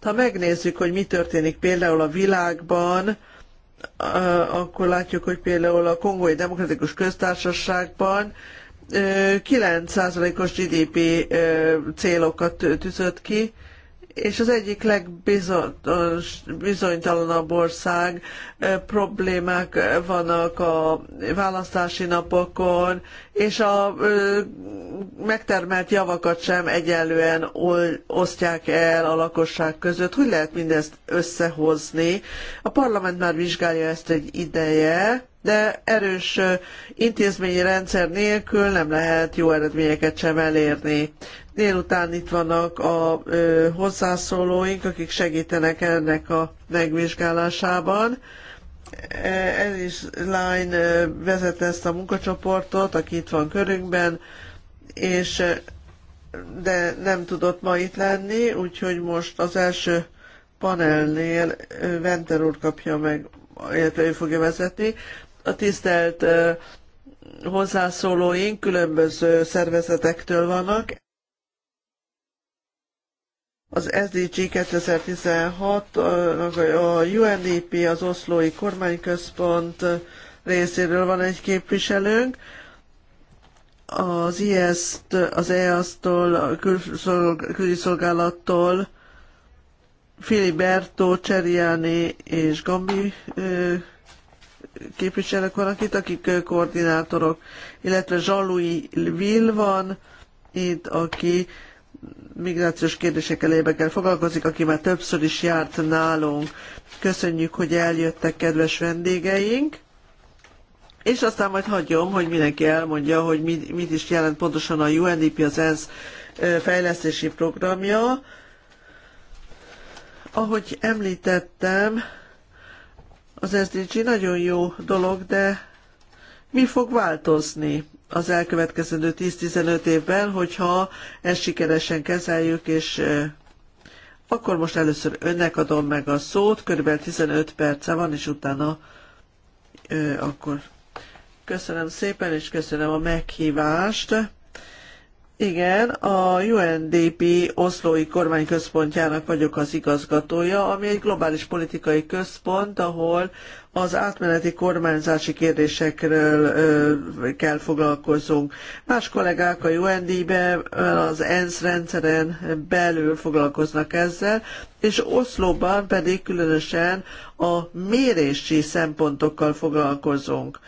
Ha megnézzük, hogy mi történik például a világban, akkor látjuk, hogy például a Kongói Demokratikus Köztársaságban 9%-os GDP célokat tűzött ki, és az egyik legbizonytalanabb ország problémák vannak a választási napokon, és a megtermelt javakat sem egyenlően osztják el a lakosság között. Hogy lehet mindezt összehozni? A parlament már vizsgálja ezt egy ideje, de erős intézményi rendszer nélkül nem lehet jó eredményeket sem elérni. Délután itt vannak a ö, hozzászólóink, akik segítenek ennek a megvizsgálásában. E, Elis Line vezet ezt a munkacsoportot, aki itt van körünkben, és de nem tudott ma itt lenni, úgyhogy most az első panelnél Venter úr kapja meg, illetve ő fogja vezetni. A tisztelt hozzászólóink különböző szervezetektől vannak az SDG 2016, a UNDP, e az oszlói kormányközpont részéről van egy képviselőnk, az IESZ-t, az EASZ-tól, a külügyi szolgálattól, Filiberto, Cseriani és Gambi képviselők vannak itt, akik koordinátorok, illetve Zsalui Vil van itt, aki migrációs kérdések elébekkel foglalkozik, aki már többször is járt nálunk. Köszönjük, hogy eljöttek kedves vendégeink. És aztán majd hagyom, hogy mindenki elmondja, hogy mit, mit is jelent pontosan a UNDP, az ENSZ fejlesztési programja. Ahogy említettem, az SDG nagyon jó dolog, de mi fog változni? az elkövetkezendő 10-15 évben, hogyha ezt sikeresen kezeljük, és akkor most először önnek adom meg a szót, körülbelül 15 perce van, és utána akkor köszönöm szépen, és köszönöm a meghívást. Igen, a UNDP oszlói kormányközpontjának vagyok az igazgatója, ami egy globális politikai központ, ahol az átmeneti kormányzási kérdésekről ö, kell foglalkozunk. Más kollégák a UND-be, az ENSZ rendszeren belül foglalkoznak ezzel, és Oszlóban pedig különösen a mérési szempontokkal foglalkozunk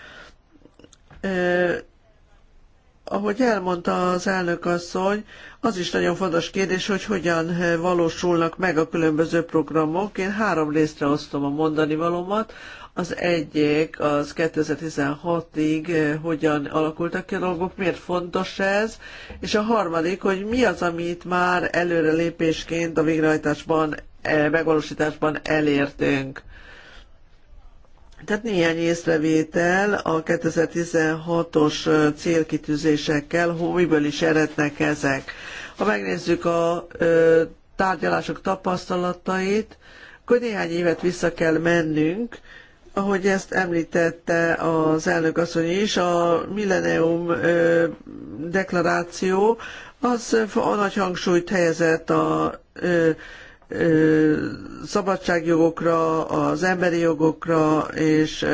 ahogy elmondta az elnök asszony, az is nagyon fontos kérdés, hogy hogyan valósulnak meg a különböző programok. Én három részre osztom a mondani valomat: Az egyik az 2016-ig eh, hogyan alakultak ki a dolgok, miért fontos ez, és a harmadik, hogy mi az, amit már előrelépésként a végrehajtásban, eh, megvalósításban elértünk. Tehát néhány észrevétel a 2016-os célkitűzésekkel, miből is erednek ezek. Ha megnézzük a tárgyalások tapasztalatait, akkor néhány évet vissza kell mennünk, ahogy ezt említette az elnök asszony is, a Millennium deklaráció az nagy hangsúlyt helyezett a szabadságjogokra, az emberi jogokra és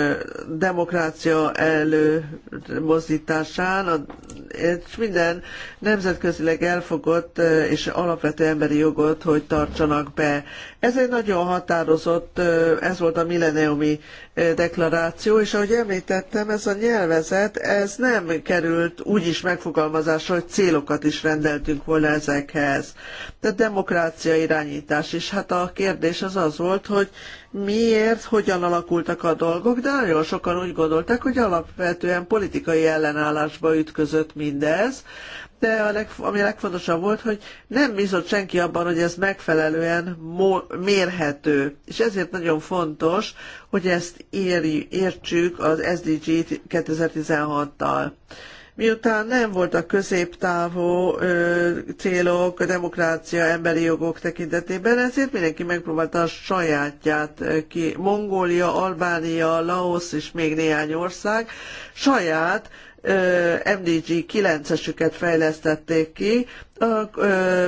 demokrácia előmozdításán, és minden nemzetközileg elfogott és alapvető emberi jogot, hogy tartsanak be. Ez egy nagyon határozott, ez volt a milleniumi deklaráció, és ahogy említettem, ez a nyelvezet, ez nem került úgy is megfogalmazásra, hogy célokat is rendeltünk volna ezekhez. Tehát demokrácia irányítás más is. Hát a kérdés az az volt, hogy miért, hogyan alakultak a dolgok, de nagyon sokan úgy gondolták, hogy alapvetően politikai ellenállásba ütközött mindez, de a leg, ami legfontosabb volt, hogy nem bizott senki abban, hogy ez megfelelően mérhető. És ezért nagyon fontos, hogy ezt éri, értsük az SDG 2016-tal. Miután nem voltak középtávú célok a demokrácia, emberi jogok tekintetében, ezért mindenki megpróbálta a sajátját ki. Mongólia, Albánia, Laosz és még néhány ország saját MDG 9-esüket fejlesztették ki a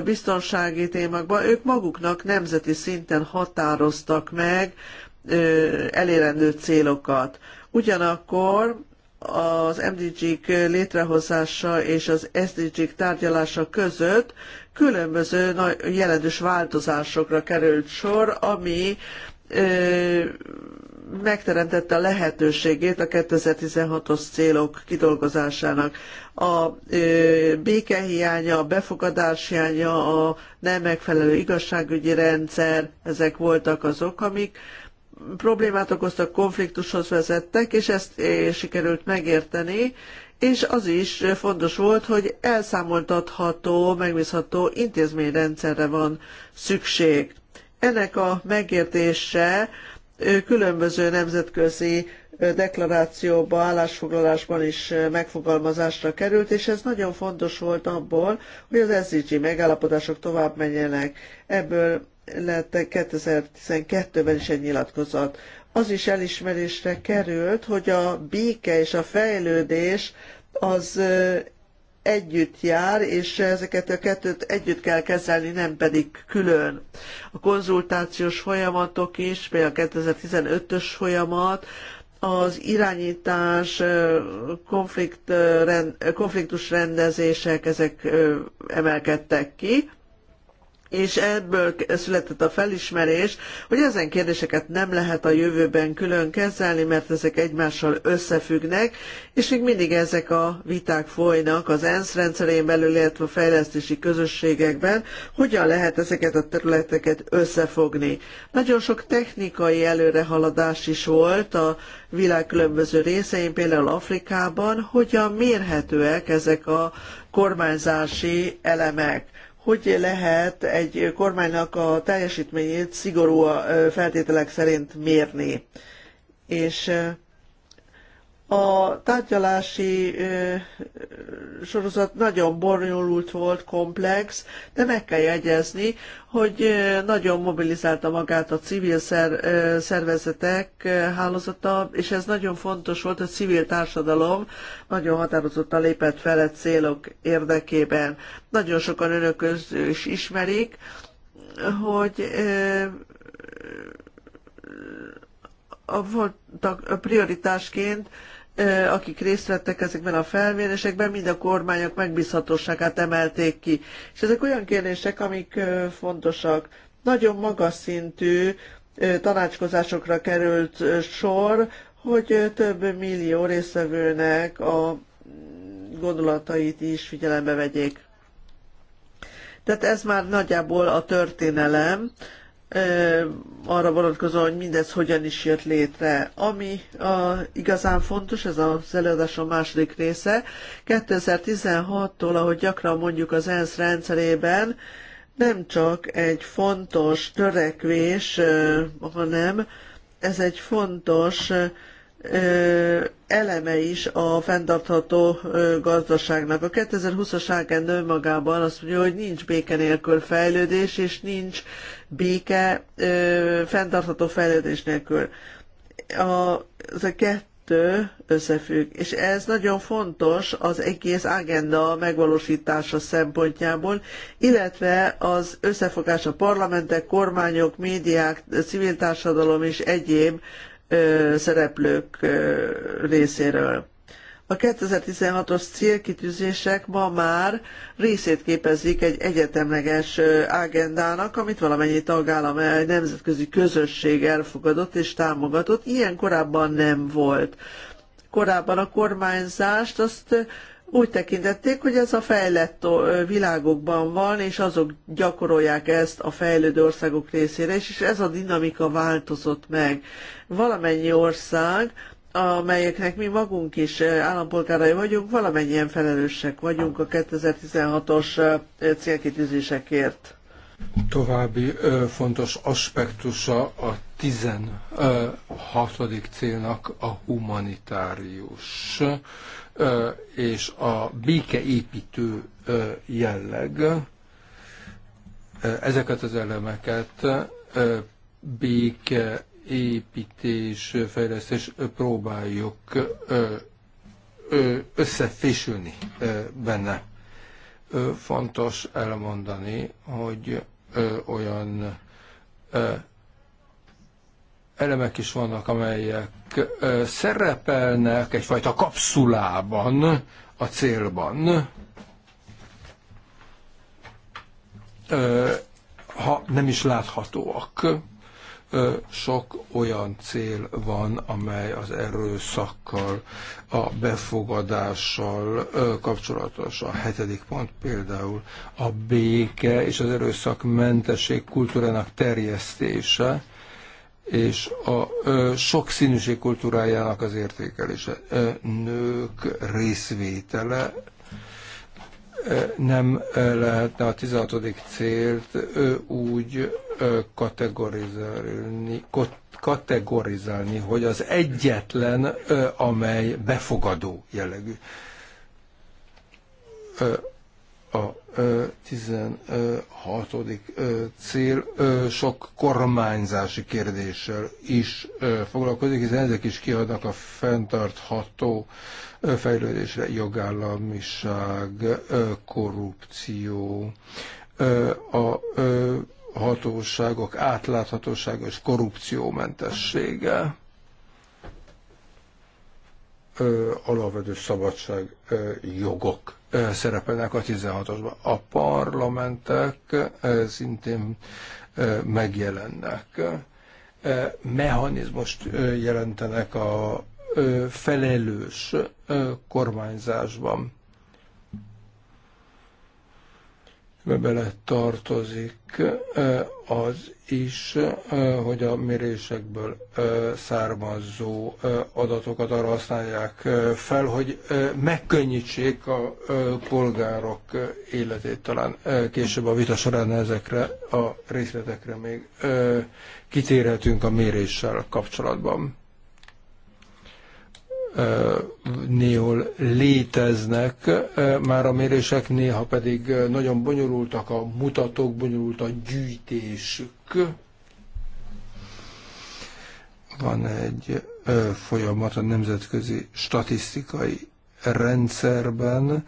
biztonsági témákban. Ők maguknak nemzeti szinten határoztak meg elérendő célokat. Ugyanakkor az MDG-k létrehozása és az SDG-k tárgyalása között különböző nagy, jelentős változásokra került sor, ami ö, megteremtette a lehetőségét a 2016-os célok kidolgozásának. A ö, békehiánya, a befogadás hiánya, a nem megfelelő igazságügyi rendszer, ezek voltak azok, amik problémát okoztak, konfliktushoz vezettek, és ezt sikerült megérteni, és az is fontos volt, hogy elszámoltatható, megbízható intézményrendszerre van szükség. Ennek a megértése különböző nemzetközi deklarációba, állásfoglalásban is megfogalmazásra került, és ez nagyon fontos volt abból, hogy az SZG megállapodások tovább menjenek. Ebből lett 2012-ben is egy nyilatkozat. Az is elismerésre került, hogy a béke és a fejlődés az együtt jár, és ezeket a kettőt együtt kell kezelni, nem pedig külön. A konzultációs folyamatok is, például a 2015-ös folyamat, az irányítás, konflikt, konfliktus rendezések, ezek emelkedtek ki és ebből született a felismerés, hogy ezen kérdéseket nem lehet a jövőben külön kezelni, mert ezek egymással összefüggnek, és még mindig ezek a viták folynak az ENSZ rendszerén belül, illetve a fejlesztési közösségekben, hogyan lehet ezeket a területeket összefogni. Nagyon sok technikai előrehaladás is volt a világ különböző részein, például Afrikában, hogyan mérhetőek ezek a kormányzási elemek hogy lehet egy kormánynak a teljesítményét szigorú feltételek szerint mérni. És a tárgyalási sorozat nagyon bonyolult volt, komplex, de meg kell jegyezni, hogy nagyon mobilizálta magát a civil szervezetek hálózata, és ez nagyon fontos volt, a civil társadalom nagyon határozottan lépett fel a célok érdekében. Nagyon sokan önök is ismerik, hogy voltak prioritásként akik részt vettek ezekben a felmérésekben, mind a kormányok megbízhatóságát emelték ki. És ezek olyan kérdések, amik fontosak. Nagyon magas szintű tanácskozásokra került sor, hogy több millió részvevőnek a gondolatait is figyelembe vegyék. Tehát ez már nagyjából a történelem, arra vonatkozóan, hogy mindez hogyan is jött létre. Ami a, igazán fontos, ez az előadásom második része, 2016-tól, ahogy gyakran mondjuk az ENSZ rendszerében, nem csak egy fontos törekvés, hanem ez egy fontos eleme is a fenntartható gazdaságnak. A 2020-as ágenda önmagában azt mondja, hogy nincs béke nélkül fejlődés, és nincs béke fenntartható fejlődés nélkül. A, ez a kettő összefügg, és ez nagyon fontos az egész agenda megvalósítása szempontjából, illetve az összefogás a parlamentek, kormányok, médiák, civil társadalom és egyéb szereplők részéről. A 2016-os célkitűzések ma már részét képezik egy egyetemleges agendának, amit valamennyi tagállam egy nemzetközi közösség elfogadott és támogatott. Ilyen korábban nem volt. Korábban a kormányzást azt úgy tekintették, hogy ez a fejlett világokban van, és azok gyakorolják ezt a fejlődő országok részére, és ez a dinamika változott meg. Valamennyi ország, amelyeknek mi magunk is állampolgárai vagyunk, valamennyien felelősek vagyunk a 2016-os célkitűzésekért. További ö, fontos aspektusa a 16. célnak a humanitárius és a békeépítő jelleg, ezeket az elemeket békeépítés, fejlesztés próbáljuk összefésülni benne. Fontos elmondani, hogy olyan elemek is vannak, amelyek szerepelnek egyfajta kapszulában a célban. Ha nem is láthatóak sok olyan cél van, amely az erőszakkal, a befogadással kapcsolatos. A hetedik pont például a béke és az erőszak kultúrának terjesztése, és a sok színűség kultúrájának az értékelése. Nők részvétele nem lehetne a 16. célt úgy kategorizálni, kategorizálni, hogy az egyetlen, amely befogadó jellegű a 16. cél sok kormányzási kérdéssel is foglalkozik, hiszen ezek is kiadnak a fenntartható fejlődésre, jogállamiság, korrupció, a hatóságok átláthatósága és korrupciómentessége alapvető szabadság jogok szerepelnek a 16-osban. A parlamentek szintén megjelennek. Mechanizmust jelentenek a felelős kormányzásban bele tartozik az is, hogy a mérésekből származó adatokat arra használják fel, hogy megkönnyítsék a polgárok életét. Talán később a vita során ezekre a részletekre még kitérhetünk a méréssel kapcsolatban néhol léteznek már a mérések, néha pedig nagyon bonyolultak a mutatók, bonyolult a gyűjtésük. Van egy folyamat a nemzetközi statisztikai rendszerben,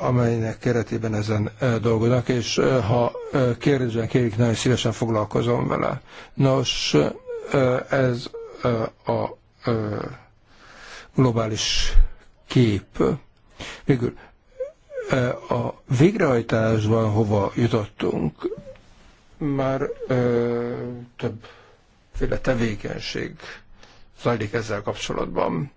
amelynek keretében ezen dolgoznak, és ha kérdezően kérik, nagyon szívesen foglalkozom vele. Nos, ez a globális kép. Végül e, a végrehajtásban hova jutottunk, már ö, e, többféle tevékenység zajlik ezzel kapcsolatban.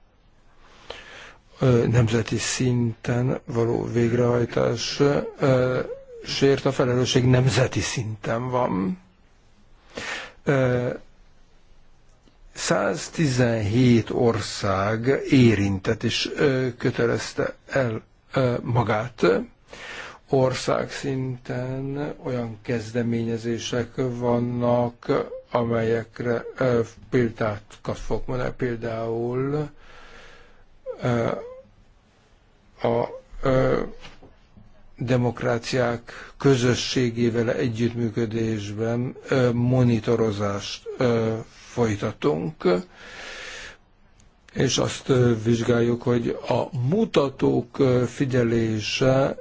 Ö, e, nemzeti szinten való végrehajtás ö, sért a felelősség nemzeti szinten van. Ö, 117 ország érintett és kötelezte el magát. Országszinten olyan kezdeményezések vannak, amelyekre példát fogok mondani, például a demokráciák közösségével együttműködésben monitorozást folytatunk, és azt vizsgáljuk, hogy a mutatók figyelése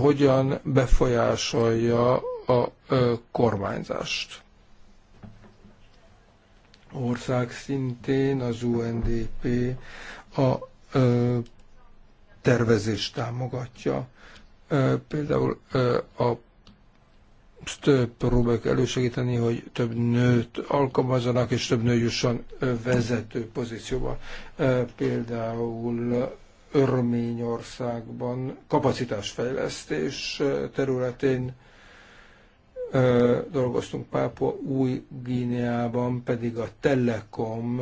hogyan befolyásolja a kormányzást. Ország szintén az UNDP a tervezést támogatja. Például a próbáljuk elősegíteni, hogy több nőt alkalmazzanak, és több nő jusson vezető pozícióba. Például Örményországban kapacitásfejlesztés területén dolgoztunk Pápua új Gíneában, pedig a Telekom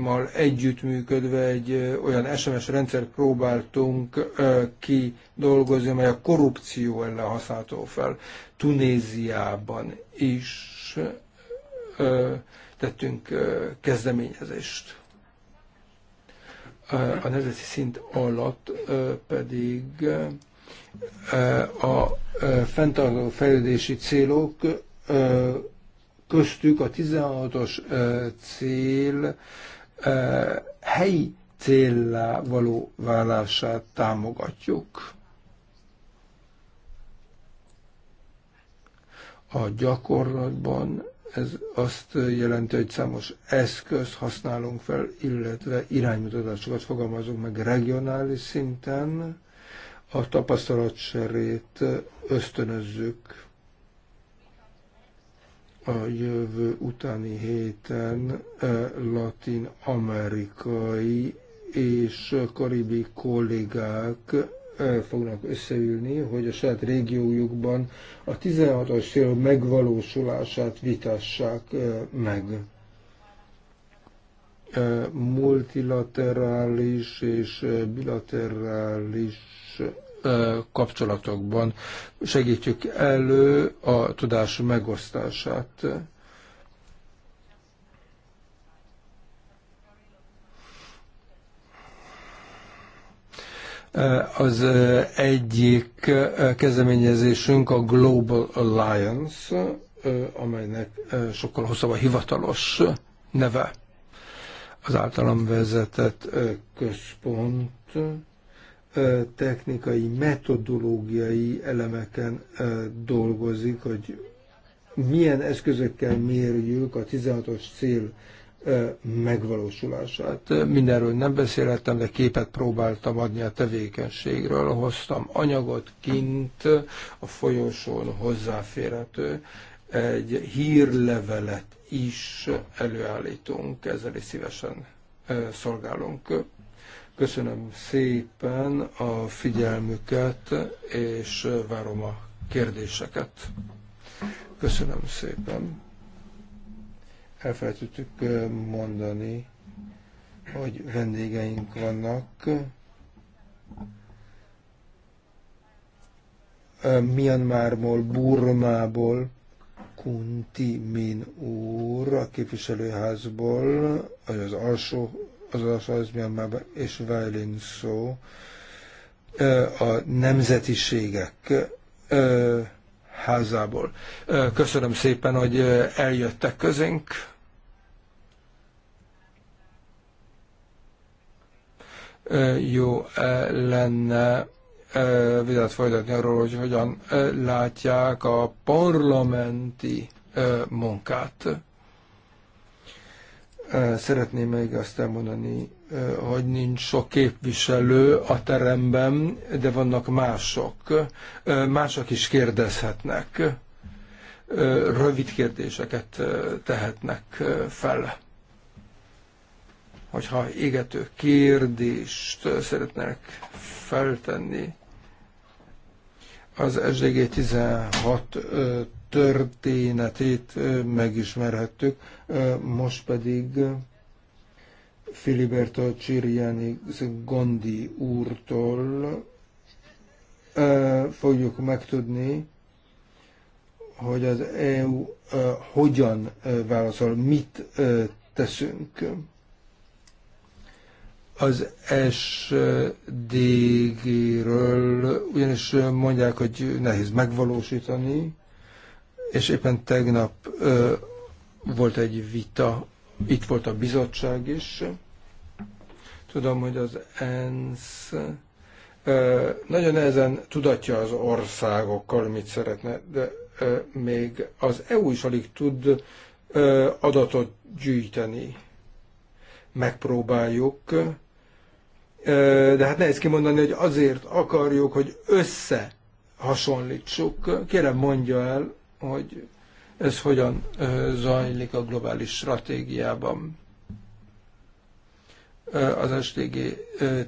mal együttműködve egy olyan SMS rendszer próbáltunk kidolgozni, amely a korrupció ellen használható fel. Tunéziában is tettünk kezdeményezést. A nemzeti szint alatt pedig a fenntartó fejlődési célok köztük a 16-os cél helyi céllá való válását támogatjuk. A gyakorlatban ez azt jelenti, hogy számos eszközt használunk fel, illetve iránymutatásokat fogalmazunk meg regionális szinten, a tapasztalatserét ösztönözzük a jövő utáni héten eh, latin amerikai és karibi kollégák eh, fognak összeülni, hogy a saját régiójukban a 16-as cél megvalósulását vitassák eh, meg. Multilaterális és bilaterális kapcsolatokban segítjük elő a tudás megosztását. Az egyik kezdeményezésünk a Global Alliance, amelynek sokkal hosszabb a hivatalos neve. Az általam vezetett központ technikai, metodológiai elemeken dolgozik, hogy milyen eszközökkel mérjük a 16-os cél megvalósulását. Mindenről nem beszéltem, de képet próbáltam adni a tevékenységről. Hoztam anyagot kint, a folyosón hozzáférhető, egy hírlevelet is előállítunk, ezzel is szívesen szolgálunk. Köszönöm szépen a figyelmüket, és várom a kérdéseket. Köszönöm szépen. Elfelejtettük mondani, hogy vendégeink vannak. Myanmarból, Burmából, Kunti Min úr a képviselőházból, az alsó az Oroszország, Myanmarban és Vajlin szó, a nemzetiségek házából. Köszönöm szépen, hogy eljöttek közénk. Jó lenne vizet folytatni arról, hogy hogyan látják a parlamenti munkát. Szeretném még azt elmondani, hogy nincs sok képviselő a teremben, de vannak mások. Mások is kérdezhetnek. Rövid kérdéseket tehetnek fel. Hogyha égető kérdést szeretnek feltenni, az SDG 16 történetét megismerhettük, most pedig Filiberto Csiriani Gondi úrtól fogjuk megtudni, hogy az EU hogyan válaszol, mit teszünk. Az SDG-ről ugyanis mondják, hogy nehéz megvalósítani, és éppen tegnap volt egy vita, itt volt a bizottság is. Tudom, hogy az ENSZ nagyon nehezen tudatja az országokkal, mit szeretne, de még az EU is alig tud adatot gyűjteni. Megpróbáljuk, de hát nehéz kimondani, hogy azért akarjuk, hogy összehasonlítsuk. Kérem mondja el, hogy ez hogyan zajlik a globális stratégiában. Az STG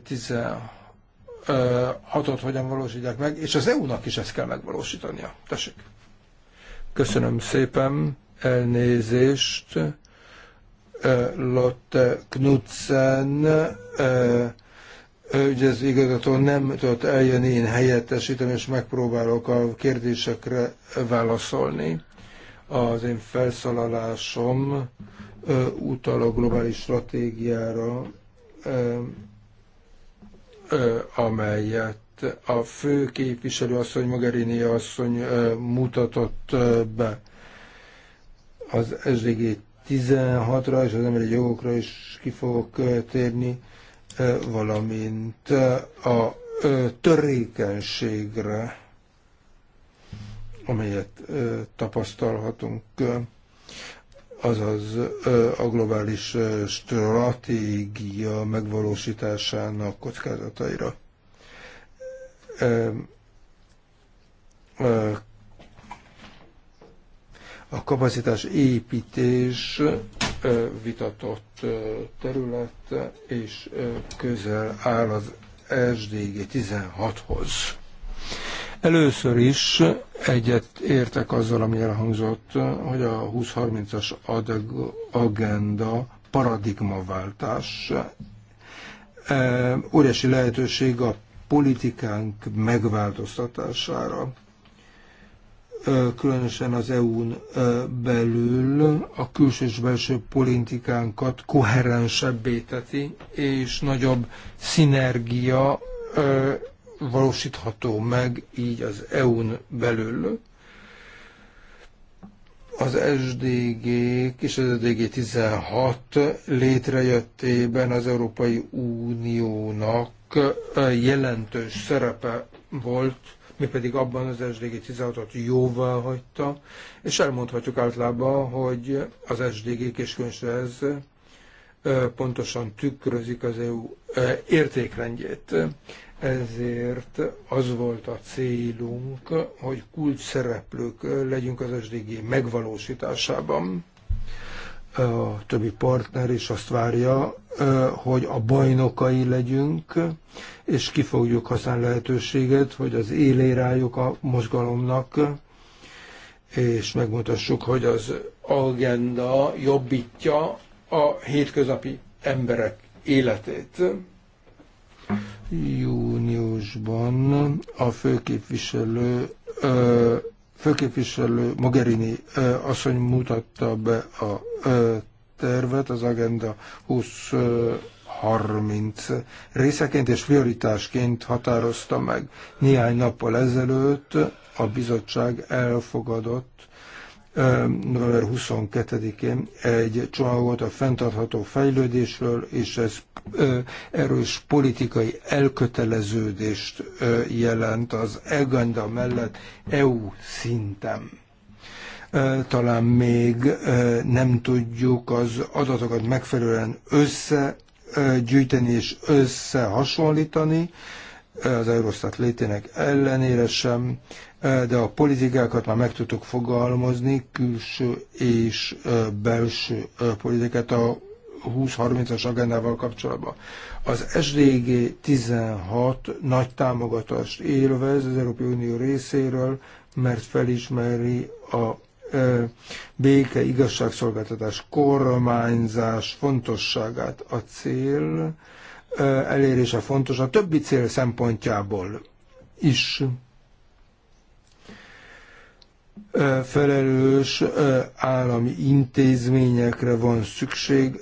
16-ot hogyan valósítják meg, és az EU-nak is ezt kell megvalósítania. Tessék. Köszönöm szépen, elnézést. Lotte Knudsen ez igazgató nem tudott eljönni, én helyettesítem, és megpróbálok a kérdésekre válaszolni. Az én felszalalásom utal a globális stratégiára, amelyet a fő képviselő asszony, Magarini asszony mutatott be az SDG 16-ra és az emberi jogokra is ki fogok térni valamint a törékenységre, amelyet tapasztalhatunk, azaz a globális stratégia megvalósításának kockázataira a kapacitás építés vitatott terület, és közel áll az SDG 16-hoz. Először is egyet értek azzal, ami elhangzott, hogy a 2030-as agenda paradigmaváltás. Óriási lehetőség a politikánk megváltoztatására különösen az EU-n belül a külső és belső politikánkat koherensebbé teti, és nagyobb szinergia valósítható meg így az EU-n belül. Az SDG és az SDG 16 létrejöttében az Európai Uniónak jelentős szerepe volt mi pedig abban az SDG 16-ot jóvá hagyta, és elmondhatjuk általában, hogy az sdg kiskönyvse ez pontosan tükrözik az EU értékrendjét. Ezért az volt a célunk, hogy kulcs szereplők legyünk az SDG megvalósításában a többi partner is azt várja, hogy a bajnokai legyünk, és ki fogjuk használni lehetőséget, hogy az élérájuk a mozgalomnak, és megmutassuk, hogy az agenda jobbítja a hétköznapi emberek életét. Júniusban a főképviselő ö, főképviselő Mogherini asszony mutatta be a tervet az Agenda 2030 részeként és prioritásként határozta meg. Néhány nappal ezelőtt a bizottság elfogadott november 22-én egy csomagot a fenntartható fejlődésről, és ez erős politikai elköteleződést jelent az EGANDA mellett EU szinten talán még nem tudjuk az adatokat megfelelően összegyűjteni és összehasonlítani, az Eurostat létének ellenére sem, Eh, de a politikákat már meg tudtuk fogalmazni, külső és eh, belső eh, politikát a 20-30-as agendával kapcsolatban. Az SDG 16 nagy támogatást élvez az Európai Unió részéről, mert felismeri a béke, igazságszolgáltatás, kormányzás fontosságát. A cél elérése fontos a többi cél szempontjából is felelős állami intézményekre van szükség,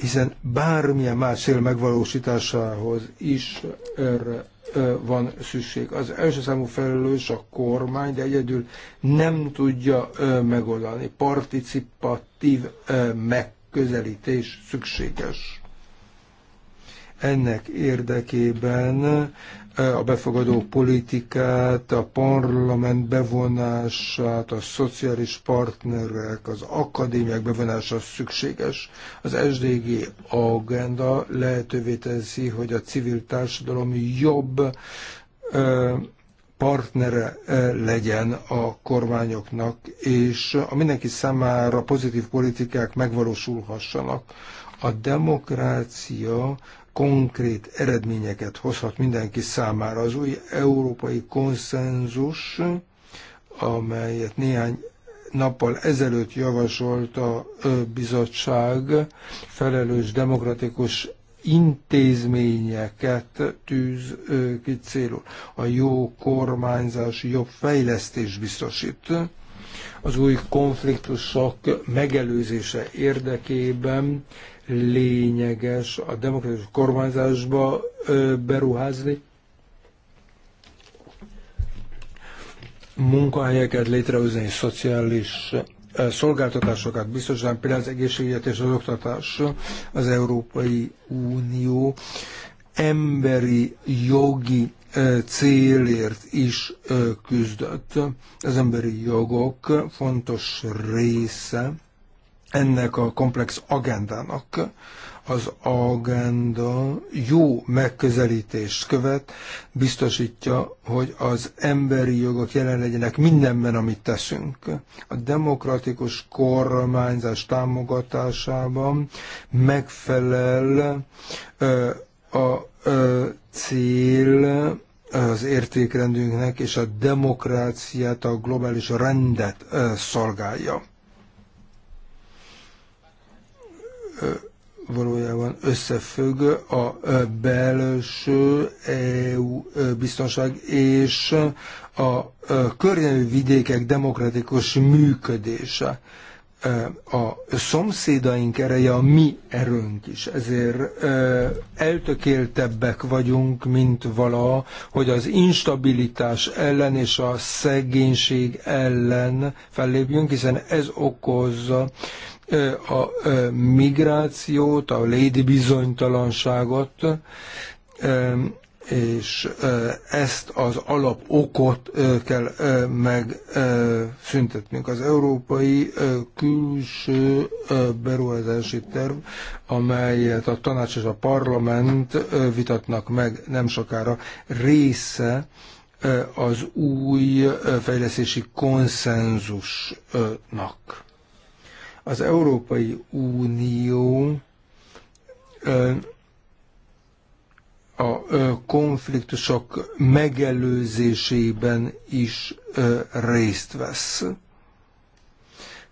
hiszen bármilyen más cél megvalósításához is erre van szükség. Az első számú felelős a kormány, de egyedül nem tudja megoldani. Participatív megközelítés szükséges. Ennek érdekében a befogadó politikát, a parlament bevonását, a szociális partnerek, az akadémiák bevonása szükséges. Az SDG agenda lehetővé teszi, hogy a civil társadalom jobb partnere legyen a kormányoknak, és a mindenki számára pozitív politikák megvalósulhassanak. A demokrácia konkrét eredményeket hozhat mindenki számára. Az új európai konszenzus, amelyet néhány nappal ezelőtt javasolt a bizottság, felelős demokratikus intézményeket tűz ki célul. A jó kormányzás jobb fejlesztés biztosít. Az új konfliktusok megelőzése érdekében lényeges a demokratikus kormányzásba beruházni, munkahelyeket létrehozni, szociális szolgáltatásokat biztosan, például az egészségügyet és az oktatás, az Európai Unió emberi jogi célért is küzdött. Az emberi jogok fontos része ennek a komplex agendának. Az agenda jó megközelítést követ, biztosítja, hogy az emberi jogok jelen legyenek mindenben, amit teszünk. A demokratikus kormányzás támogatásában megfelel ö, a ö, cél az értékrendünknek és a demokráciát, a globális rendet ö, szolgálja valójában összefügg a belső EU biztonság és a környező vidékek demokratikus működése. A szomszédaink ereje a mi erőnk is, ezért eltökéltebbek vagyunk, mint valaha, hogy az instabilitás ellen és a szegénység ellen fellépjünk, hiszen ez okozza a migrációt, a lédi bizonytalanságot, és ezt az alap okot kell megszüntetnünk. Az európai külső beruházási terv, amelyet a tanács és a parlament vitatnak meg nem sokára, része az új fejlesztési konszenzusnak. Az Európai Unió a konfliktusok megelőzésében is részt vesz.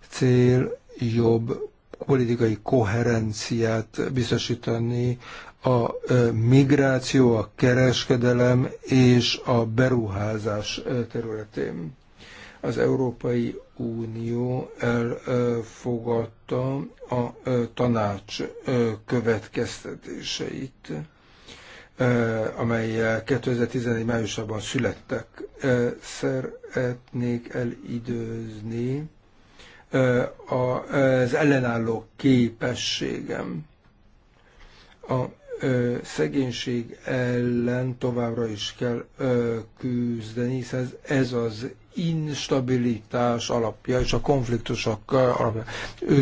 Cél jobb politikai koherenciát biztosítani a migráció, a kereskedelem és a beruházás területén. Az Európai Unió elfogadta a tanács következtetéseit, amely 2011 májusában születtek. Szeretnék elidőzni az ellenálló képességem. A szegénység ellen továbbra is kell küzdeni, hiszen ez az instabilitás alapja és a konfliktusok alapja.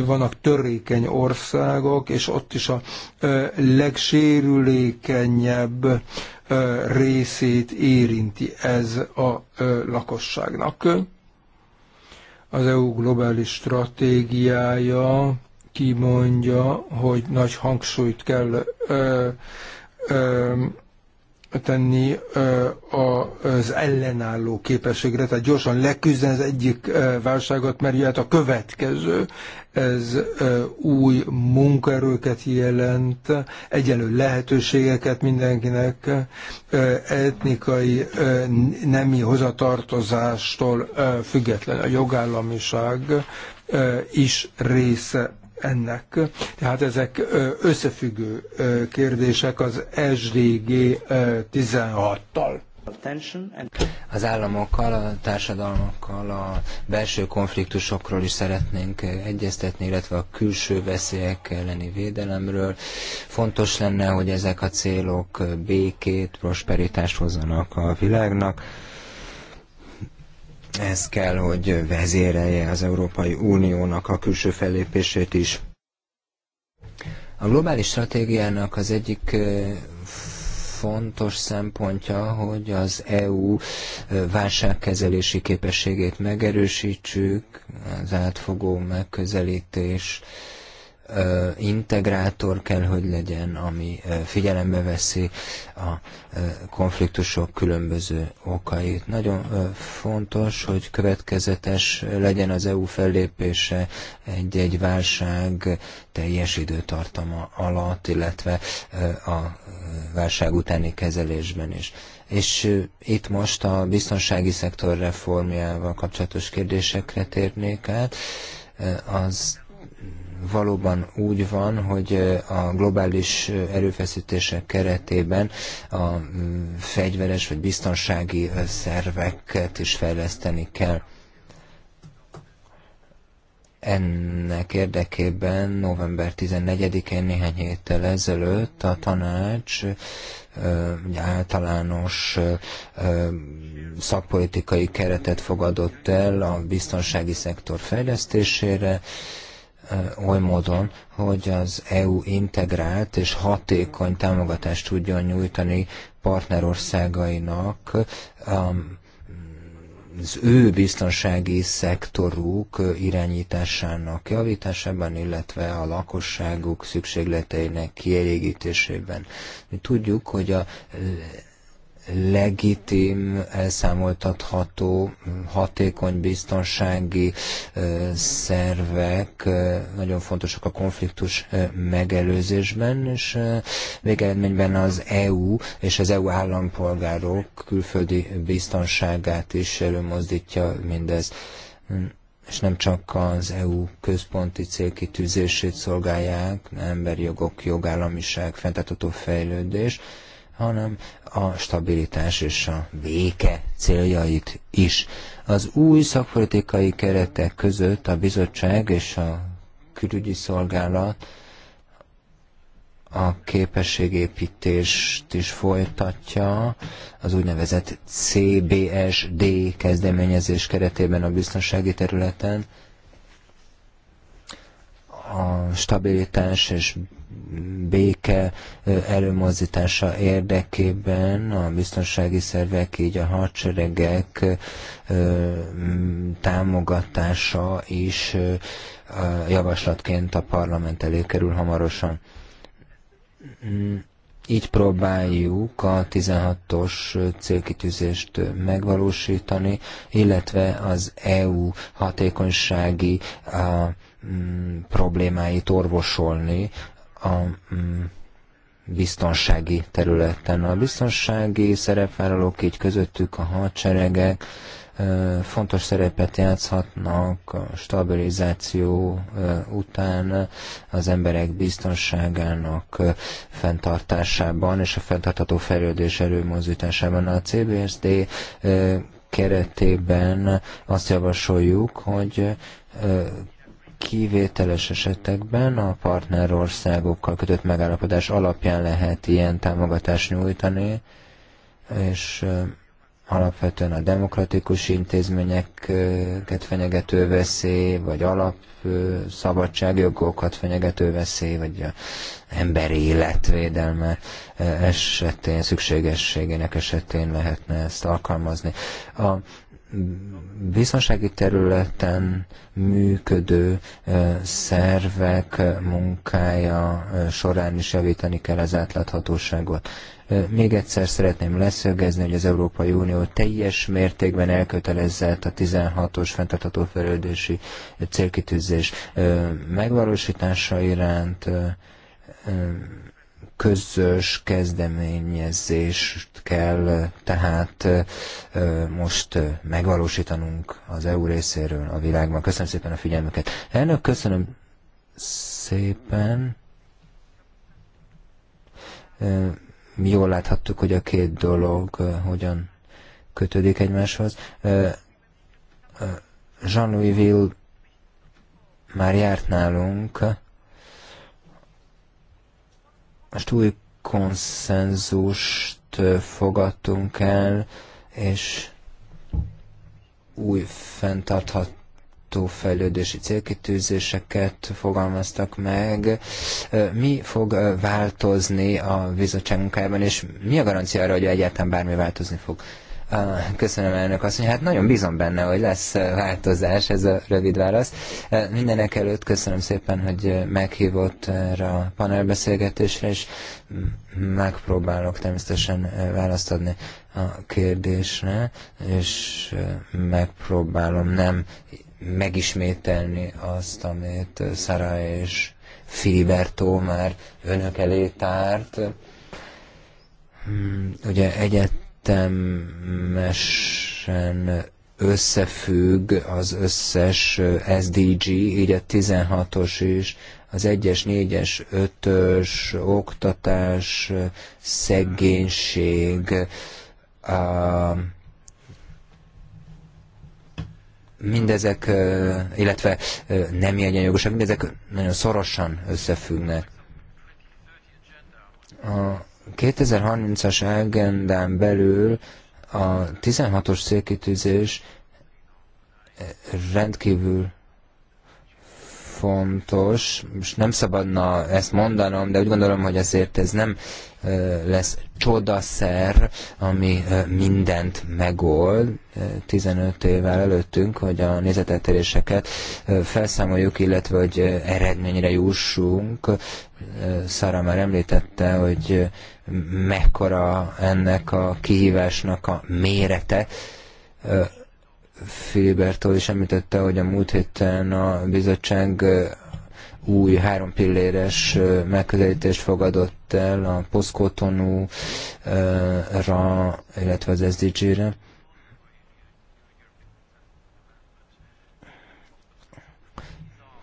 Vannak törékeny országok, és ott is a legsérülékenyebb részét érinti ez a lakosságnak. Az EU globális stratégiája kimondja, hogy nagy hangsúlyt kell ö, ö, tenni az ellenálló képességre, tehát gyorsan leküzden az egyik válságot, mert jöhet a következő. Ez új munkaerőket jelent, egyelő lehetőségeket mindenkinek, etnikai nemi hozatartozástól független a jogállamiság is része ennek. Tehát ezek összefüggő kérdések az SDG 16-tal. Az államokkal, a társadalmakkal, a belső konfliktusokról is szeretnénk egyeztetni, illetve a külső veszélyek elleni védelemről. Fontos lenne, hogy ezek a célok békét, prosperitást hozzanak a világnak ez kell, hogy vezérelje az Európai Uniónak a külső fellépését is. A globális stratégiának az egyik fontos szempontja, hogy az EU válságkezelési képességét megerősítsük, az átfogó megközelítés integrátor kell, hogy legyen, ami figyelembe veszi a konfliktusok különböző okait. Nagyon fontos, hogy következetes legyen az EU fellépése egy-egy válság teljes időtartama alatt, illetve a válság utáni kezelésben is és itt most a biztonsági szektor reformjával kapcsolatos kérdésekre térnék át. Az valóban úgy van, hogy a globális erőfeszítések keretében a fegyveres vagy biztonsági szerveket is fejleszteni kell. Ennek érdekében november 14-én néhány héttel ezelőtt a tanács általános szakpolitikai keretet fogadott el a biztonsági szektor fejlesztésére, oly módon, hogy az EU integrált és hatékony támogatást tudjon nyújtani partnerországainak um, az ő biztonsági szektoruk irányításának javításában, illetve a lakosságuk szükségleteinek kielégítésében. Mi tudjuk, hogy a legitim, elszámoltatható, hatékony biztonsági szervek nagyon fontosak a konfliktus megelőzésben, és végeredményben az EU és az EU állampolgárok külföldi biztonságát is előmozdítja mindez és nem csak az EU központi célkitűzését szolgálják, emberi jogok, jogállamiság, fenntartható fejlődés, hanem a stabilitás és a béke céljait is. Az új szakpolitikai keretek között a bizottság és a külügyi szolgálat a képességépítést is folytatja az úgynevezett CBSD kezdeményezés keretében a biztonsági területen. A stabilitás és béke előmozdítása érdekében a biztonsági szervek, így a hadseregek támogatása is javaslatként a parlament elé kerül hamarosan mm, így próbáljuk a 16-os célkitűzést megvalósítani, illetve az EU hatékonysági a, m, mm, problémáit orvosolni a mm, biztonsági területen. A biztonsági szerepvállalók így közöttük a hadseregek fontos szerepet játszhatnak a stabilizáció után az emberek biztonságának fenntartásában és a fenntartható fejlődés erőmozításában A CBSD keretében azt javasoljuk, hogy Kivételes esetekben a partnerországokkal kötött megállapodás alapján lehet ilyen támogatást nyújtani, és alapvetően a demokratikus intézményeket fenyegető veszély, vagy alap szabadságjogokat fenyegető veszély, vagy a emberi életvédelme esetén, szükségességének esetén lehetne ezt alkalmazni. A biztonsági területen működő szervek munkája során is javítani kell az átláthatóságot. Még egyszer szeretném leszögezni, hogy az Európai Unió teljes mértékben elkötelezett a 16-os fenntartható fejlődési célkitűzés megvalósítása iránt közös kezdeményezést kell tehát most megvalósítanunk az EU részéről a világban. Köszönöm szépen a figyelmüket. Elnök, köszönöm szépen. Mi Jól láthattuk, hogy a két dolog hogyan kötődik egymáshoz. Jean-Louis Ville már járt nálunk, most új konszenzust fogadtunk el, és új fenntartható fejlődési célkitűzéseket fogalmaztak meg. Mi fog változni a bizottság munkájában, és mi a garancia arra, hogy egyáltalán bármi változni fog? Ah, köszönöm elnök asszony. Hát nagyon bízom benne, hogy lesz eh, változás, ez a rövid válasz. Eh, mindenek előtt köszönöm szépen, hogy eh, meghívott erre a panelbeszélgetésre, és megpróbálok természetesen választ adni a kérdésre, és megpróbálom nem megismételni azt, amit Szara és Filiberto már önök elé tárt. Hmm, ugye egyet egyetemesen összefügg az összes SDG, így a 16-os is, az 1-es, 4-es, 5-ös, oktatás, szegénység, a, mindezek, illetve nem egyenjogoság, mindezek nagyon szorosan összefüggnek. A 2030-as agendán belül a 16-os célkitűzés rendkívül fontos, és nem szabadna ezt mondanom, de úgy gondolom, hogy azért ez nem lesz csodaszer, ami mindent megold. 15 évvel előttünk, hogy a nézeteltéréseket felszámoljuk, illetve hogy eredményre jussunk. Szara már említette, hogy mekkora ennek a kihívásnak a mérete Filibertól is említette, hogy a múlt héten a bizottság új három pilléres megközelítést fogadott el a poszkotonúra, illetve az SDG-re.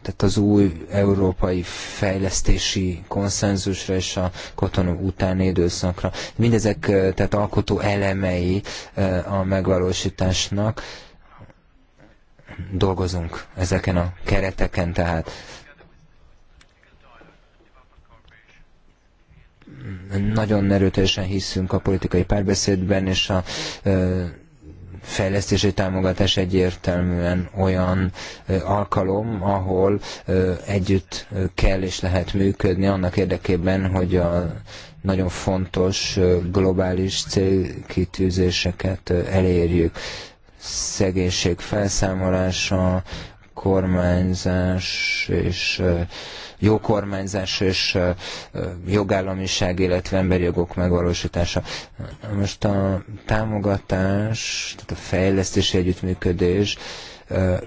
tehát az új európai fejlesztési konszenzusra és a kotonú utáni időszakra. Mindezek tehát alkotó elemei a megvalósításnak dolgozunk ezeken a kereteken, tehát nagyon erőteljesen hiszünk a politikai párbeszédben, és a fejlesztési támogatás egyértelműen olyan alkalom, ahol együtt kell és lehet működni annak érdekében, hogy a nagyon fontos globális célkitűzéseket elérjük szegénység felszámolása, kormányzás és jó kormányzás és jogállamiság, illetve emberi jogok megvalósítása. Most a támogatás, tehát a fejlesztési együttműködés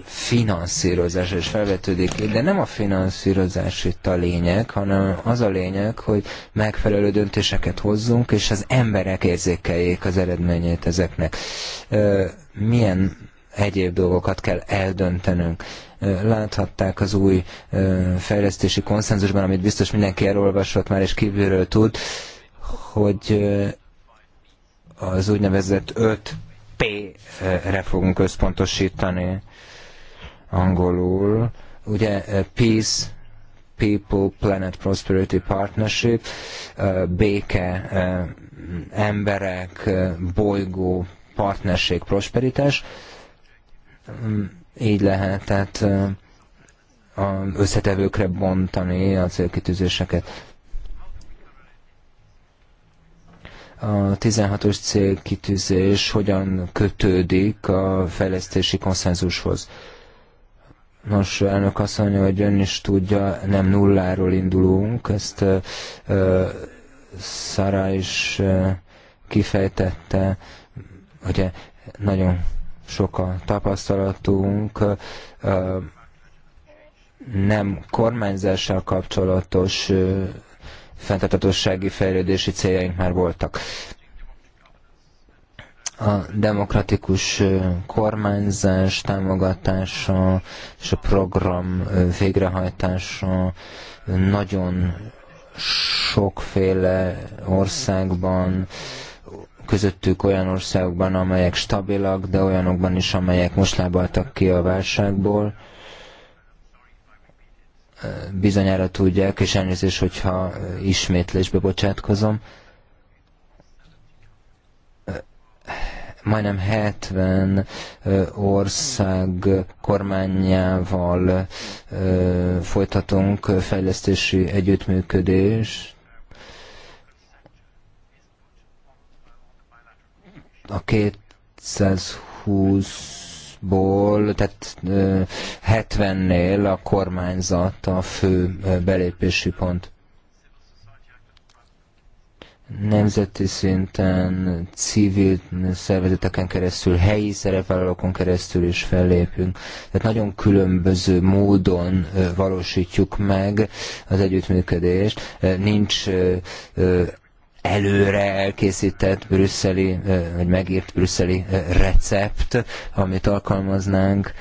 finanszírozás és felvetődik de nem a finanszírozás itt a lényeg, hanem az a lényeg, hogy megfelelő döntéseket hozzunk, és az emberek érzékeljék az eredményét ezeknek milyen egyéb dolgokat kell eldöntenünk. Láthatták az új fejlesztési konszenzusban, amit biztos mindenki elolvasott már és kívülről tud, hogy az úgynevezett 5P-re fogunk összpontosítani angolul. Ugye Peace, People, Planet Prosperity Partnership, béke, emberek, bolygó, partnerség, prosperitás. Mm, így lehet, tehát összetevőkre bontani a célkitűzéseket. a 16-os célkitűzés hogyan kötődik a fejlesztési konszenzushoz. Nos, elnök asszony, hogy ön is tudja, nem nulláról indulunk, ezt uh, Szara is uh, kifejtette. Ugye nagyon sok a tapasztalatunk, nem kormányzással kapcsolatos fenntartatossági fejlődési céljaink már voltak. A demokratikus kormányzás támogatása és a program végrehajtása nagyon sokféle országban közöttük olyan országokban, amelyek stabilak, de olyanokban is, amelyek most lábaltak ki a válságból. Bizonyára tudják, és elnézést, hogyha ismétlésbe bocsátkozom. Majdnem 70 ország kormányával folytatunk fejlesztési együttműködést, a 220-ból, tehát 70-nél a kormányzat a fő belépési pont. Nemzeti szinten, civil szervezeteken keresztül, helyi szerepvállalókon keresztül is fellépünk. Tehát nagyon különböző módon valósítjuk meg az együttműködést. Nincs előre elkészített brüsszeli, vagy megírt brüsszeli recept, amit alkalmaznánk.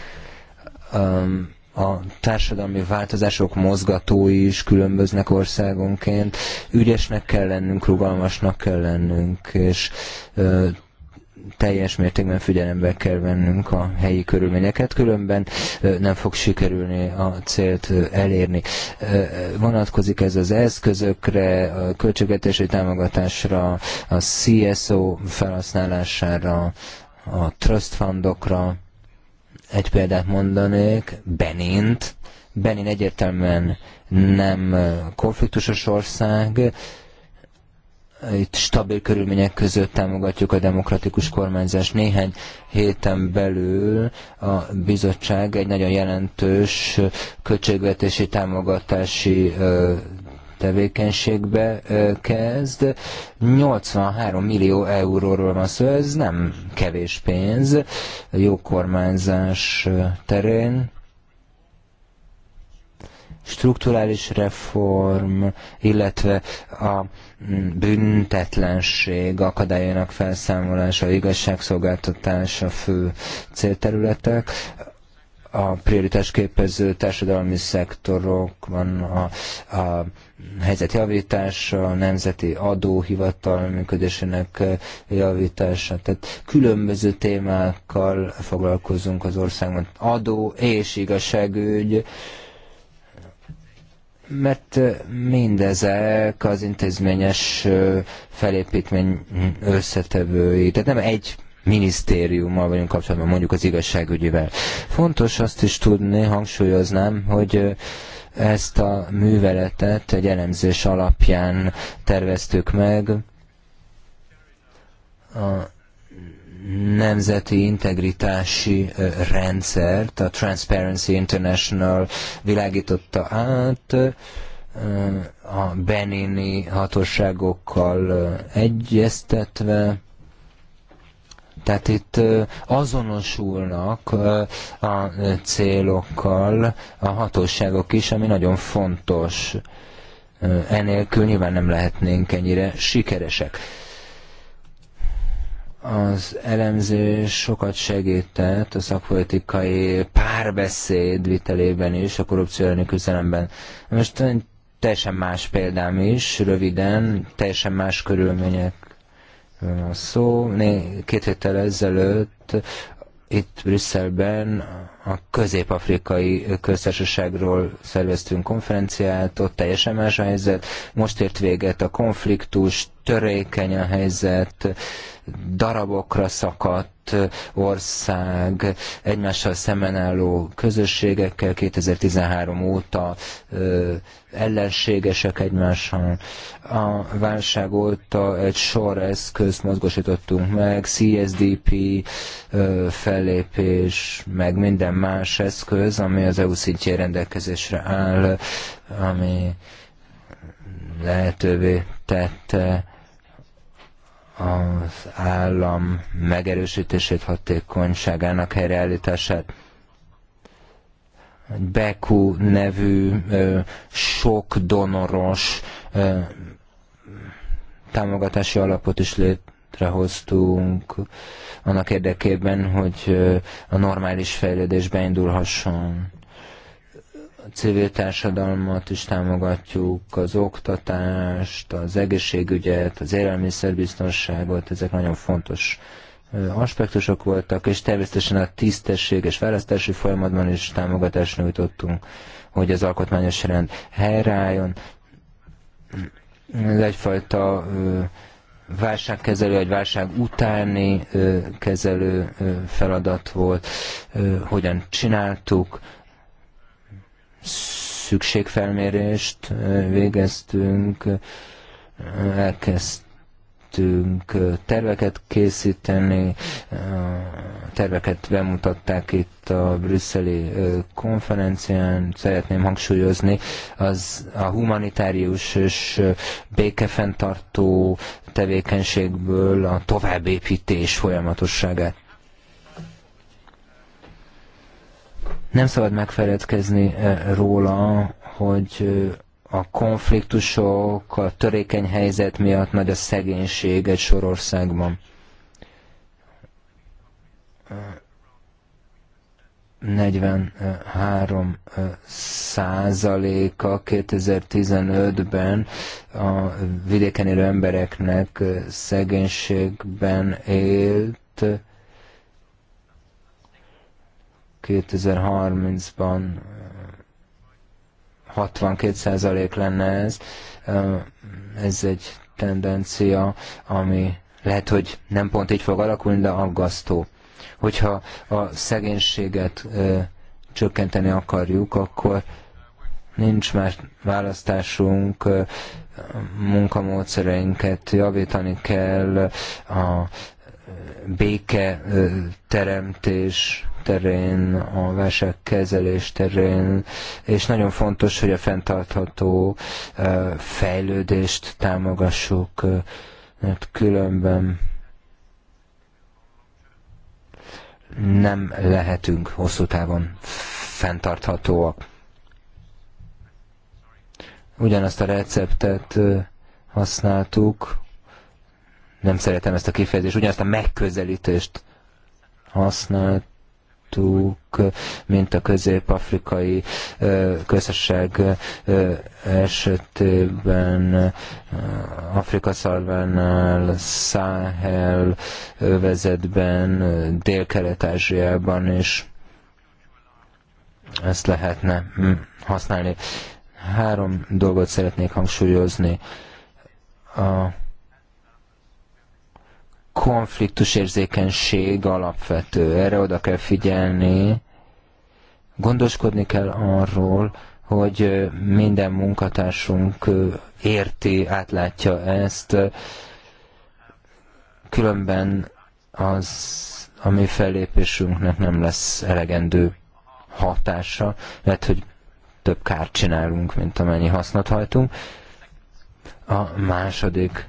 A társadalmi változások mozgatói is különböznek országonként. Ügyesnek kell lennünk, rugalmasnak kell lennünk, és teljes mértékben figyelembe kell vennünk a helyi körülményeket, különben nem fog sikerülni a célt elérni. Vonatkozik ez az eszközökre, a költségvetési támogatásra, a CSO felhasználására, a trust fundokra. Egy példát mondanék, Benint. Benin egyértelműen nem konfliktusos ország, itt stabil körülmények között támogatjuk a demokratikus kormányzást. Néhány héten belül a bizottság egy nagyon jelentős költségvetési támogatási tevékenységbe kezd. 83 millió euróról van szó, ez nem kevés pénz jó kormányzás terén strukturális reform, illetve a büntetlenség akadályának felszámolása, igazságszolgáltatása fő célterületek a prioritás képező társadalmi szektorokban a, a helyzet javítása, a nemzeti adóhivatal működésének javítása. Tehát különböző témákkal foglalkozunk az országban. Adó és igazságügy mert mindezek az intézményes felépítmény összetevői, tehát nem egy minisztériummal vagyunk kapcsolatban, mondjuk az igazságügyivel. Fontos azt is tudni, hangsúlyoznám, hogy ezt a műveletet egy elemzés alapján terveztük meg. A nemzeti integritási rendszert a Transparency International világította át a benini hatóságokkal egyeztetve. Tehát itt azonosulnak a célokkal a hatóságok is, ami nagyon fontos. Enélkül nyilván nem lehetnénk ennyire sikeresek az elemzés sokat segített a szakpolitikai párbeszéd vitelében is, a korrupció elleni küzdelemben. Most teljesen más példám is, röviden, teljesen más körülmények van szó. Két héttel ezelőtt itt Brüsszelben a közép-afrikai köztársaságról szerveztünk konferenciát, ott teljesen más a helyzet, most ért véget a konfliktus, törékeny a helyzet, darabokra szakadt, ország egymással szemben álló közösségekkel 2013 óta ö, ellenségesek egymással. A válság óta egy sor eszközt mozgosítottunk meg, CSDP ö, fellépés, meg minden más eszköz, ami az EU szintjén rendelkezésre áll, ami lehetővé tette az állam megerősítését, hatékonyságának helyreállítását. Beku nevű ö, sok donoros ö, támogatási alapot is létrehoztunk annak érdekében, hogy ö, a normális fejlődés beindulhasson civil társadalmat is támogatjuk, az oktatást, az egészségügyet, az élelmiszerbiztonságot, ezek nagyon fontos aspektusok voltak, és természetesen a tisztességes választási folyamatban is támogatást nyújtottunk, hogy az alkotmányos rend helyreálljon. Ez egyfajta válságkezelő, vagy válság utáni kezelő feladat volt, hogyan csináltuk, szükségfelmérést végeztünk, elkezdtünk terveket készíteni, terveket bemutatták itt a brüsszeli konferencián, szeretném hangsúlyozni, az a humanitárius és békefenntartó tevékenységből a továbbépítés folyamatosságát Nem szabad megfeledkezni eh, róla, hogy eh, a konfliktusok, a törékeny helyzet miatt nagy a szegénység egy sor országban. 43 eh, százaléka 2015-ben a vidéken élő embereknek szegénységben élt, 2030-ban 62% lenne ez. Ez egy tendencia, ami lehet, hogy nem pont így fog alakulni, de aggasztó. Hogyha a szegénységet ö, csökkenteni akarjuk, akkor nincs más választásunk, ö, munkamódszereinket javítani kell, a béke teremtés terén, a válságkezelés terén, és nagyon fontos, hogy a fenntartható fejlődést támogassuk, mert különben nem lehetünk hosszú távon fenntarthatóak. Ugyanazt a receptet használtuk, nem szeretem ezt a kifejezést, ugyanazt a megközelítést használtuk, mint a közép-afrikai közösség esetében, Afrika szalvánál, Száhel övezetben, Dél-Kelet-Ázsiában is ezt lehetne mm, használni. Három dolgot szeretnék hangsúlyozni. A konfliktus érzékenység alapvető. Erre oda kell figyelni. Gondoskodni kell arról, hogy minden munkatársunk érti, átlátja ezt. Különben az a mi fellépésünknek nem lesz elegendő hatása, lehet, hogy több kárt csinálunk, mint amennyi hasznot hajtunk. A második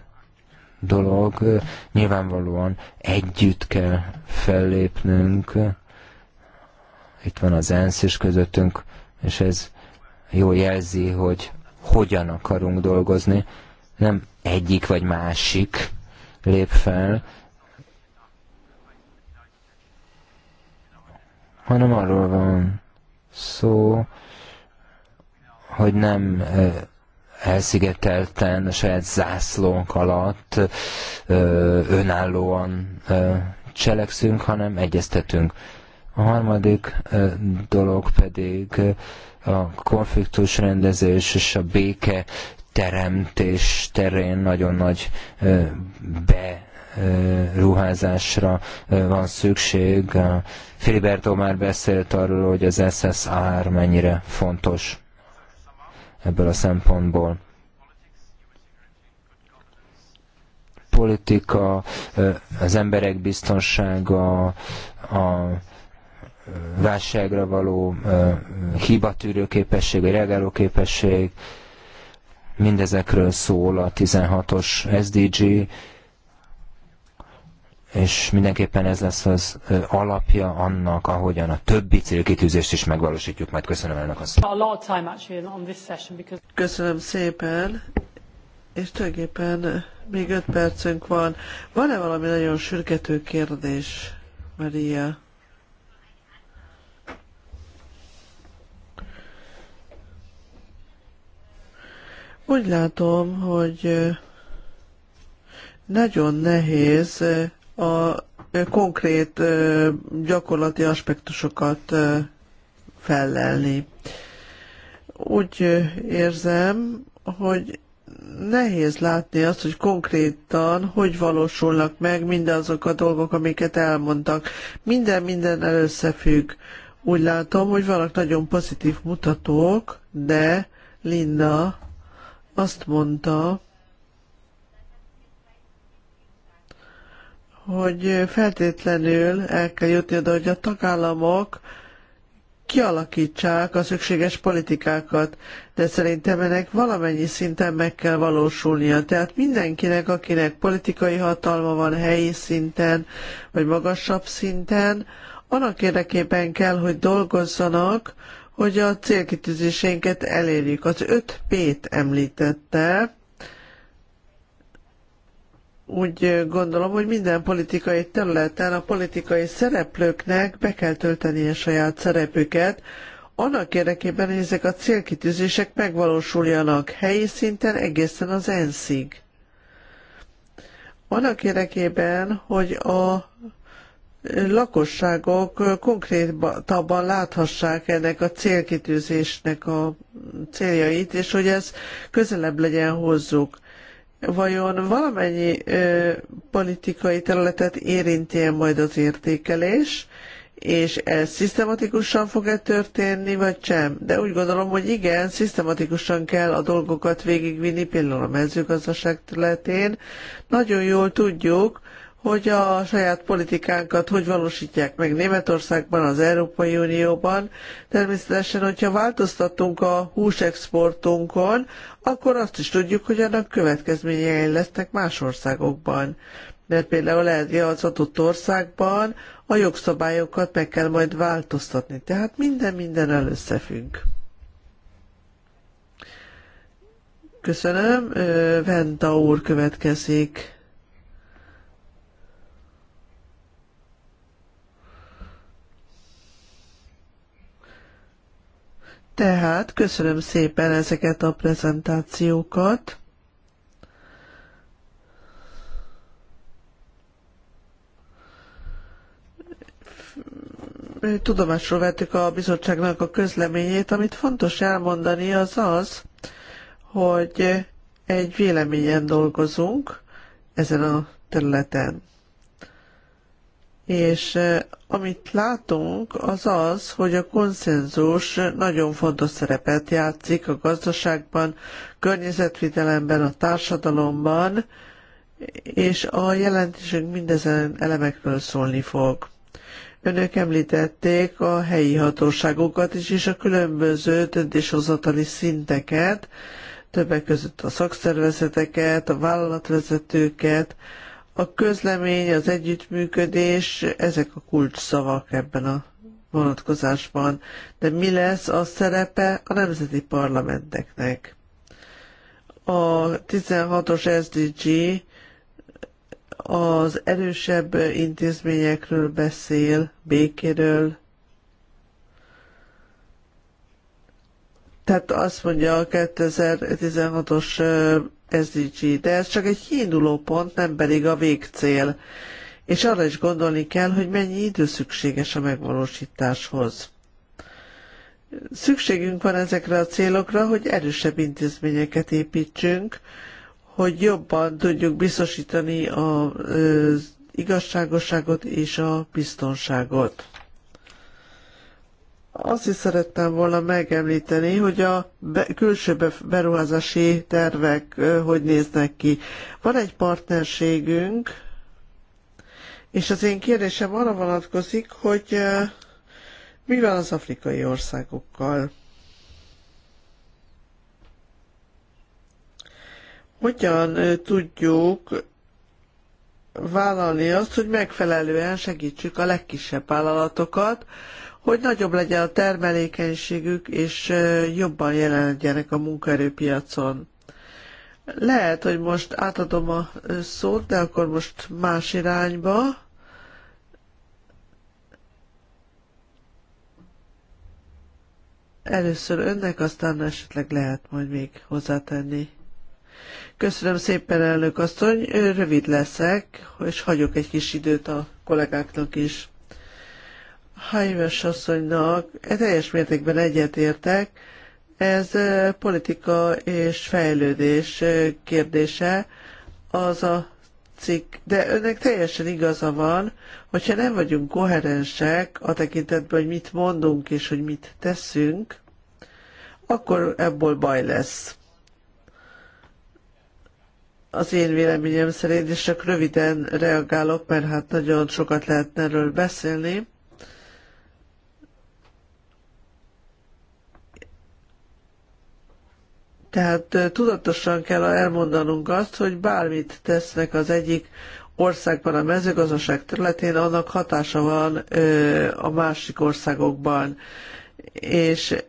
dolog. Nyilvánvalóan együtt kell fellépnünk. Itt van az ENSZ is közöttünk, és ez jó jelzi, hogy hogyan akarunk dolgozni. Nem egyik vagy másik lép fel, hanem arról van szó, hogy nem eh, elszigetelten, a saját zászlónk alatt önállóan cselekszünk, hanem egyeztetünk. A harmadik dolog pedig a konfliktus rendezés és a béke teremtés terén nagyon nagy beruházásra van szükség. Filiberto már beszélt arról, hogy az SSR mennyire fontos ebből a szempontból. Politika, az emberek biztonsága, a válságra való hibatűrő képesség, vagy reagáló képesség, mindezekről szól a 16-os SDG, és mindenképpen ez lesz az alapja annak, ahogyan a többi célkitűzést is megvalósítjuk. Majd köszönöm elnök azt. Köszönöm szépen, és tulajdonképpen még öt percünk van. Van-e valami nagyon sürgető kérdés, Maria? Úgy látom, hogy nagyon nehéz a konkrét gyakorlati aspektusokat fellelni. Úgy érzem, hogy nehéz látni azt, hogy konkrétan hogy valósulnak meg mindazok a dolgok, amiket elmondtak. Minden minden összefügg. Úgy látom, hogy vannak nagyon pozitív mutatók, de Linda azt mondta, hogy feltétlenül el kell jutni oda, hogy a tagállamok kialakítsák a szükséges politikákat, de szerintem ennek valamennyi szinten meg kell valósulnia. Tehát mindenkinek, akinek politikai hatalma van helyi szinten, vagy magasabb szinten, annak érdekében kell, hogy dolgozzanak, hogy a célkitűzéseinket elérjük. Az 5P-t említette, úgy gondolom, hogy minden politikai területen a politikai szereplőknek be kell tölteni a saját szerepüket, annak érdekében, hogy ezek a célkitűzések megvalósuljanak helyi szinten egészen az ENSZ-ig. Annak érdekében, hogy a lakosságok konkrétabban láthassák ennek a célkitűzésnek a céljait, és hogy ez közelebb legyen hozzuk vajon valamennyi ö, politikai területet érinti-e majd az értékelés, és ez szisztematikusan fog-e történni, vagy sem? De úgy gondolom, hogy igen, szisztematikusan kell a dolgokat végigvinni, például a mezőgazdaság területén. Nagyon jól tudjuk, hogy a saját politikánkat hogy valósítják meg Németországban, az Európai Unióban. Természetesen, hogyha változtatunk a húsexportunkon, akkor azt is tudjuk, hogy annak következményei lesznek más országokban. Mert például lehet, hogy az adott országban a jogszabályokat meg kell majd változtatni. Tehát minden mindennel összefügg. Köszönöm. Venta úr következik. Tehát köszönöm szépen ezeket a prezentációkat. Tudomásról vettük a bizottságnak a közleményét, amit fontos elmondani az az, hogy egy véleményen dolgozunk ezen a területen és amit látunk, az az, hogy a konszenzus nagyon fontos szerepet játszik a gazdaságban, környezetvédelemben, a társadalomban, és a jelentésünk mindezen elemekről szólni fog. Önök említették a helyi hatóságokat is, és a különböző döntéshozatali szinteket, többek között a szakszervezeteket, a vállalatvezetőket, a közlemény, az együttműködés, ezek a kulcsszavak ebben a vonatkozásban. De mi lesz a szerepe a nemzeti parlamenteknek? A 16-os SDG az erősebb intézményekről beszél, békéről, tehát azt mondja a 2016-os SDG, de ez csak egy kiinduló pont, nem pedig a végcél. És arra is gondolni kell, hogy mennyi idő szükséges a megvalósításhoz. Szükségünk van ezekre a célokra, hogy erősebb intézményeket építsünk, hogy jobban tudjuk biztosítani az igazságosságot és a biztonságot. Azt is szerettem volna megemlíteni, hogy a be, külső beruházási tervek hogy néznek ki. Van egy partnerségünk, és az én kérdésem arra vonatkozik, hogy mi van az afrikai országokkal? Hogyan tudjuk vállalni azt, hogy megfelelően segítsük a legkisebb vállalatokat, hogy nagyobb legyen a termelékenységük, és jobban jelenjenek a munkaerőpiacon. Lehet, hogy most átadom a szót, de akkor most más irányba. Először önnek, aztán esetleg lehet majd még hozzátenni. Köszönöm szépen, elnök asszony, rövid leszek, és hagyok egy kis időt a kollégáknak is. Hajves asszonynak e teljes mértékben egyetértek, ez politika és fejlődés kérdése, az a cikk, de önnek teljesen igaza van, hogyha nem vagyunk koherensek a tekintetben, hogy mit mondunk és hogy mit teszünk, akkor ebből baj lesz. Az én véleményem szerint, és csak röviden reagálok, mert hát nagyon sokat lehetne erről beszélni, Tehát tudatosan kell elmondanunk azt, hogy bármit tesznek az egyik országban a mezőgazdaság területén, annak hatása van a másik országokban. És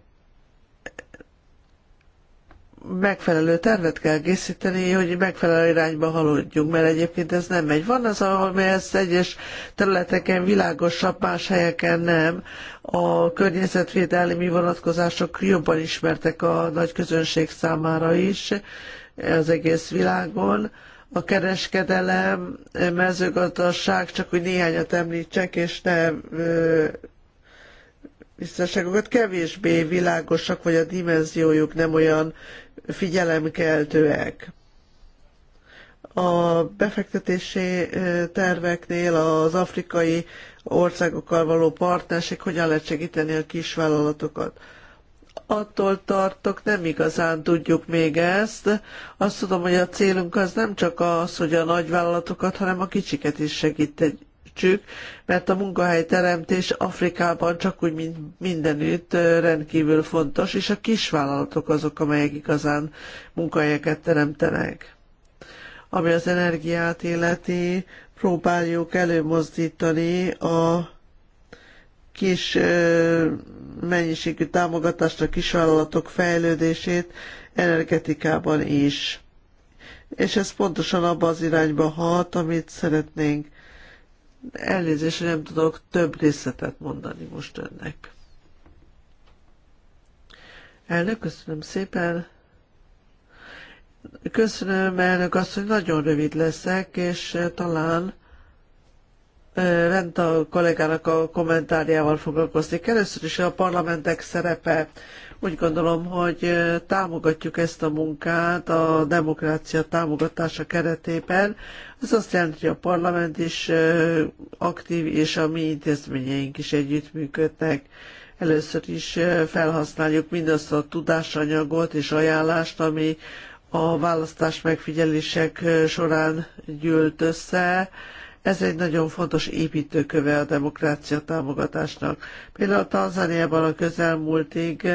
megfelelő tervet kell készíteni, hogy megfelelő irányba haladjunk, mert egyébként ez nem megy. Van az, ahol ez egyes területeken világosabb, más helyeken nem. A környezetvédelmi vonatkozások jobban ismertek a nagy közönség számára is az egész világon. A kereskedelem, mezőgazdaság, csak hogy néhányat említsek, és ne biztonságokat kevésbé világosak, vagy a dimenziójuk nem olyan figyelemkeltőek. A befektetési terveknél az afrikai országokkal való partnerség hogyan lehet segíteni a kisvállalatokat? attól tartok, nem igazán tudjuk még ezt. Azt tudom, hogy a célunk az nem csak az, hogy a nagyvállalatokat, hanem a kicsiket is segíteni teremtsük, mert a munkahelyteremtés Afrikában csak úgy, mint mindenütt rendkívül fontos, és a kisvállalatok azok, amelyek igazán munkahelyeket teremtenek. Ami az energiát illeti, próbáljuk előmozdítani a kis mennyiségű támogatást, a kisvállalatok fejlődését energetikában is. És ez pontosan abba az irányba hat, amit szeretnénk. Elnézést, nem tudok több részletet mondani most önnek. Elnök, köszönöm szépen. Köszönöm, elnök azt, hogy nagyon rövid leszek, és eh, talán eh, rend a kollégának a kommentárjával foglalkozni. Először is a parlamentek szerepe. Úgy gondolom, hogy támogatjuk ezt a munkát a demokrácia támogatása keretében. Ez azt jelenti, hogy a parlament is aktív, és a mi intézményeink is együttműködnek. Először is felhasználjuk mindazt a tudásanyagot és ajánlást, ami a választás megfigyelések során gyűlt össze. Ez egy nagyon fontos építőköve a demokrácia támogatásnak. Például a Tanzániában a közelmúltig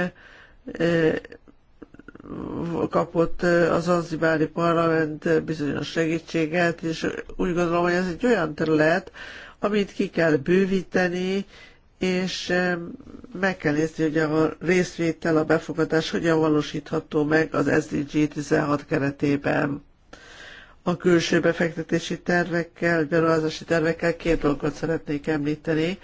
kapott az Anzibári Parlament bizonyos segítséget, és úgy gondolom, hogy ez egy olyan terület, amit ki kell bővíteni, és meg kell nézni, hogy a részvétel, a befogadás hogyan valósítható meg az SDG 16 keretében. A külső befektetési tervekkel, beruházási tervekkel két dolgot szeretnék említeni.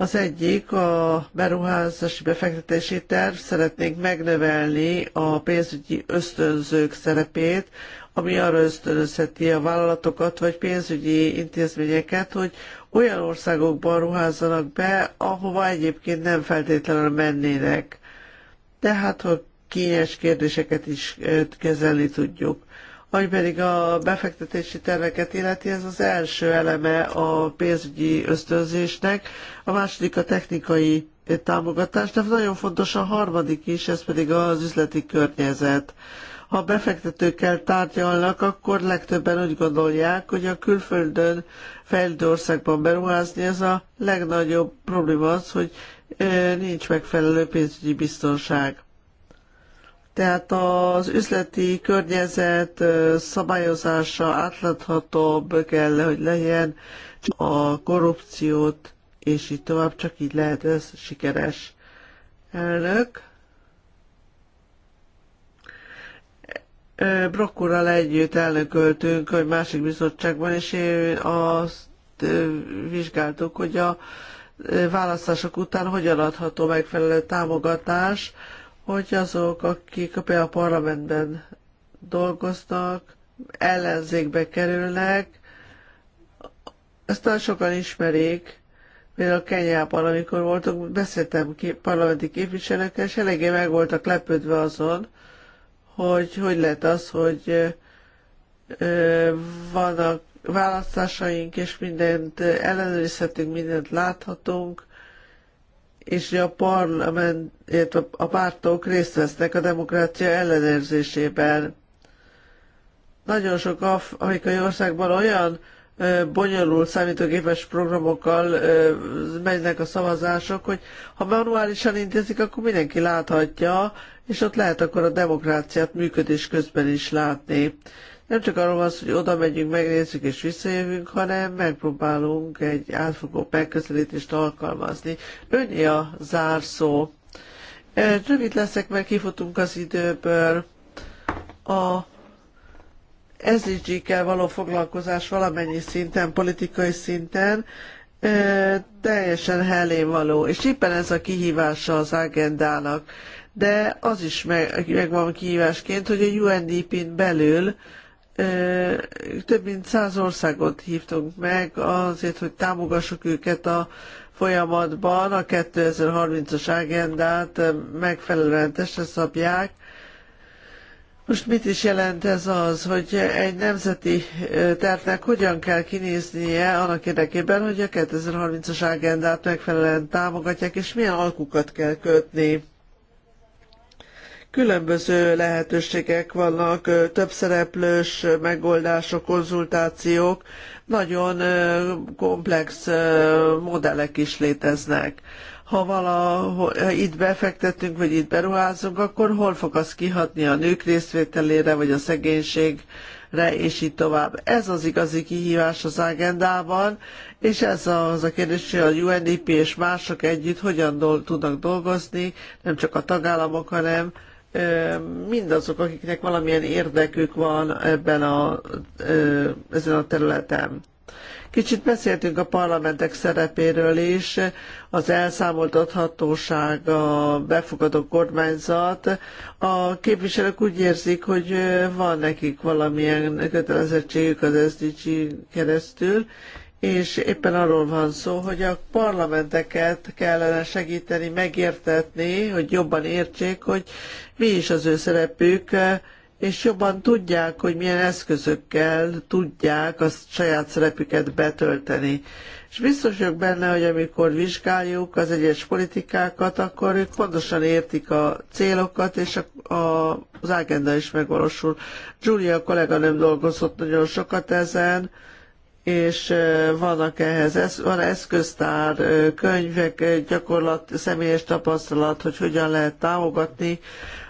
Az egyik a beruházási befektetési terv, szeretnénk megnövelni a pénzügyi ösztönzők szerepét, ami arra ösztönözheti a vállalatokat vagy pénzügyi intézményeket, hogy olyan országokban ruházzanak be, ahova egyébként nem feltétlenül mennének. Tehát, hogy kényes kérdéseket is kezelni tudjuk vagy pedig a befektetési terveket illeti, ez az első eleme a pénzügyi ösztönzésnek, a második a technikai támogatás, de nagyon fontos a harmadik is, ez pedig az üzleti környezet. Ha befektetőkkel tárgyalnak, akkor legtöbben úgy gondolják, hogy a külföldön fejlődő országban beruházni, ez a legnagyobb probléma az, hogy nincs megfelelő pénzügyi biztonság. Tehát az üzleti környezet szabályozása átláthatóbb kell, hogy legyen a korrupciót, és így tovább, csak így lehet ez sikeres. Elnök. Brokkurral együtt elnököltünk egy másik bizottságban, és azt vizsgáltuk, hogy a választások után hogyan adható megfelelő támogatás, hogy azok, akik például a parlamentben dolgoznak, ellenzékbe kerülnek, ezt nagyon sokan ismerik, például Kenyában, amikor voltunk, beszéltem ki parlamenti képviselőkkel, és eléggé meg voltak lepődve azon, hogy hogy lett az, hogy ö, vannak választásaink, és mindent ellenőrizhetünk, mindent láthatunk, és a parlament, illetve a pártok részt vesznek a demokrácia ellenőrzésében. Nagyon sok afrikai országban olyan bonyolult számítógépes programokkal megynek a szavazások, hogy ha manuálisan intézik, akkor mindenki láthatja, és ott lehet akkor a demokráciát működés közben is látni. Nem csak arról van hogy oda megyünk, megnézzük és visszajövünk, hanem megpróbálunk egy átfogó megközelítést alkalmazni. Önnyi a zárszó. Rövid leszek, mert kifutunk az időből. A sdg kel való foglalkozás valamennyi szinten, politikai szinten, teljesen helén való, és éppen ez a kihívása az agendának. De az is meg, megvan kihívásként, hogy a UNDP-n belül több mint száz országot hívtunk meg azért, hogy támogassuk őket a folyamatban, a 2030-as agendát megfelelően testre szabják, most mit is jelent ez az, hogy egy nemzeti tervnek hogyan kell kinéznie annak érdekében, hogy a 2030-as agendát megfelelően támogatják, és milyen alkukat kell kötni? Különböző lehetőségek vannak, többszereplős megoldások, konzultációk, nagyon komplex modellek is léteznek. Ha valahol ha itt befektetünk, vagy itt beruházunk, akkor hol fog az kihatni a nők részvételére, vagy a szegénység re, és így tovább. Ez az igazi kihívás az agendában, és ez az a kérdés, hogy a UNDP és mások együtt hogyan dol- tudnak dolgozni, nem csak a tagállamok, hanem mindazok, akiknek valamilyen érdekük van ebben a, ezen a területen. Kicsit beszéltünk a parlamentek szerepéről is, az elszámoltathatóság, a befogadó kormányzat. A képviselők úgy érzik, hogy van nekik valamilyen kötelezettségük az SDG keresztül, és éppen arról van szó, hogy a parlamenteket kellene segíteni, megértetni, hogy jobban értsék, hogy mi is az ő szerepük, és jobban tudják, hogy milyen eszközökkel tudják a saját szerepüket betölteni. És biztos vagyok benne, hogy amikor vizsgáljuk az egyes politikákat, akkor ők pontosan értik a célokat, és a, a, az agenda is megvalósul. Julia kolléganőm dolgozott nagyon sokat ezen, és vannak ehhez van eszköztár, könyvek, gyakorlat, személyes tapasztalat, hogy hogyan lehet támogatni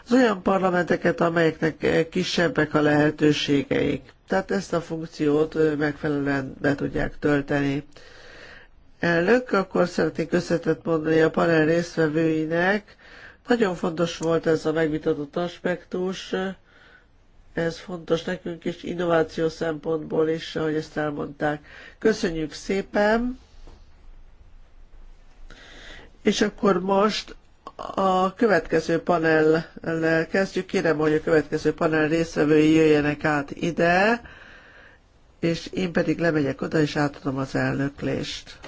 az olyan parlamenteket, amelyeknek kisebbek a lehetőségeik. Tehát ezt a funkciót megfelelően be tudják tölteni. Elnök, akkor szeretnék összetett mondani a panel résztvevőinek. Nagyon fontos volt ez a megvitatott aspektus ez fontos nekünk is, innováció szempontból is, ahogy ezt elmondták. Köszönjük szépen! És akkor most a következő panellel kezdjük. Kérem, hogy a következő panel részvevői jöjjenek át ide, és én pedig lemegyek oda, és átadom az elnöklést.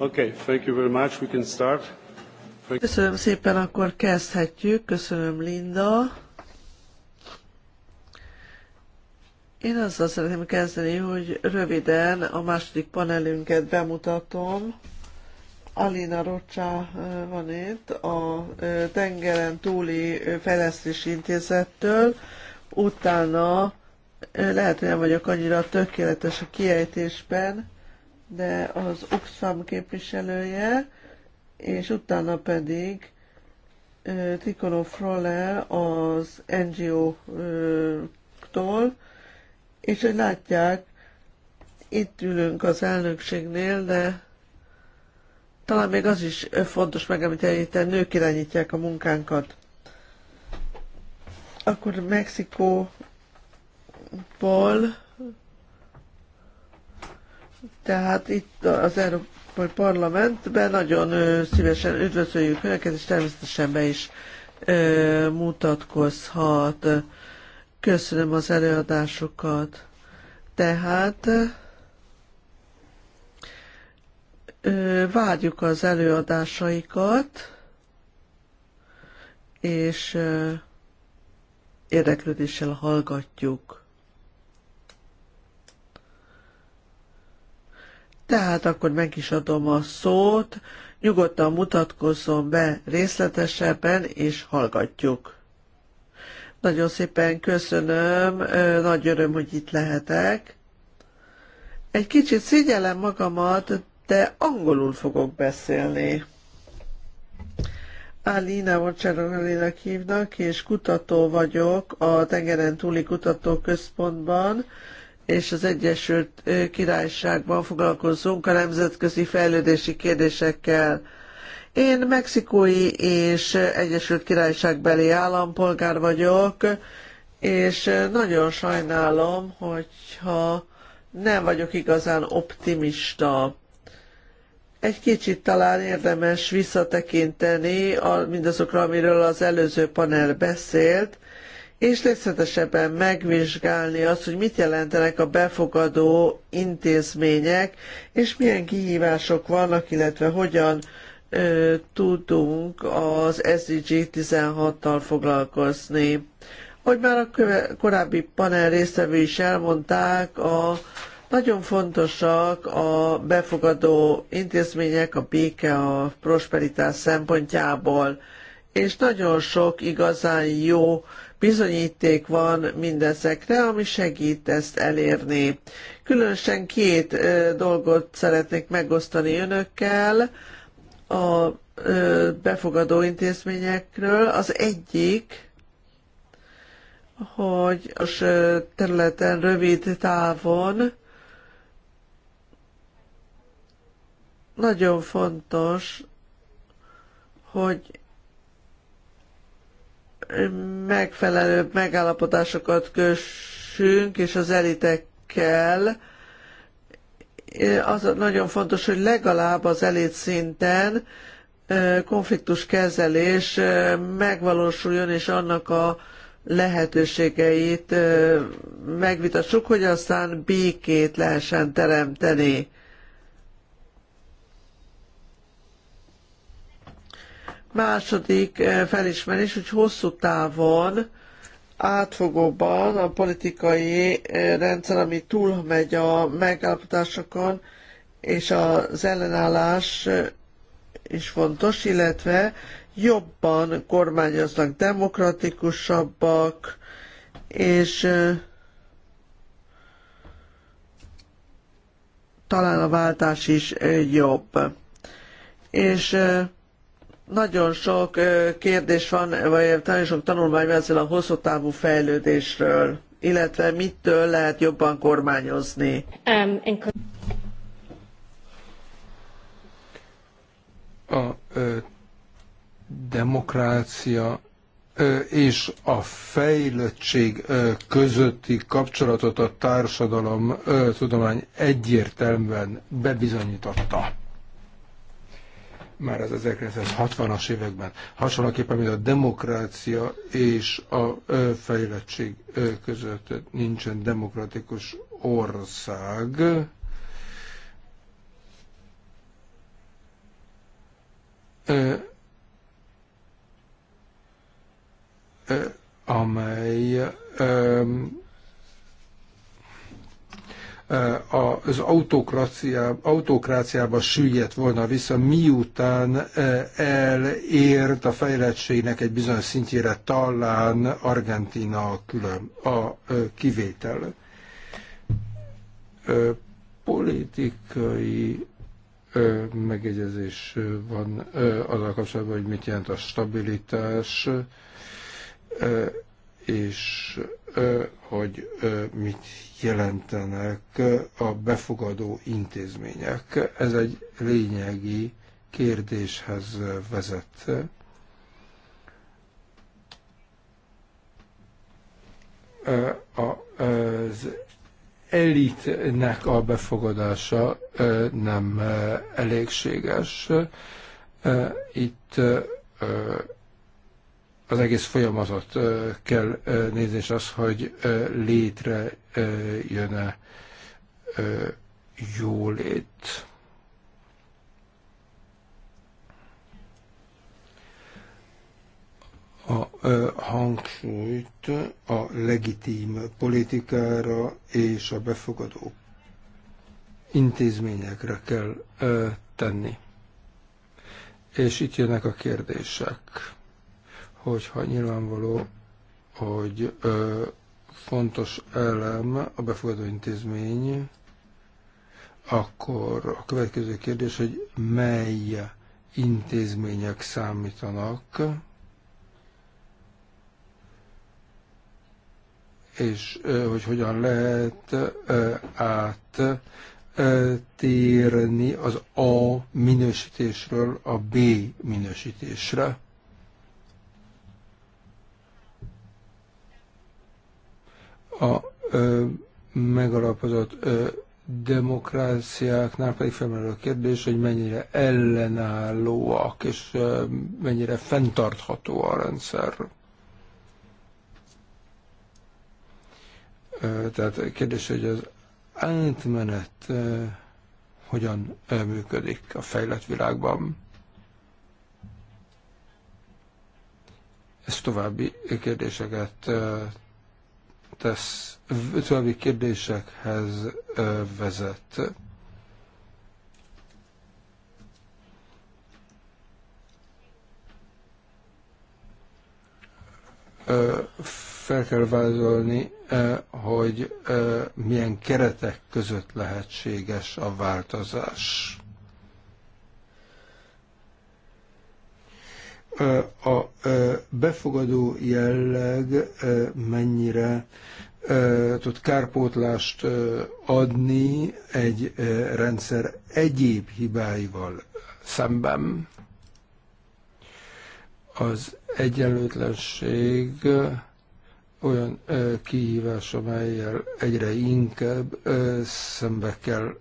Okay, thank you very much. We can start. Thank Köszönöm szépen, akkor kezdhetjük. Köszönöm, Linda. Én azzal szeretném kezdeni, hogy röviden a második panelünket bemutatom. Alina Rocsa van itt, a Tengeren túli fejlesztési intézettől. Utána lehet, hogy nem vagyok annyira tökéletes a kiejtésben, de az Oxfam képviselője, és utána pedig Tikono Frolle az NGO-tól, és hogy látják, itt ülünk az elnökségnél, de talán még az is fontos amit hogy nők irányítják a munkánkat. Akkor Mexikóból tehát itt az Európai Parlamentben nagyon szívesen üdvözöljük Önöket, és természetesen be is mutatkozhat. Köszönöm az előadásokat. Tehát várjuk az előadásaikat, és érdeklődéssel hallgatjuk. Tehát akkor meg is adom a szót, nyugodtan mutatkozzon be részletesebben, és hallgatjuk. Nagyon szépen köszönöm, nagy öröm, hogy itt lehetek. Egy kicsit szigyelem magamat, de angolul fogok beszélni. Alina Vocsarolinak hívnak, és kutató vagyok a tengeren túli kutatóközpontban, és az Egyesült Királyságban foglalkozunk a nemzetközi fejlődési kérdésekkel. Én mexikói és Egyesült Királyságbeli állampolgár vagyok, és nagyon sajnálom, hogyha nem vagyok igazán optimista. Egy kicsit talán érdemes visszatekinteni mindazokra, amiről az előző panel beszélt, és részletesebben megvizsgálni azt, hogy mit jelentenek a befogadó intézmények, és milyen kihívások vannak, illetve hogyan ö, tudunk az SDG 16-tal foglalkozni. Hogy már a köve, korábbi panel résztvevő is elmondták, a, nagyon fontosak a befogadó intézmények a béke, a prosperitás szempontjából, és nagyon sok igazán jó bizonyíték van mindezekre, ami segít ezt elérni. Különösen két dolgot szeretnék megosztani önökkel a befogadó intézményekről. Az egyik, hogy a területen rövid távon nagyon fontos, hogy megfelelőbb megállapodásokat kössünk, és az elitekkel, az nagyon fontos, hogy legalább az elit szinten konfliktuskezelés megvalósuljon, és annak a lehetőségeit megvitassuk, hogy aztán békét lehessen teremteni. második eh, felismerés, hogy hosszú távon átfogóban a politikai eh, rendszer, ami túlmegy a megállapodásokon, és az ellenállás eh, is fontos, illetve jobban kormányoznak, demokratikusabbak, és talán a váltás is jobb. És nagyon sok kérdés van, vagy nagyon sok tanulmány van ezzel a hosszú távú fejlődésről, illetve mitől lehet jobban kormányozni. Um, a ö, demokrácia és a fejlettség közötti kapcsolatot a társadalom tudomány egyértelműen bebizonyította már az 1960-as években, hasonlóképpen, mint a demokrácia és a fejlettség között nincsen demokratikus ország. amely az autokráciába süllyedt volna vissza, miután e, elért a fejlettségnek egy bizonyos szintjére, talán Argentina külön a e, kivétel. E, politikai megegyezés van azzal kapcsolatban, hogy mit jelent a stabilitás, és hogy mit jelentenek a befogadó intézmények. Ez egy lényegi kérdéshez vezet. Az elitnek a befogadása nem elégséges. Itt az egész folyamatot kell nézni, és az, hogy létre jön-e jólét. a hangsúlyt a legitim politikára és a befogadó intézményekre kell tenni. És itt jönnek a kérdések hogyha nyilvánvaló, hogy ö, fontos elem a befogadó intézmény, akkor a következő kérdés, hogy mely intézmények számítanak, és hogy hogyan lehet át térni az A minősítésről a B minősítésre. a ö, megalapozott ö, demokráciáknál pedig felmerül a kérdés, hogy mennyire ellenállóak és ö, mennyire fenntartható a rendszer. Ö, tehát kérdés, hogy az átmenet ö, hogyan ö, működik a fejlett világban. Ez további kérdéseket tesz, további kérdésekhez vezet. Fel kell vázolni, hogy milyen keretek között lehetséges a változás. a befogadó jelleg mennyire tud kárpótlást adni egy rendszer egyéb hibáival szemben. Az egyenlőtlenség olyan kihívás, amelyel egyre inkább szembe kell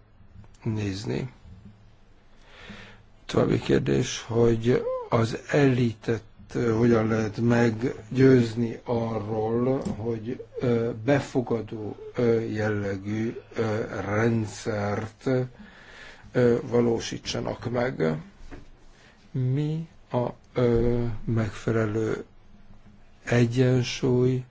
nézni. További kérdés, hogy az elitet hogyan lehet meggyőzni arról, hogy befogadó jellegű rendszert valósítsanak meg. Mi a megfelelő egyensúly,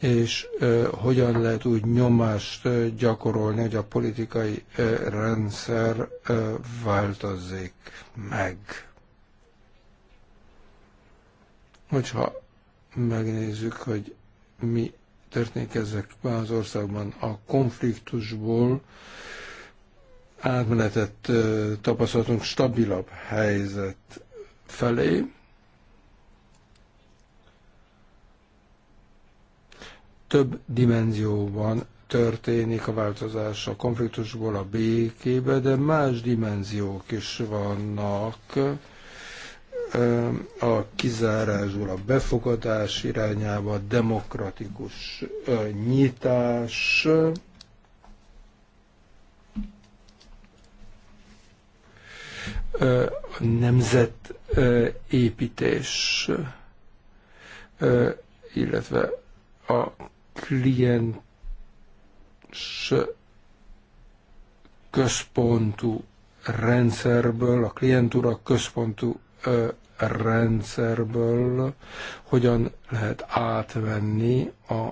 és hogyan lehet úgy nyomást gyakorolni, hogy a politikai rendszer változzék meg Hogyha megnézzük, hogy mi történik ezekben az országban a konfliktusból, átmenetet tapasztalatunk stabilabb helyzet felé. Több dimenzióban történik a változás a konfliktusból a békébe, de más dimenziók is vannak a kizárásból a befogadás irányába, a demokratikus nyitás, a nemzetépítés, illetve a kliens központú rendszerből, a klientúra központú rendszerből hogyan lehet átvenni a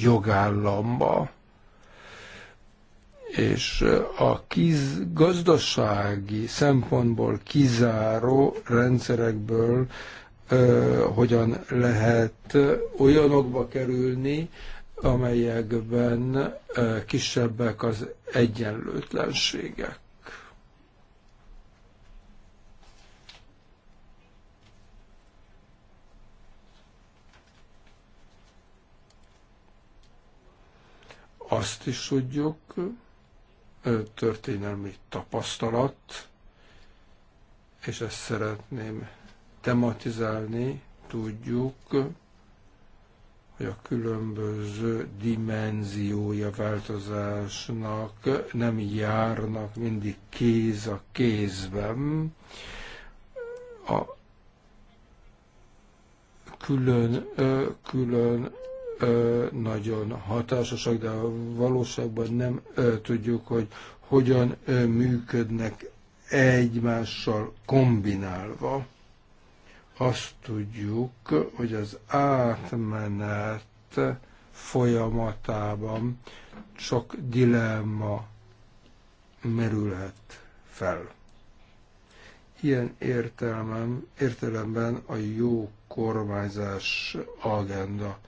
jogállamba. És a kiz, gazdasági szempontból kizáró rendszerekből ö, hogyan lehet olyanokba kerülni, amelyekben ö, kisebbek az egyenlőtlenségek Azt is tudjuk, történelmi tapasztalat, és ezt szeretném tematizálni, tudjuk, hogy a különböző dimenziója változásnak nem járnak mindig kéz a kézben. A külön, külön nagyon hatásosak, de a valóságban nem tudjuk, hogy hogyan működnek egymással kombinálva. Azt tudjuk, hogy az átmenet folyamatában sok dilemma merülhet fel. Ilyen értelmem, értelemben a jó kormányzás agenda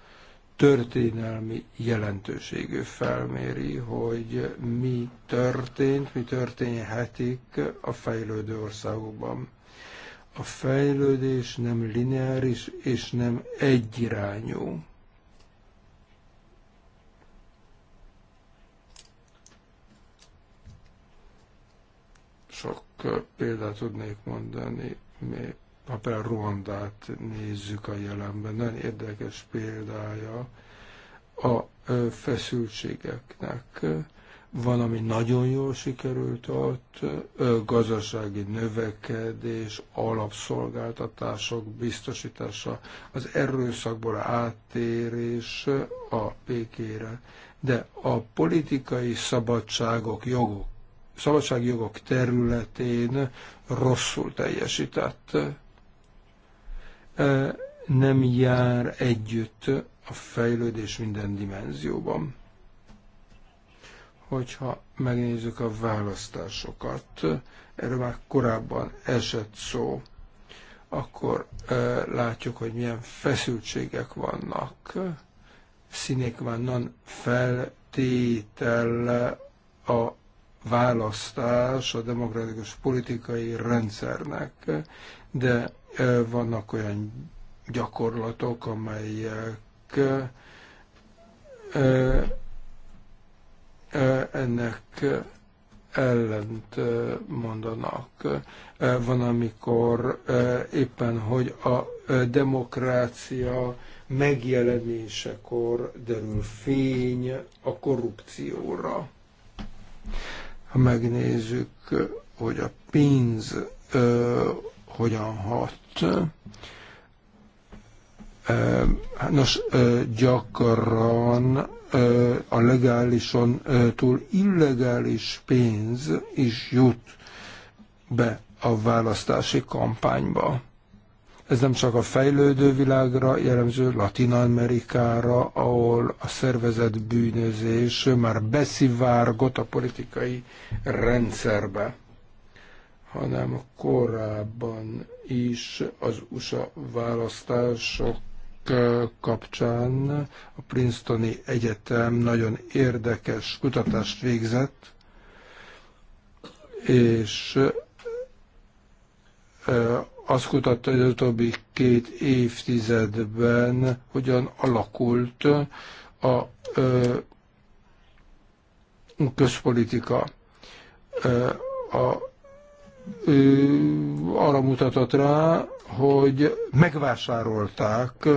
történelmi jelentőségű felméri, hogy mi történt, mi történhetik a fejlődő országokban. A fejlődés nem lineáris és nem egyirányú. Sok példát tudnék mondani még ha például Ruandát nézzük a jelenben, nagyon érdekes példája a feszültségeknek. Van, ami nagyon jól sikerült ott, gazdasági növekedés, alapszolgáltatások biztosítása, az erőszakból átérés a békére, de a politikai szabadságok, jogok, szabadságjogok területén rosszul teljesített nem jár együtt a fejlődés minden dimenzióban. Hogyha megnézzük a választásokat, erről már korábban esett szó, akkor látjuk, hogy milyen feszültségek vannak. Színék vannak feltétel a választás a demokratikus politikai rendszernek, de vannak olyan gyakorlatok, amelyek ennek ellent mondanak. Van, amikor éppen, hogy a demokrácia megjelenésekor derül fény a korrupcióra. Ha megnézzük, hogy a pénz hogyan hat Hát nos, gyakran a legálison túl illegális pénz is jut be a választási kampányba. Ez nem csak a fejlődő világra jellemző, Latin Amerikára, ahol a szervezett bűnözés már beszivárgott a politikai rendszerbe, hanem korábban is az USA választások kapcsán a Princetoni Egyetem nagyon érdekes kutatást végzett, és azt kutatta, hogy az utóbbi két évtizedben hogyan alakult a közpolitika. A arra mutatott rá, hogy megvásárolták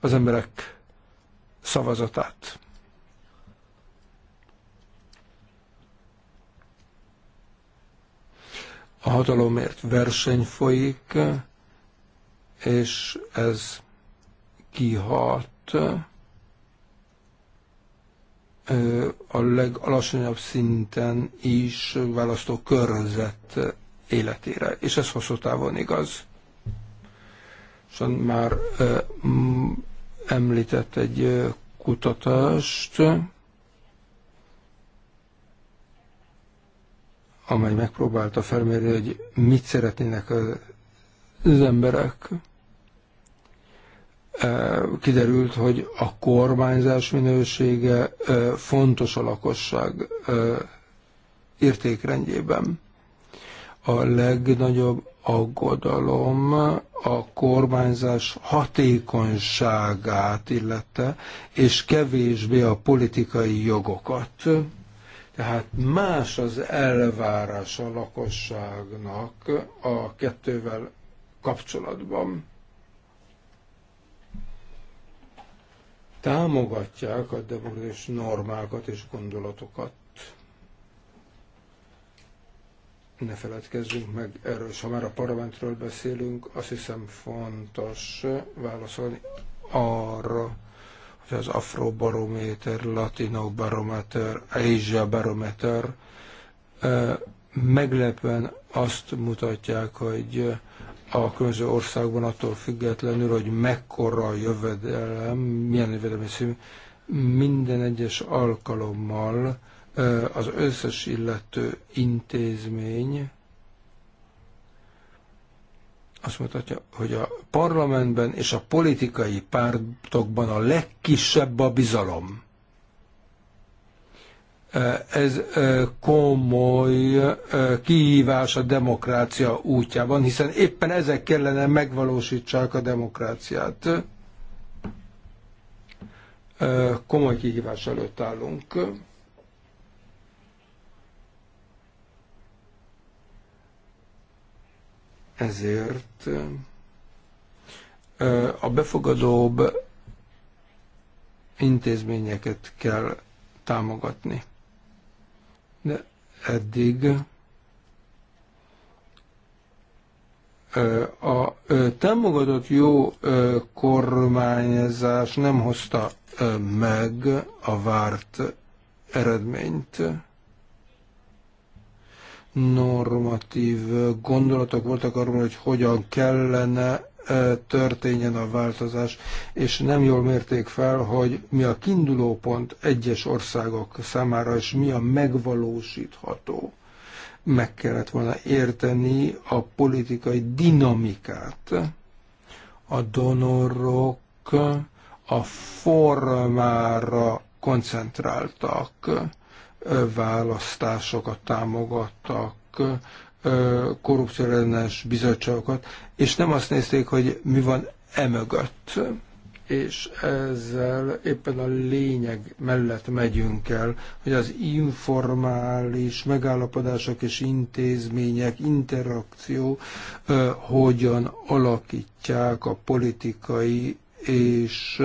az emberek szavazatát. A hatalomért verseny folyik, és ez kihat a legalacsonyabb szinten is választó körzet életére, és ez hosszú távon igaz. Szóval már említett egy kutatást, amely megpróbálta felmérni, hogy mit szeretnének az emberek. Kiderült, hogy a kormányzás minősége fontos a lakosság értékrendjében. A legnagyobb aggodalom a kormányzás hatékonyságát illette, és kevésbé a politikai jogokat. Tehát más az elvárás a lakosságnak a kettővel kapcsolatban. Támogatják a demokratikus normákat és gondolatokat ne feledkezzünk meg erről, és ha már a parlamentről beszélünk, azt hiszem fontos válaszolni arra, hogy az Afrobarométer, Latino Barometer, Asia Barometer meglepően azt mutatják, hogy a különböző országban attól függetlenül, hogy mekkora a jövedelem, milyen jövedelmi szín, minden egyes alkalommal az összes illető intézmény azt mutatja, hogy a parlamentben és a politikai pártokban a legkisebb a bizalom. Ez komoly kihívás a demokrácia útjában, hiszen éppen ezek kellene megvalósítsák a demokráciát. Komoly kihívás előtt állunk. Ezért a befogadóbb intézményeket kell támogatni. De eddig a támogatott jó kormányzás nem hozta meg a várt eredményt normatív gondolatok voltak arról, hogy hogyan kellene e, történjen a változás, és nem jól mérték fel, hogy mi a kiinduló pont egyes országok számára, és mi a megvalósítható. Meg kellett volna érteni a politikai dinamikát. A donorok a formára koncentráltak választásokat támogattak, korrupcióellenes bizottságokat, és nem azt nézték, hogy mi van emögött. És ezzel éppen a lényeg mellett megyünk el, hogy az informális megállapodások és intézmények, interakció ö, hogyan alakítják a politikai és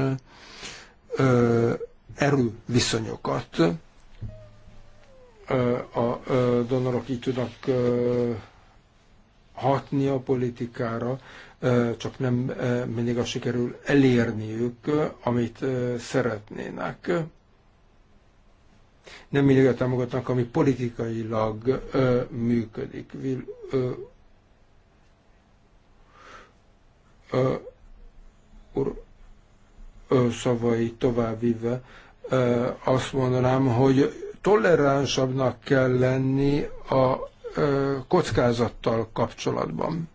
ö, erőviszonyokat a donorok így tudnak hatni a politikára, csak nem mindig azt sikerül elérniük, amit szeretnének. Nem mindig támogatnak, ami politikailag működik. Úr szavai továbbvive azt mondanám, hogy toleránsabbnak kell lenni a kockázattal kapcsolatban.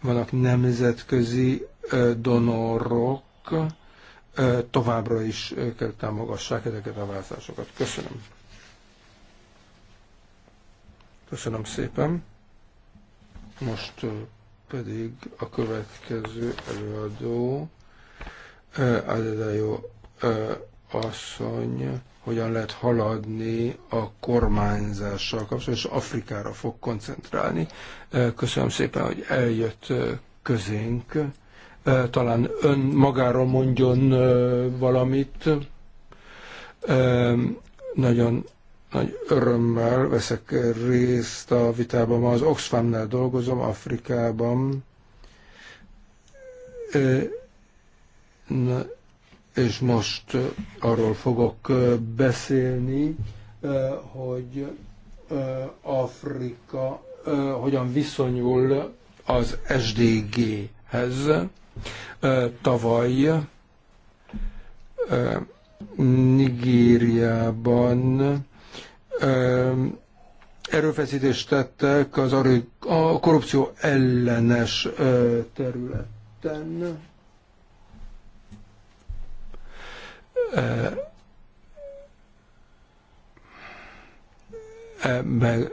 Vannak nemzetközi donorok, továbbra is kell támogassák ezeket a változásokat. Köszönöm. Köszönöm szépen. Most pedig a következő előadó, Adedajó asszony, hogyan lehet haladni a kormányzással kapcsolatban, és Afrikára fog koncentrálni. Köszönöm szépen, hogy eljött közénk. Talán ön magáról mondjon valamit. Nagyon nagy örömmel veszek részt a vitában. Ma az Oxfamnál dolgozom, Afrikában. Na, és most arról fogok beszélni, hogy Afrika hogyan viszonyul az SDG-hez. Tavaly Nigériában erőfeszítést tettek az a korrupció ellenes területen meg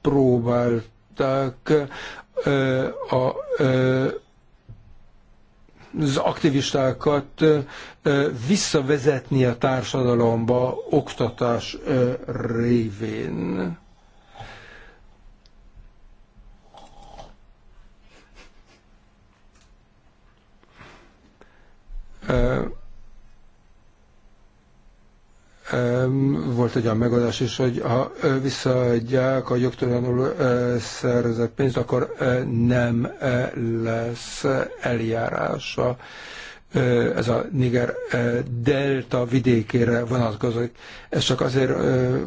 próbálták a az aktivistákat visszavezetni a társadalomba oktatás révén. Uh volt egy olyan megoldás is, hogy ha visszaadják a jogtalanul szerzett pénzt, akkor nem lesz eljárása. Ez a Niger delta vidékére vonatkozik. Ezt csak azért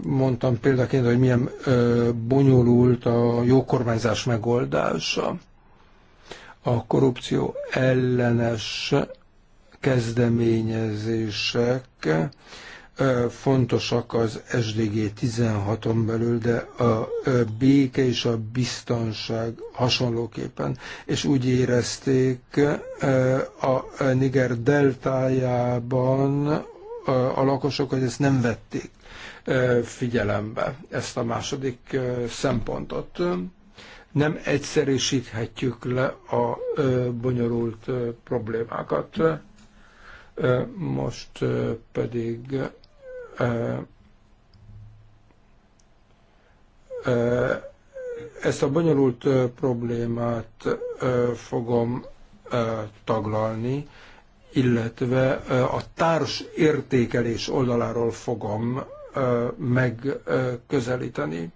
mondtam példaként, hogy milyen bonyolult a kormányzás megoldása. A korrupció ellenes kezdeményezések fontosak az SDG 16-on belül, de a béke és a biztonság hasonlóképpen. És úgy érezték a Niger deltájában a lakosok, hogy ezt nem vették figyelembe, ezt a második szempontot. Nem egyszerűsíthetjük le a bonyolult problémákat most pedig ezt a bonyolult problémát fogom taglalni, illetve a társ értékelés oldaláról fogom megközelíteni.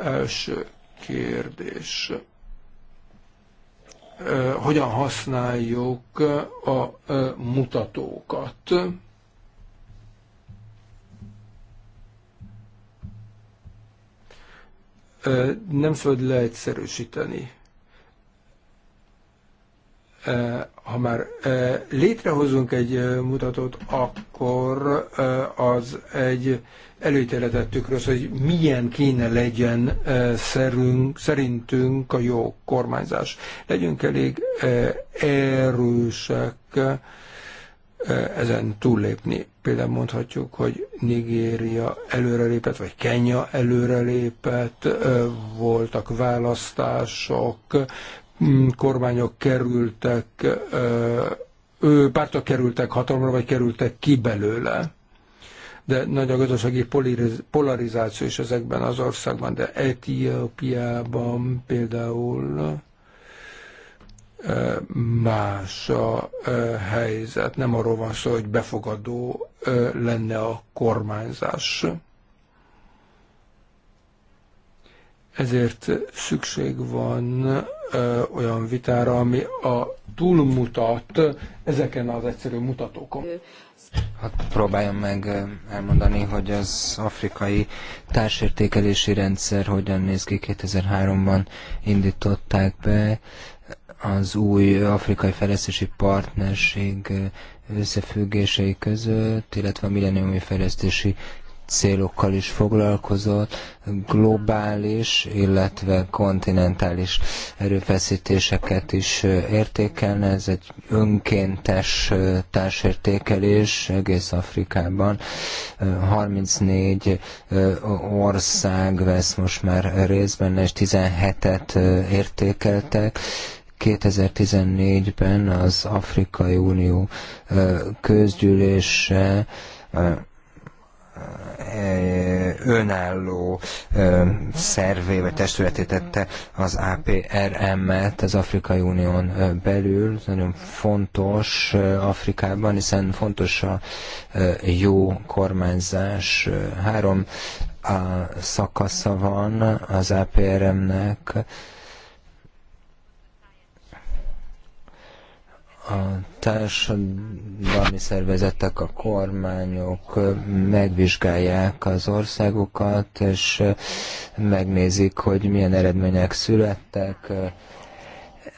Első kérdés hogyan használjuk a mutatókat. Nem szabad leegyszerűsíteni. Ha már létrehozunk egy mutatót, akkor az egy előítéletet tükröz, hogy milyen kéne legyen szerünk, szerintünk a jó kormányzás. Legyünk elég erősek ezen túllépni. Például mondhatjuk, hogy Nigéria előrelépett, vagy Kenya előrelépett, voltak választások, kormányok kerültek, pártok kerültek hatalomra, vagy kerültek ki belőle de nagy a gazdasági polarizáció is ezekben az országban, de Etiópiában például más a helyzet. Nem arról van szó, hogy befogadó lenne a kormányzás. Ezért szükség van olyan vitára, ami a túlmutat ezeken az egyszerű mutatókon. Hát próbáljam meg elmondani, hogy az afrikai társértékelési rendszer hogyan néz ki. 2003-ban indították be az új afrikai fejlesztési partnerség összefüggései között, illetve a milleniumi fejlesztési célokkal is foglalkozott, globális, illetve kontinentális erőfeszítéseket is értékelne. Ez egy önkéntes társértékelés egész Afrikában. 34 ország vesz most már részt benne, és 17-et értékeltek. 2014-ben az Afrikai Unió közgyűlése önálló szervé vagy testületé tette az APRM-et az Afrikai Unión belül. Ez nagyon fontos Afrikában, hiszen fontos a jó kormányzás. Három szakasza van az APRM-nek, a társadalmi szervezetek, a kormányok megvizsgálják az országokat, és megnézik, hogy milyen eredmények születtek.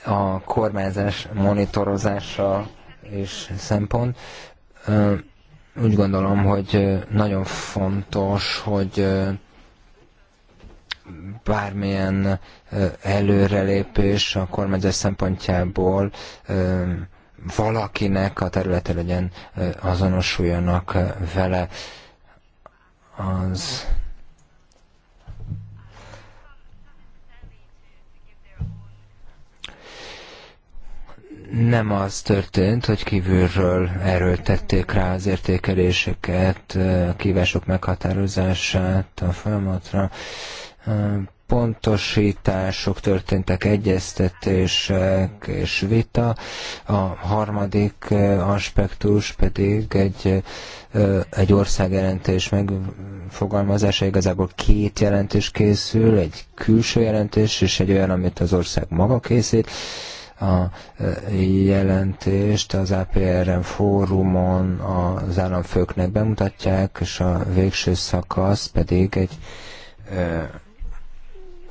A kormányzás monitorozása és szempont. Úgy gondolom, hogy nagyon fontos, hogy bármilyen előrelépés a kormányzás szempontjából valakinek a területe legyen, azonosuljanak vele. Az nem az történt, hogy kívülről erőltették rá az értékeléseket, a kívások meghatározását a folyamatra pontosítások történtek, egyeztetések és vita. A harmadik aspektus pedig egy, egy országjelentés megfogalmazása. Igazából két jelentés készül, egy külső jelentés és egy olyan, amit az ország maga készít a jelentést az APRM fórumon az államfőknek bemutatják, és a végső szakasz pedig egy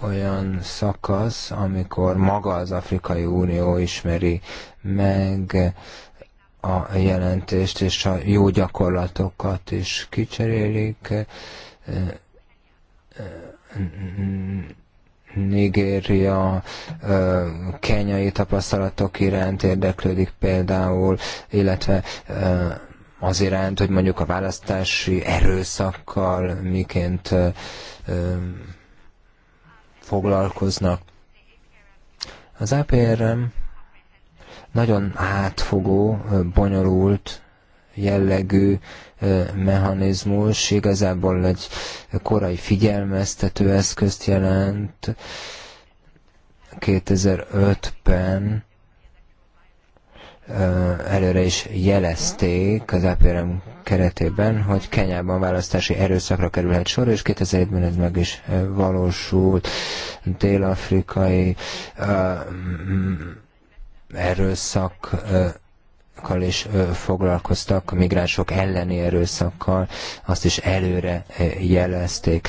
olyan szakasz, amikor maga az Afrikai Unió ismeri meg a jelentést, és a jó gyakorlatokat is kicserélik. Nigéria kenyai tapasztalatok iránt érdeklődik például, illetve az iránt, hogy mondjuk a választási erőszakkal miként foglalkoznak. Az APRM nagyon átfogó, bonyolult jellegű mechanizmus, igazából egy korai figyelmeztető eszközt jelent. 2005-ben előre is jelezték az APRM keretében, hogy Kenyában választási erőszakra kerülhet sor, és 2007-ben ez meg is valósult. Dél-afrikai erőszak erőszakkal is foglalkoztak, a migránsok elleni erőszakkal, azt is előre jelezték.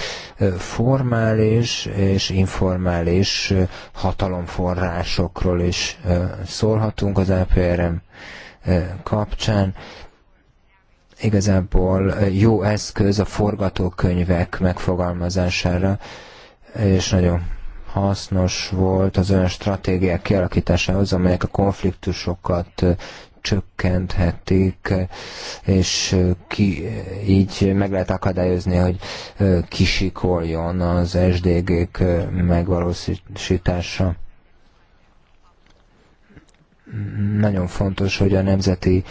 Formális és informális hatalomforrásokról is szólhatunk az APRM kapcsán igazából jó eszköz a forgatókönyvek megfogalmazására, és nagyon hasznos volt az olyan stratégiák kialakításához, amelyek a konfliktusokat csökkenthetik, és ki, így meg lehet akadályozni, hogy kisikoljon az SDG-k megvalósítása nagyon fontos, hogy a nemzeti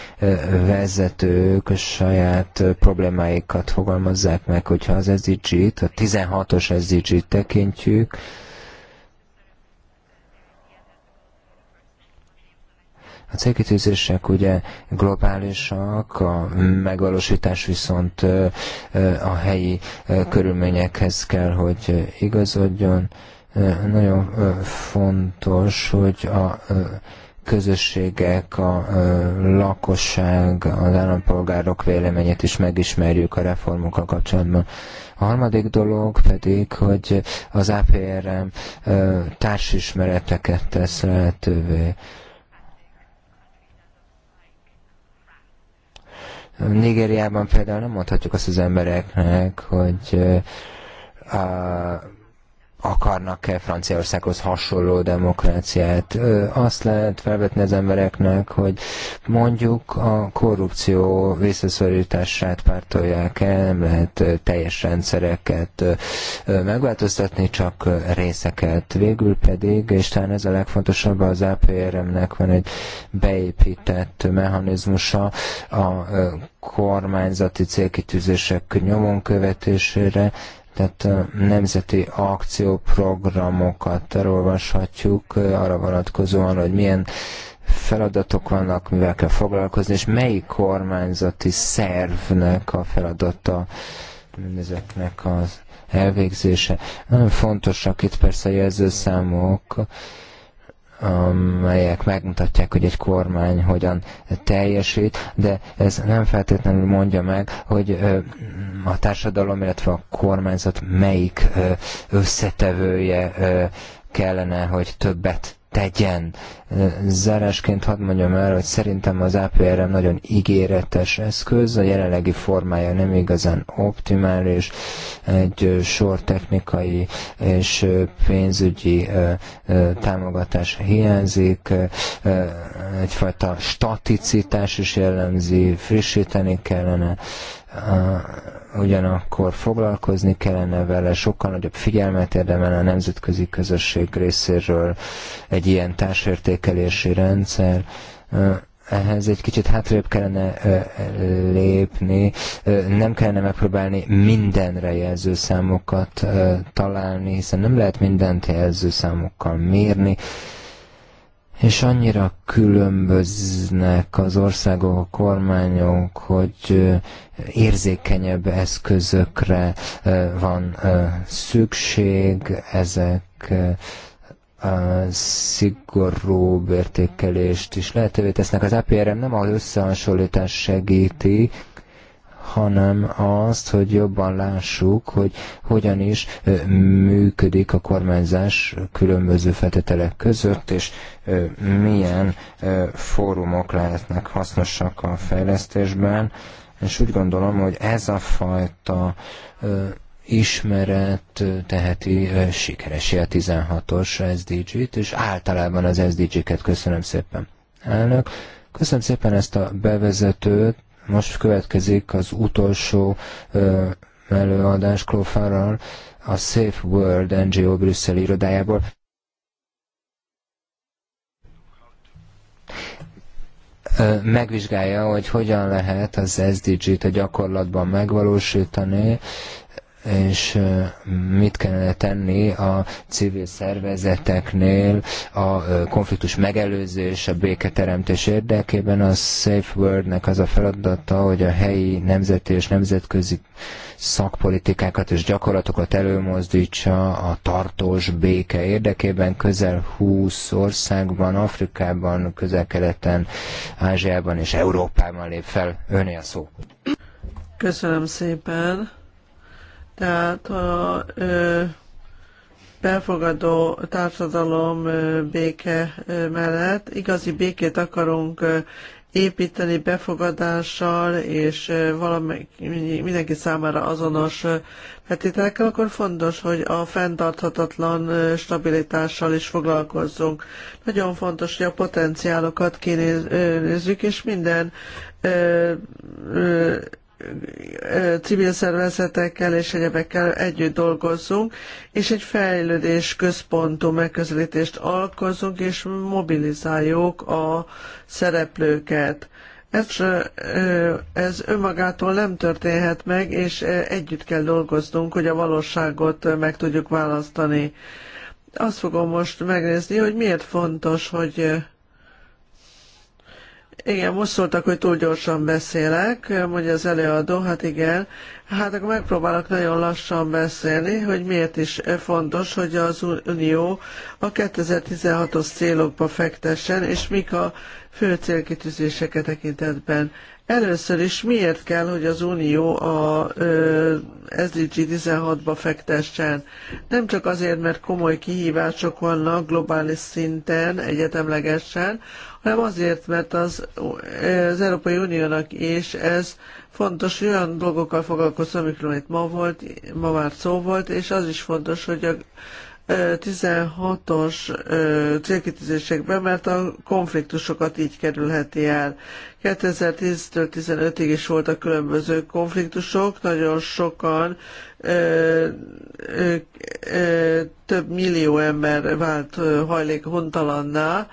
vezetők a saját problémáikat fogalmazzák meg, hogyha az SDG-t, a 16-os SDG-t tekintjük, A célkitűzések ugye globálisak, a megvalósítás viszont a helyi körülményekhez kell, hogy igazodjon. Nagyon fontos, hogy a közösségek, a lakosság, az állampolgárok véleményét is megismerjük a reformokkal kapcsolatban. A harmadik dolog pedig, hogy az APRM társismereteket tesz lehetővé Nigériában például nem mondhatjuk azt az embereknek, hogy a akarnak-e Franciaországhoz hasonló demokráciát. Azt lehet felvetni az embereknek, hogy mondjuk a korrupció visszaszorítását pártolják el, nem lehet teljes rendszereket megváltoztatni, csak részeket. Végül pedig, és talán ez a legfontosabb, az APRM-nek van egy beépített mechanizmusa a kormányzati célkitűzések nyomon követésére, tehát nemzeti akcióprogramokat elolvashatjuk arra vonatkozóan, hogy milyen feladatok vannak, mivel kell foglalkozni, és melyik kormányzati szervnek a feladata mindezeknek az elvégzése. Nagyon fontosak itt persze a jelzőszámok, amelyek megmutatják, hogy egy kormány hogyan teljesít, de ez nem feltétlenül mondja meg, hogy a társadalom, illetve a kormányzat melyik összetevője kellene, hogy többet tegyen. Zárásként hadd mondjam el, hogy szerintem az APRM nagyon ígéretes eszköz, a jelenlegi formája nem igazán optimális, egy sor technikai és pénzügyi támogatás hiányzik, egyfajta staticitás is jellemzi, frissíteni kellene ugyanakkor foglalkozni kellene vele, sokkal nagyobb figyelmet érdemel a nemzetközi közösség részéről egy ilyen társértékelési rendszer ehhez egy kicsit hátrébb kellene lépni, nem kellene megpróbálni mindenre jelző számokat találni, hiszen nem lehet mindent jelző számokkal mérni és annyira különböznek az országok, a kormányok, hogy érzékenyebb eszközökre van szükség, ezek szigorúbb értékelést is lehetővé tesznek. Az APRM nem az összehasonlítás segíti, hanem azt, hogy jobban lássuk, hogy hogyan is működik a kormányzás különböző feltételek között, és milyen fórumok lehetnek hasznosak a fejlesztésben. És úgy gondolom, hogy ez a fajta ismeret teheti sikeresé a 16-os SDG-t, és általában az SDG-ket köszönöm szépen. Elnök, köszönöm szépen ezt a bevezetőt, most következik az utolsó előadás Klófárral a Safe World NGO Brüsszel irodájából. megvizsgálja, hogy hogyan lehet az SDG-t a gyakorlatban megvalósítani, és mit kellene tenni a civil szervezeteknél a konfliktus megelőzés, a béketeremtés érdekében. A Safe Wordnek nek az a feladata, hogy a helyi nemzeti és nemzetközi szakpolitikákat és gyakorlatokat előmozdítsa a tartós béke érdekében. Közel 20 országban, Afrikában, közel-keleten, Ázsiában és Európában lép fel. Öné a szó. Köszönöm szépen. Tehát a ö, befogadó társadalom ö, béke ö, mellett igazi békét akarunk ö, építeni befogadással és valami, mindenki számára azonos feltételekkel, akkor fontos, hogy a fenntarthatatlan stabilitással is foglalkozzunk. Nagyon fontos, hogy a potenciálokat kinézzük, és minden civil szervezetekkel és egyebekkel együtt dolgozzunk, és egy fejlődés központú megközelítést alkozunk, és mobilizáljuk a szereplőket. Ez, ez önmagától nem történhet meg, és együtt kell dolgoznunk, hogy a valóságot meg tudjuk választani. Azt fogom most megnézni, hogy miért fontos, hogy igen, most szóltak, hogy túl gyorsan beszélek, mondja az előadó, hát igen. Hát akkor megpróbálok nagyon lassan beszélni, hogy miért is fontos, hogy az Unió a 2016-os célokba fektessen, és mik a fő célkitűzések e tekintetben. Először is miért kell, hogy az Unió a ö, SDG 16-ba fektessen? Nem csak azért, mert komoly kihívások vannak globális szinten, egyetemlegesen, hanem azért, mert az, az Európai Uniónak is ez fontos, hogy olyan dolgokkal foglalkozom, amikről itt ma, volt, ma már szó volt, és az is fontos, hogy a 16-os célkitűzésekben, mert a konfliktusokat így kerülheti el. 2010-től 15-ig is voltak különböző konfliktusok, nagyon sokan több millió ember vált hajlék hontalanná,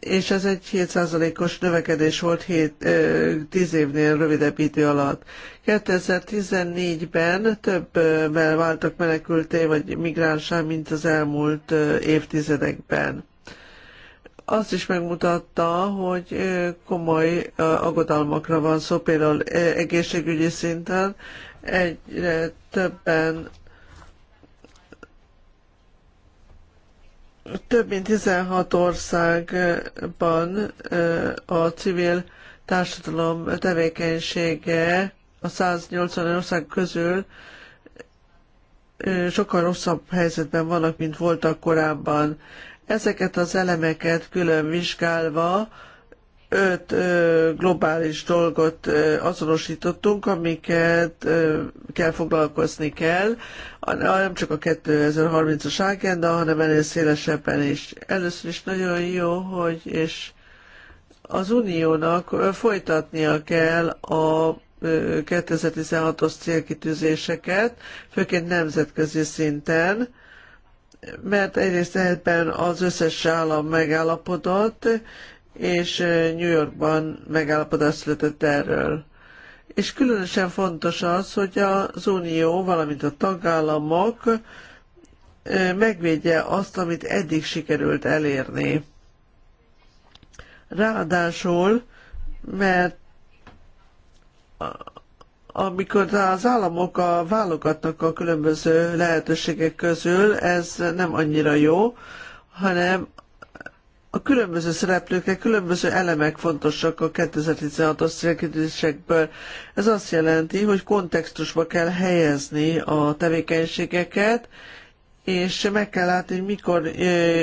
és ez egy 7%-os növekedés volt 7, 10 évnél rövidebb idő alatt. 2014-ben többvel váltak menekülté vagy migránsá, mint az elmúlt évtizedekben. Azt is megmutatta, hogy komoly aggodalmakra van szó, például egészségügyi szinten egyre többen Több mint 16 országban a civil társadalom tevékenysége a 180 ország közül sokkal rosszabb helyzetben vannak, mint voltak korábban. Ezeket az elemeket külön vizsgálva öt globális dolgot azonosítottunk, amiket kell foglalkozni kell, nem csak a 2030-as agenda, hanem ennél szélesebben is. Először is nagyon jó, hogy és az uniónak folytatnia kell a 2016-os célkitűzéseket, főként nemzetközi szinten, mert egyrészt ebben az összes állam megállapodott, és New Yorkban megállapodás született erről. És különösen fontos az, hogy az Unió, valamint a tagállamok megvédje azt, amit eddig sikerült elérni. Ráadásul, mert amikor az államok a, válogatnak a különböző lehetőségek közül, ez nem annyira jó, hanem a különböző szereplőknek különböző elemek fontosak a 2016-os célkitűzésekből. Ez azt jelenti, hogy kontextusba kell helyezni a tevékenységeket, és meg kell látni, hogy mikor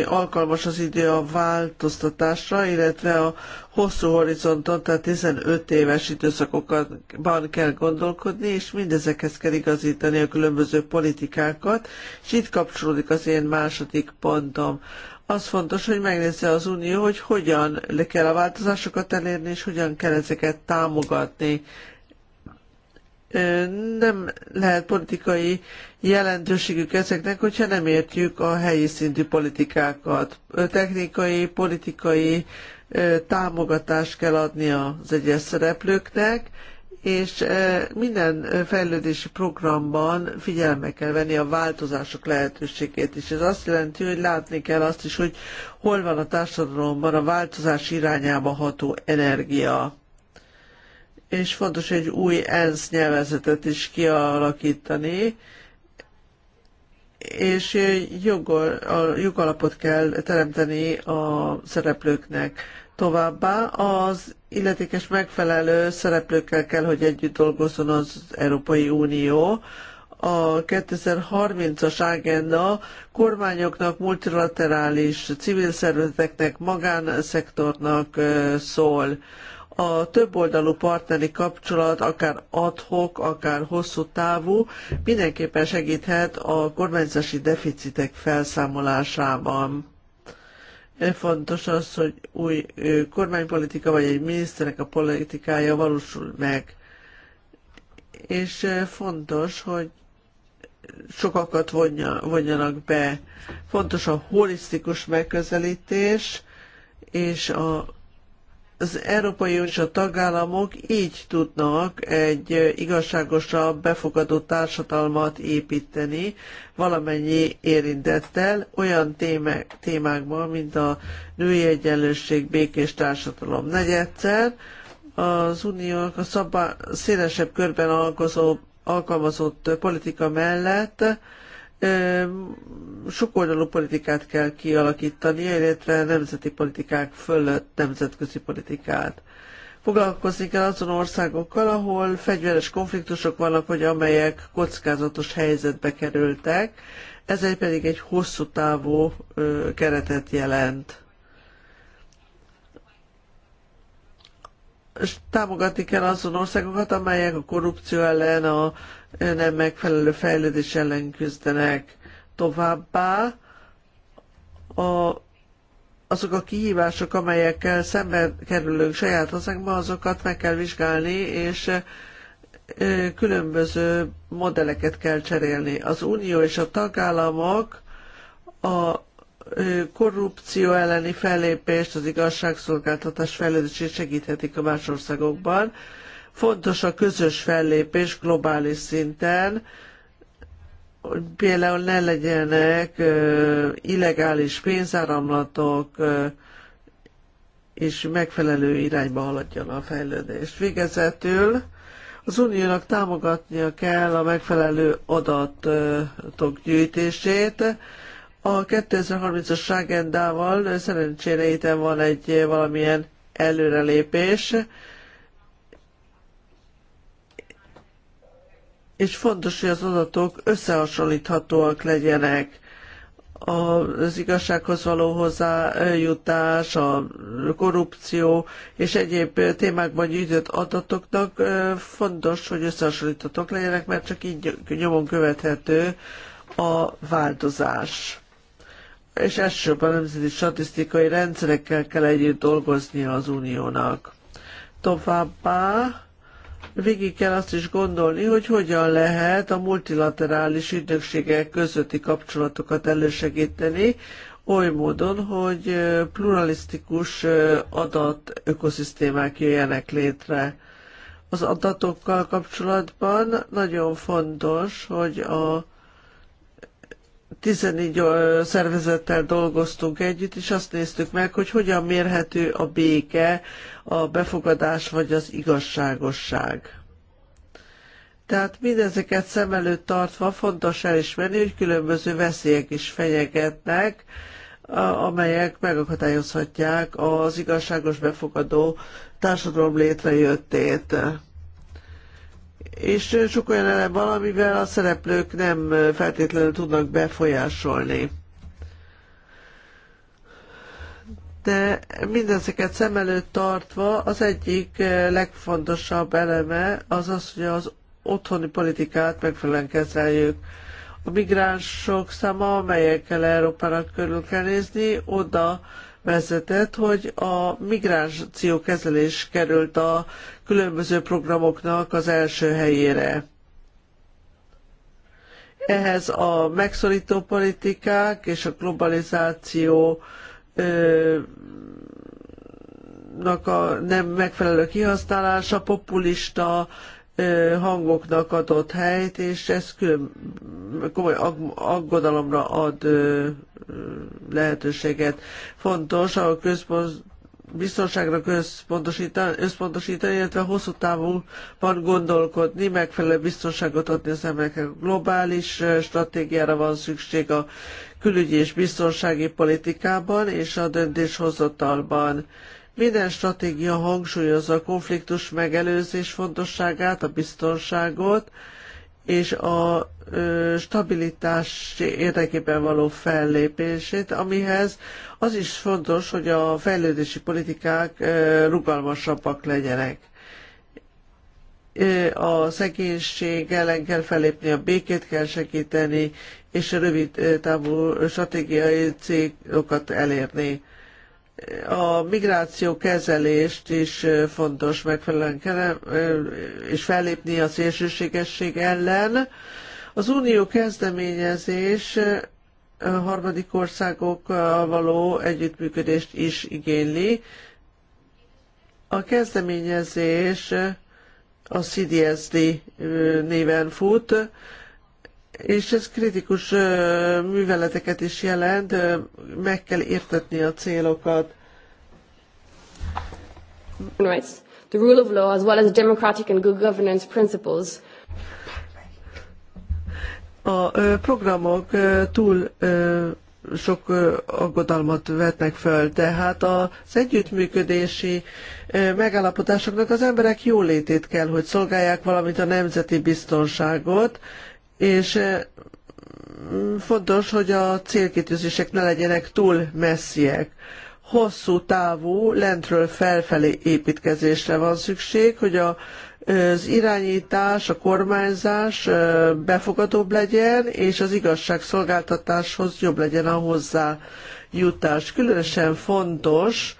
alkalmas az idő a változtatásra, illetve a hosszú horizonton, tehát 15 éves időszakokban kell gondolkodni, és mindezekhez kell igazítani a különböző politikákat, és itt kapcsolódik az én második pontom az fontos, hogy megnézze az Unió, hogy hogyan le kell a változásokat elérni, és hogyan kell ezeket támogatni. Nem lehet politikai jelentőségük ezeknek, hogyha nem értjük a helyi szintű politikákat. Technikai, politikai támogatást kell adni az egyes szereplőknek, és minden fejlődési programban figyelme kell venni a változások lehetőségét is. Ez azt jelenti, hogy látni kell azt is, hogy hol van a társadalomban a változás irányába ható energia. És fontos egy új ENSZ nyelvezetet is kialakítani, és jogol, a jogalapot kell teremteni a szereplőknek. Továbbá az illetékes megfelelő szereplőkkel kell, hogy együtt dolgozzon az Európai Unió. A 2030-as ágenda kormányoknak, multilaterális civil szervezeteknek, magánszektornak szól. A többoldalú partneri kapcsolat, akár adhok, akár hosszú távú, mindenképpen segíthet a kormányzási deficitek felszámolásában E fontos az, hogy új kormánypolitika vagy egy miniszternek a politikája valósul meg. És fontos, hogy sokakat vonja, vonjanak be. Fontos a holisztikus megközelítés, és a az Európai Unió és a tagállamok így tudnak egy igazságosabb, befogadó társadalmat építeni valamennyi érintettel olyan témák, témákban, mint a női egyenlőség, békés társadalom. Negyedszer az uniónak a szabá- szélesebb körben alkozó, alkalmazott politika mellett sokoldalú politikát kell kialakítani, illetve nemzeti politikák fölött nemzetközi politikát. Foglalkozni kell azon országokkal, ahol fegyveres konfliktusok vannak, vagy amelyek kockázatos helyzetbe kerültek, ez egy pedig egy hosszú távú keretet jelent. És támogatni kell azon országokat, amelyek a korrupció ellen, a nem megfelelő fejlődés ellen küzdenek. Továbbá a, azok a kihívások, amelyekkel szembe kerülünk saját hazánkban, azokat meg kell vizsgálni, és különböző modelleket kell cserélni. Az Unió és a tagállamok a korrupció elleni fellépést, az igazságszolgáltatás fejlődését segíthetik a más országokban, Fontos a közös fellépés globális szinten, hogy például ne legyenek illegális pénzáramlatok, és megfelelő irányba haladjon a fejlődés. Végezetül az uniónak támogatnia kell a megfelelő adatok gyűjtését. A 2030-as agendával szerencsére itt van egy valamilyen előrelépés, és fontos, hogy az adatok összehasonlíthatóak legyenek az igazsághoz való hozzájutás, a korrupció és egyéb témákban gyűjtött adatoknak fontos, hogy összehasonlíthatók legyenek, mert csak így nyomon követhető a változás. És elsősorban nemzeti statisztikai rendszerekkel kell együtt dolgozni az uniónak. Továbbá végig kell azt is gondolni, hogy hogyan lehet a multilaterális ügynökségek közötti kapcsolatokat elősegíteni, oly módon, hogy pluralisztikus adat ökoszisztémák jöjjenek létre. Az adatokkal kapcsolatban nagyon fontos, hogy a 14 szervezettel dolgoztunk együtt, és azt néztük meg, hogy hogyan mérhető a béke, a befogadás vagy az igazságosság. Tehát mindezeket szem előtt tartva fontos elismerni, hogy különböző veszélyek is fenyegetnek, amelyek megakadályozhatják az igazságos befogadó társadalom létrejöttét és sok olyan elem van, amivel a szereplők nem feltétlenül tudnak befolyásolni. de mindezeket szem előtt tartva az egyik legfontosabb eleme az az, hogy az otthoni politikát megfelelően kezeljük. A migránsok száma, amelyekkel Európának körül kell nézni, oda vezetett, hogy a migráció kezelés került a különböző programoknak az első helyére. Ehhez a megszorító politikák és a globalizáció a nem megfelelő kihasználása, populista hangoknak adott helyt, és ez külön komoly aggodalomra ad lehetőséget. Fontos a központ biztonságra központosítani, összpontosítani, illetve hosszú távúban gondolkodni, megfelelő biztonságot adni az embereknek. Globális stratégiára van szükség a külügyi és biztonsági politikában és a döntéshozatalban minden stratégia hangsúlyozza a konfliktus megelőzés fontosságát, a biztonságot és a stabilitás érdekében való fellépését, amihez az is fontos, hogy a fejlődési politikák rugalmasabbak legyenek a szegénység ellen kell fellépni, a békét kell segíteni, és a rövid távú stratégiai célokat elérni a migráció kezelést is fontos megfelelően kell, és fellépni a szélsőségesség ellen. Az unió kezdeményezés a harmadik országokkal való együttműködést is igényli. A kezdeményezés a CDSD néven fut, és ez kritikus műveleteket is jelent, meg kell értetni a célokat. Rights, the rule of law, as well as democratic and good governance principles. A programok túl sok aggodalmat vetnek föl, de hát az együttműködési megállapodásoknak az emberek jólétét kell, hogy szolgálják, valamit a nemzeti biztonságot, és fontos, hogy a célkitűzések ne legyenek túl messziek. Hosszú távú, lentről felfelé építkezésre van szükség, hogy a az irányítás, a kormányzás befogadóbb legyen, és az igazságszolgáltatáshoz jobb legyen a hozzájutás. Különösen fontos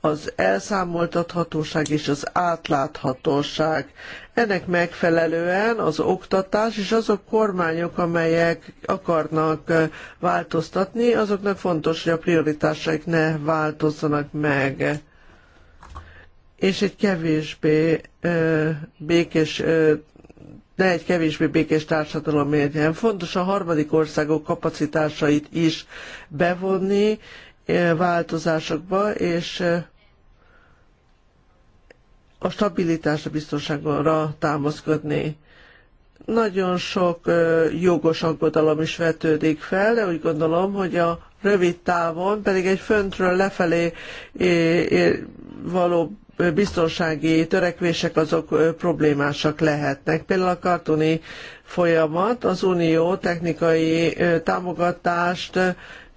az elszámoltathatóság és az átláthatóság. Ennek megfelelően az oktatás és azok kormányok, amelyek akarnak változtatni, azoknak fontos, hogy a prioritásaik ne változzanak meg. És egy kevésbé ö, békés ö, ne egy kevésbé békés társadalom érjen. Fontos a harmadik országok kapacitásait is bevonni változásokba, és a stabilitásra, biztonságra támaszkodni. Nagyon sok jogos aggodalom is vetődik fel, de úgy gondolom, hogy a rövid távon pedig egy föntről lefelé való biztonsági törekvések azok problémásak lehetnek. Például a kartoni folyamat. Az Unió technikai támogatást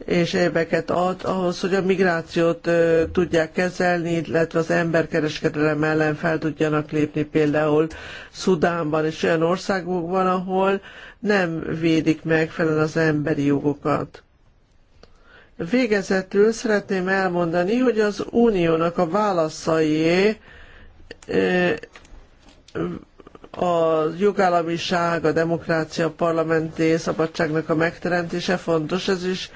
és éveket ad ahhoz, hogy a migrációt tudják kezelni, illetve az emberkereskedelem ellen fel tudjanak lépni például Szudánban és olyan országokban, ahol nem védik megfelelően az emberi jogokat. Végezetül szeretném elmondani, hogy az uniónak a válaszai a jogállamiság, a demokrácia, a parlamenti szabadságnak a megteremtése fontos, ez is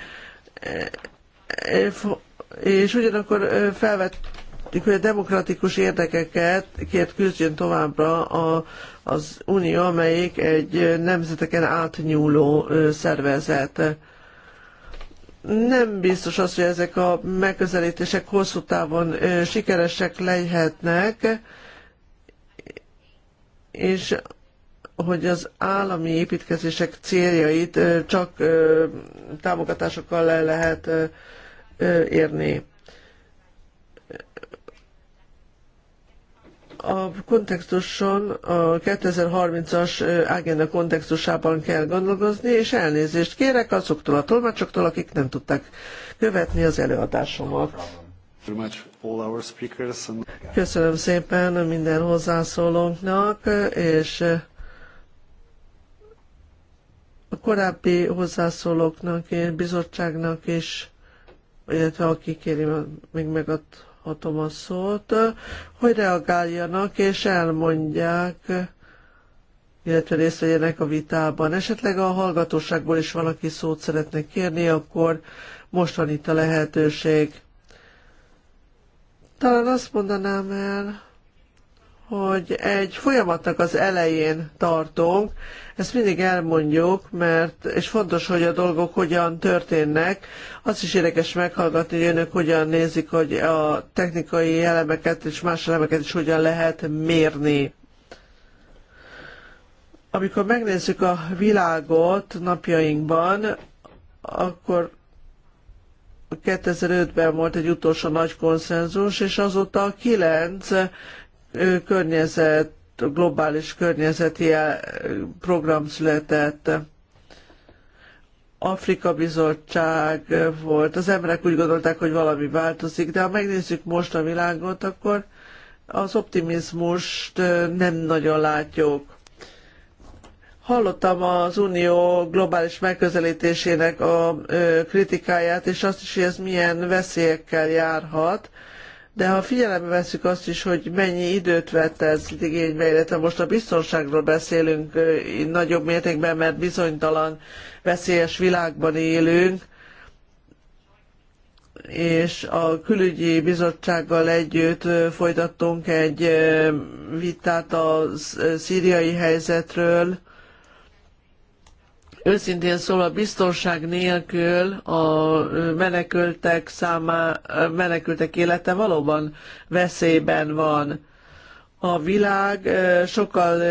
e, e, és ugyanakkor e, felvettük, hogy a demokratikus érdekeket kért küzdjön továbbra a, az Unió, amelyik egy nemzeteken átnyúló szervezet. Nem biztos az, hogy ezek a megközelítések hosszú távon sikeresek lehetnek, és hogy az állami építkezések céljait csak támogatásokkal le lehet érni. a kontextuson, a 2030-as ágenda kontextusában kell gondolkozni, és elnézést kérek azoktól a tolmácsoktól, akik nem tudták követni az előadásomat. Köszönöm szépen minden hozzászólónknak, és a korábbi hozzászólóknak és bizottságnak is, illetve aki kéri, még megadhatom a szót, hogy reagáljanak és elmondják, illetve részt vegyenek a vitában. Esetleg a hallgatóságból is valaki szót szeretne kérni, akkor most van itt a lehetőség. Talán azt mondanám el, hogy egy folyamatnak az elején tartunk, ezt mindig elmondjuk, mert, és fontos, hogy a dolgok hogyan történnek. Azt is érdekes meghallgatni, hogy önök hogyan nézik, hogy a technikai elemeket és más elemeket is hogyan lehet mérni. Amikor megnézzük a világot napjainkban, akkor 2005-ben volt egy utolsó nagy konszenzus, és azóta kilenc környezet, globális környezeti eh, program született. Afrika Bizottság volt. Az emberek úgy gondolták, hogy valami változik, de ha megnézzük most a világot, akkor az optimizmust nem nagyon látjuk. Hallottam az Unió globális megközelítésének a kritikáját, és azt is, hogy ez milyen veszélyekkel járhat. De ha figyelembe vesszük azt is, hogy mennyi időt vett ez igénybe, illetve most a biztonságról beszélünk nagyobb mértékben, mert bizonytalan, veszélyes világban élünk, és a külügyi bizottsággal együtt folytattunk egy vitát a szíriai helyzetről, Őszintén szólva biztonság nélkül a menekültek számá, menekültek élete valóban veszélyben van. A világ sokkal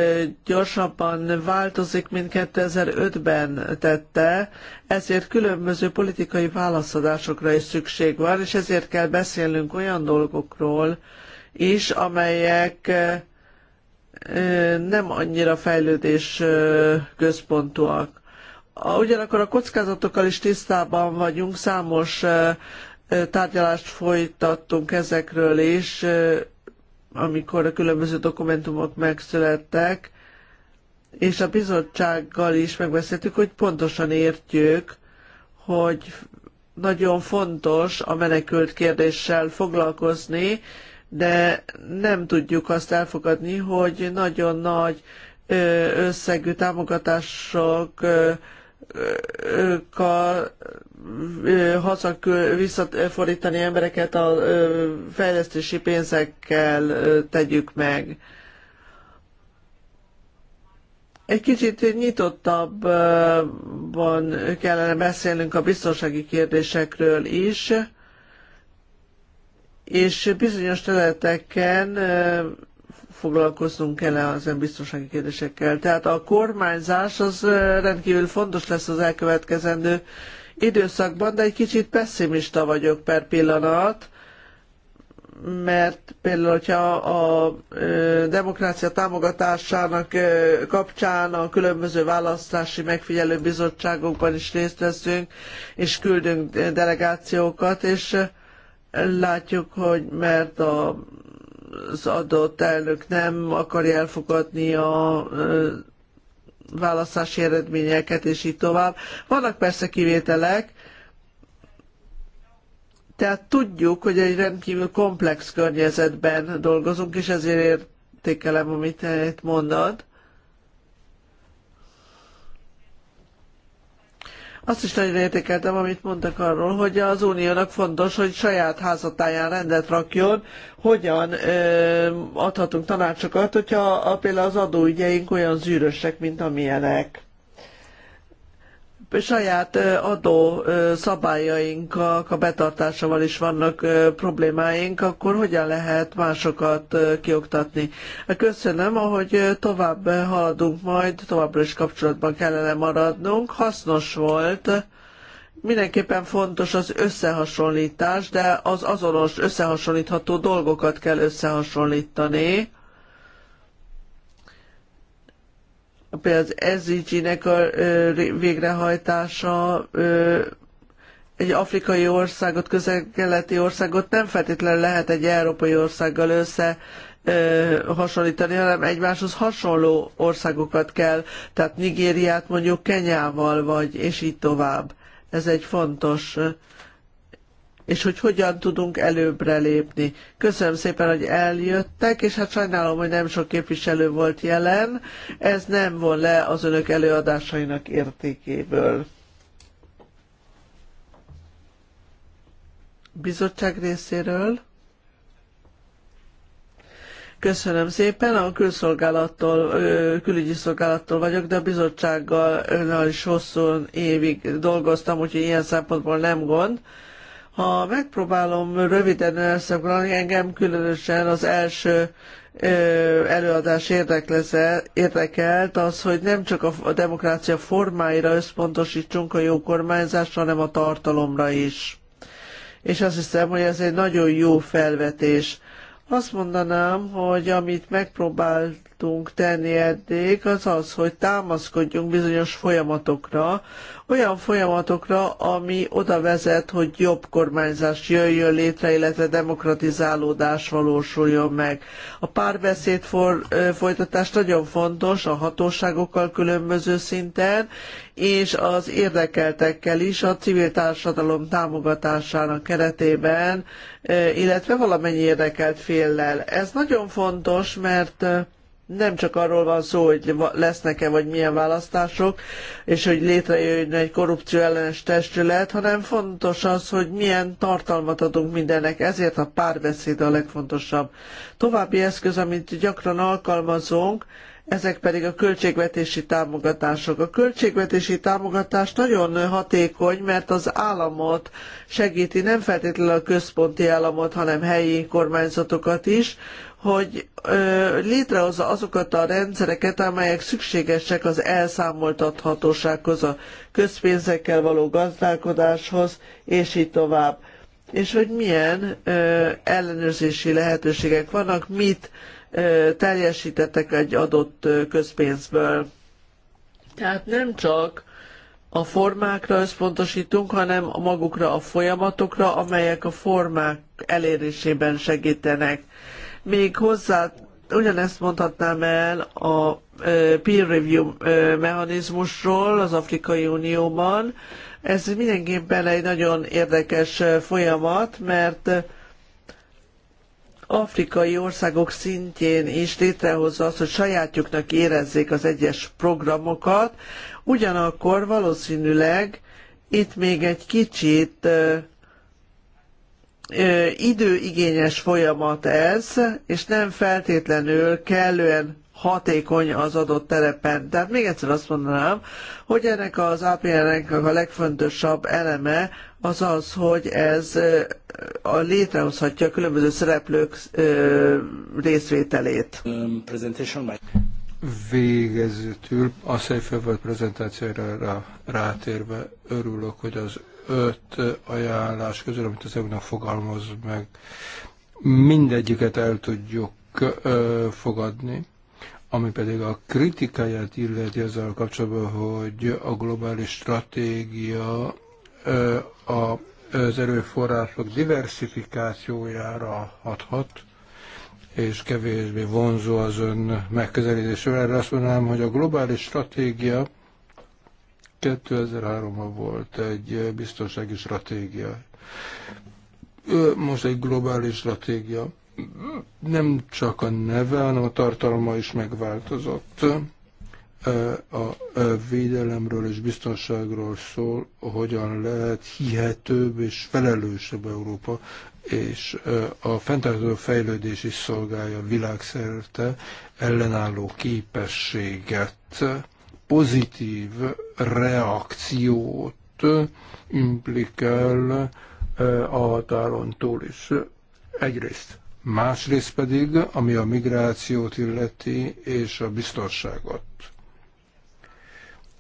gyorsabban változik, mint 2005-ben tette, ezért különböző politikai válaszadásokra is szükség van, és ezért kell beszélnünk olyan dolgokról is, amelyek nem annyira fejlődés központúak. Ugyanakkor a kockázatokkal is tisztában vagyunk, számos tárgyalást folytattunk ezekről is, amikor a különböző dokumentumok megszülettek, és a bizottsággal is megbeszéltük, hogy pontosan értjük, hogy nagyon fontos a menekült kérdéssel foglalkozni, de nem tudjuk azt elfogadni, hogy nagyon nagy összegű támogatások ők a hazak visszafordítani embereket a fejlesztési pénzekkel tegyük meg. Egy kicsit nyitottabban kellene beszélnünk a biztonsági kérdésekről is, és bizonyos területeken foglalkoznunk kell az önbiztonsági kérdésekkel. Tehát a kormányzás az rendkívül fontos lesz az elkövetkezendő időszakban, de egy kicsit pessimista vagyok per pillanat, mert például, hogyha a demokrácia támogatásának kapcsán a különböző választási megfigyelő bizottságokban is részt veszünk, és küldünk delegációkat, és látjuk, hogy mert a az adott elnök nem akarja elfogadni a választási eredményeket, és így tovább. Vannak persze kivételek, tehát tudjuk, hogy egy rendkívül komplex környezetben dolgozunk, és ezért értékelem, amit te mondod. Azt is nagyon értékeltem, amit mondtak arról, hogy az uniónak fontos, hogy saját házatáján rendet rakjon, hogyan ö, adhatunk tanácsokat, hogyha a, például az adóügyeink olyan zűrösek, mint amilyenek saját adó szabályaink a betartásával is vannak problémáink, akkor hogyan lehet másokat kioktatni? Köszönöm, ahogy tovább haladunk majd, továbbra is kapcsolatban kellene maradnunk. Hasznos volt mindenképpen fontos az összehasonlítás, de az azonos összehasonlítható dolgokat kell összehasonlítani. például az szg nek a végrehajtása egy afrikai országot, közel-keleti országot nem feltétlenül lehet egy európai országgal össze hasonlítani, hanem egymáshoz hasonló országokat kell, tehát Nigériát mondjuk Kenyával vagy, és így tovább. Ez egy fontos és hogy hogyan tudunk előbbre lépni. Köszönöm szépen, hogy eljöttek, és hát sajnálom, hogy nem sok képviselő volt jelen. Ez nem von le az önök előadásainak értékéből. Bizottság részéről. Köszönöm szépen, a külszolgálattól, külügyi szolgálattól vagyok, de a bizottsággal önnel is hosszú évig dolgoztam, úgyhogy ilyen szempontból nem gond. Ha megpróbálom röviden összefoglalni, engem különösen az első előadás érdekelt az, hogy nem csak a demokrácia formáira összpontosítsunk a jó kormányzásra, hanem a tartalomra is. És azt hiszem, hogy ez egy nagyon jó felvetés. Azt mondanám, hogy amit megpróbált tudtunk tenni eddig, az az, hogy támaszkodjunk bizonyos folyamatokra, olyan folyamatokra, ami oda vezet, hogy jobb kormányzás jöjjön létre, illetve demokratizálódás valósuljon meg. A párbeszéd for, folytatás nagyon fontos a hatóságokkal különböző szinten, és az érdekeltekkel is a civil társadalom támogatásának keretében, illetve valamennyi érdekelt féllel. Ez nagyon fontos, mert nem csak arról van szó, hogy lesznek-e vagy milyen választások, és hogy létrejöjjön egy korrupció ellenes testület, hanem fontos az, hogy milyen tartalmat adunk mindennek, ezért a párbeszéd a legfontosabb. További eszköz, amit gyakran alkalmazunk, ezek pedig a költségvetési támogatások. A költségvetési támogatás nagyon hatékony, mert az államot segíti, nem feltétlenül a központi államot, hanem helyi kormányzatokat is, hogy ö, létrehozza azokat a rendszereket, amelyek szükségesek az elszámoltathatósághoz, a közpénzekkel való gazdálkodáshoz, és így tovább. És hogy milyen ö, ellenőrzési lehetőségek vannak, mit ö, teljesítettek egy adott közpénzből. Tehát nem csak a formákra összpontosítunk, hanem magukra a folyamatokra, amelyek a formák elérésében segítenek még hozzá ugyanezt mondhatnám el a peer review mechanizmusról az Afrikai Unióban. Ez mindenképpen egy nagyon érdekes folyamat, mert afrikai országok szintjén is létrehozza azt, hogy sajátjuknak érezzék az egyes programokat, ugyanakkor valószínűleg itt még egy kicsit ö, időigényes folyamat ez, és nem feltétlenül kellően hatékony az adott terepen. Tehát még egyszer azt mondanám, hogy ennek az APR-nek a legfontosabb eleme az az, hogy ez a létrehozhatja a különböző szereplők részvételét. Végezetül a Szejfő volt prezentációra rátérve örülök, hogy az öt ajánlás közül, amit az EU-nak fogalmaz meg, mindegyiket el tudjuk fogadni, ami pedig a kritikáját illeti ezzel kapcsolatban, hogy a globális stratégia a az erőforrások diversifikációjára hathat, és kevésbé vonzó az ön megközelítésével. Erre azt mondanám, hogy a globális stratégia 2003-ban volt egy biztonsági stratégia. Most egy globális stratégia. Nem csak a neve, hanem a tartalma is megváltozott. A védelemről és biztonságról szól, hogyan lehet hihetőbb és felelősebb Európa, és a fenntartó fejlődés is szolgálja világszerte ellenálló képességet pozitív reakciót implikál e, a határon túl is. Egyrészt. Másrészt pedig, ami a migrációt illeti és a biztonságot.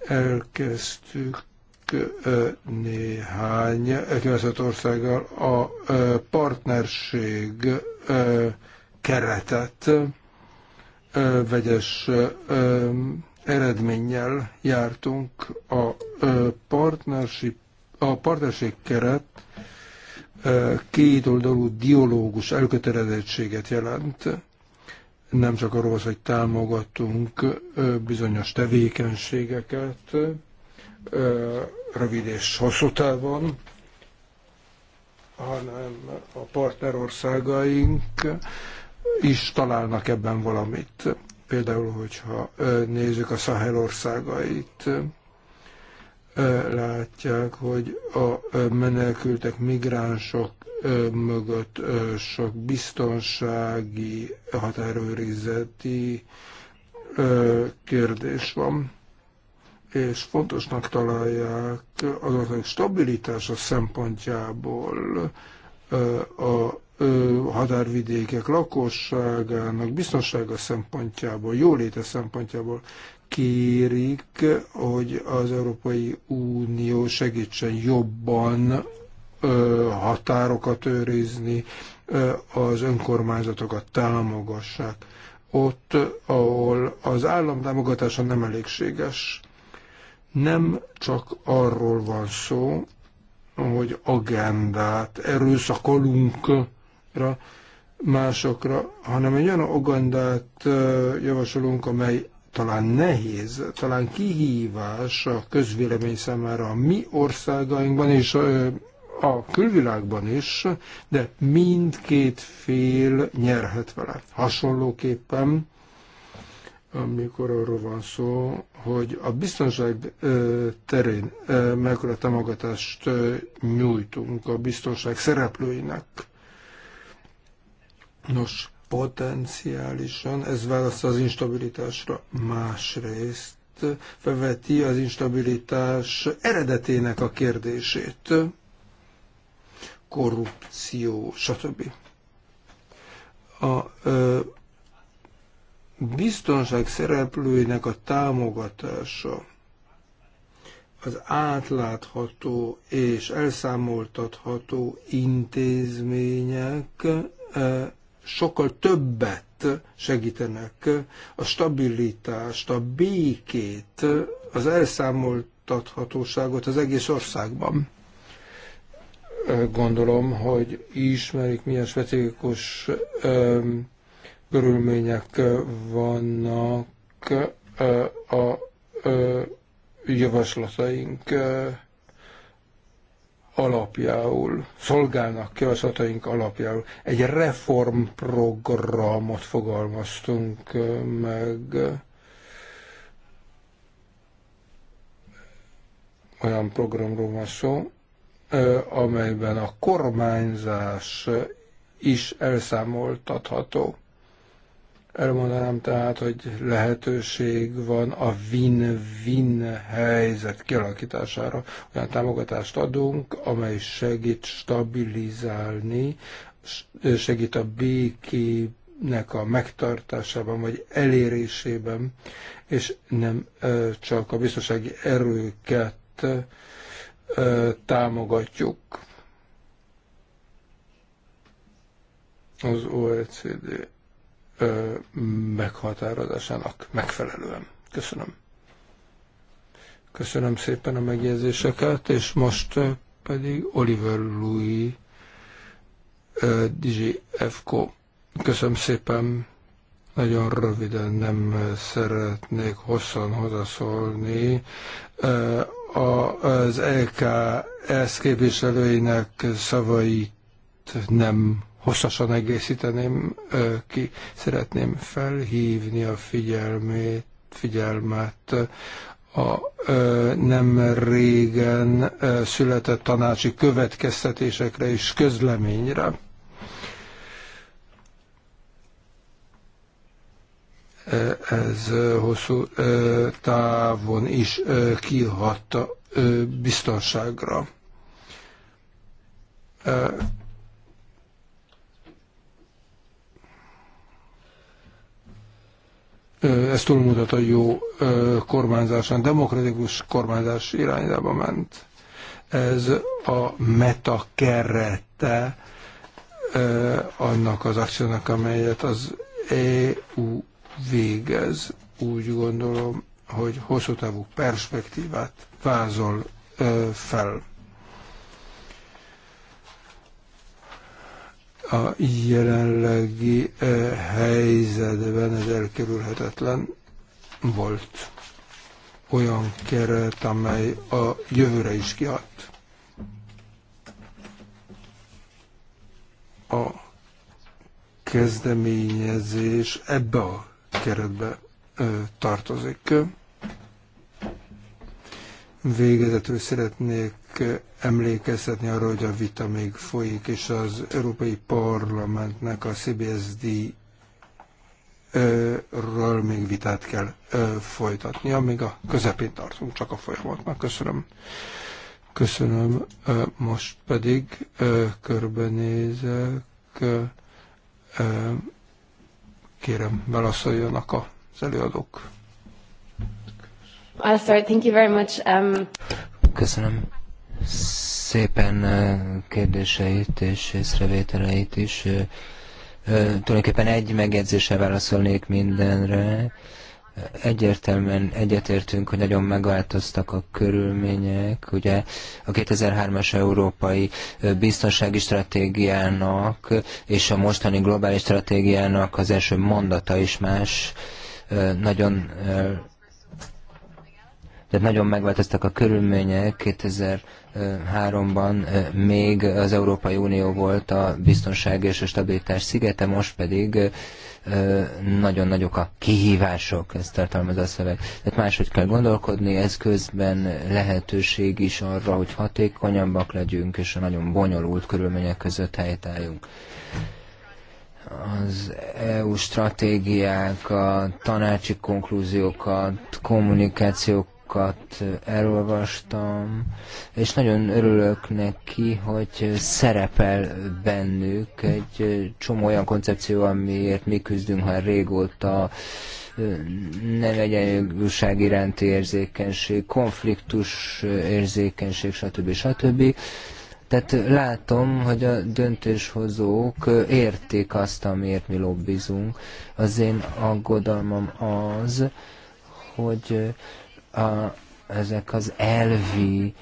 Elkezdtük e, néhány kérdezett országgal a e, partnerség keretet, vegyes eredménnyel jártunk a partnership, a partnerség keret kétoldalú dialógus elkötelezettséget jelent, nem csak arról, hogy támogatunk bizonyos tevékenységeket rövid és hosszú távon, hanem a partnerországaink is találnak ebben valamit. Például, hogyha nézzük a Szahel országait, látják, hogy a menekültek, migránsok mögött sok biztonsági, határőrizeti kérdés van, és fontosnak találják azoknak stabilitása szempontjából a határvidékek lakosságának biztonsága szempontjából, jóléte szempontjából kérik, hogy az Európai Unió segítsen jobban határokat őrizni, az önkormányzatokat támogassák. Ott, ahol az állam támogatása nem elégséges, nem csak arról van szó, hogy agendát erőszakolunk másokra, másokra, hanem egy olyan Ugandát javasolunk, amely talán nehéz, talán kihívás a közvélemény számára a mi országainkban és a külvilágban is, de mindkét fél nyerhet vele. Hasonlóképpen, amikor arról van szó, hogy a biztonság terén mekkora támogatást nyújtunk a biztonság szereplőinek, Nos, potenciálisan ez válasz az instabilitásra. Másrészt feveti az instabilitás eredetének a kérdését, korrupció, stb. A ö, biztonság szereplőinek a támogatása az átlátható és elszámoltatható intézmények sokkal többet segítenek a stabilitást, a békét, az elszámoltathatóságot az egész országban. Gondolom, hogy ismerik, milyen specifikus körülmények vannak a javaslataink alapjául, szolgálnak javaslataink alapjául. Egy reformprogramot fogalmaztunk meg, olyan programról van szó, amelyben a kormányzás is elszámoltatható. Erre mondanám tehát, hogy lehetőség van a win-win helyzet kialakítására. Olyan támogatást adunk, amely segít stabilizálni, segít a békének a megtartásában vagy elérésében, és nem csak a biztonsági erőket támogatjuk. Az OECD meghatározásának megfelelően. Köszönöm. Köszönöm szépen a megjegyzéseket, és most pedig Oliver Louis DGFCO. Köszönöm szépen. Nagyon röviden nem szeretnék hosszan hozzászólni. Az LKS e képviselőinek szavait nem hosszasan egészíteném ki. Szeretném felhívni a figyelmét, figyelmet a nem régen született tanácsi következtetésekre és közleményre. Ez hosszú távon is kihatta biztonságra. ez túlmutat a jó kormányzáson, demokratikus kormányzás irányába ment. Ez a meta kerete annak az akciónak, amelyet az EU végez. Úgy gondolom, hogy hosszú távú perspektívát vázol fel. A jelenlegi eh, helyzetben ez elkerülhetetlen volt olyan keret, amely a jövőre is kihat. A kezdeményezés ebbe a keretbe eh, tartozik. Végezetül szeretnék emlékeztetni arra, hogy a vita még folyik, és az Európai Parlamentnek a CBSD ről még vitát kell folytatni, amíg a közepén tartunk csak a folyamatnak. Köszönöm. Köszönöm. Most pedig körbenézek. Kérem, belaszoljanak az előadók. I'll start. Thank you very much. Um... Köszönöm szépen kérdéseit és észrevételeit is. Tulajdonképpen egy megjegyzéssel válaszolnék mindenre. Egyértelműen egyetértünk, hogy nagyon megváltoztak a körülmények. Ugye a 2003-as európai biztonsági stratégiának és a mostani globális stratégiának az első mondata is más. Nagyon tehát nagyon megváltoztak a körülmények. 2003-ban még az Európai Unió volt a biztonság és a stabilitás szigete, most pedig nagyon nagyok a kihívások, ezt tartalmaz a szöveg. Tehát máshogy kell gondolkodni, ez közben lehetőség is arra, hogy hatékonyabbak legyünk, és a nagyon bonyolult körülmények között helytálljunk az EU stratégiák, a tanácsi konklúziókat, kommunikációk sokat elolvastam, és nagyon örülök neki, hogy szerepel bennük egy csomó olyan koncepció, amiért mi küzdünk már régóta, nem egyenlőség iránti érzékenység, konfliktus érzékenység, stb. stb. Tehát látom, hogy a döntéshozók értik azt, amiért mi lobbizunk. Az én aggodalmam az, hogy a, ezek az elvi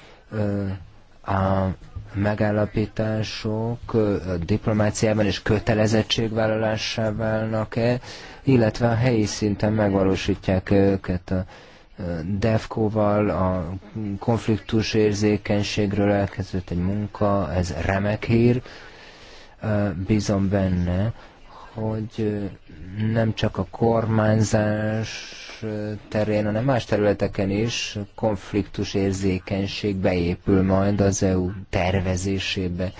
a megállapítások a diplomáciában és kötelezettségvállalássá válnak-e, illetve a helyi szinten megvalósítják -e őket a DEFCO-val, a konfliktus érzékenységről elkezdődött egy munka, ez remek hír, bízom benne, hogy nem csak a kormányzás terén, hanem más területeken is konfliktus érzékenység beépül majd az EU tervezésébe.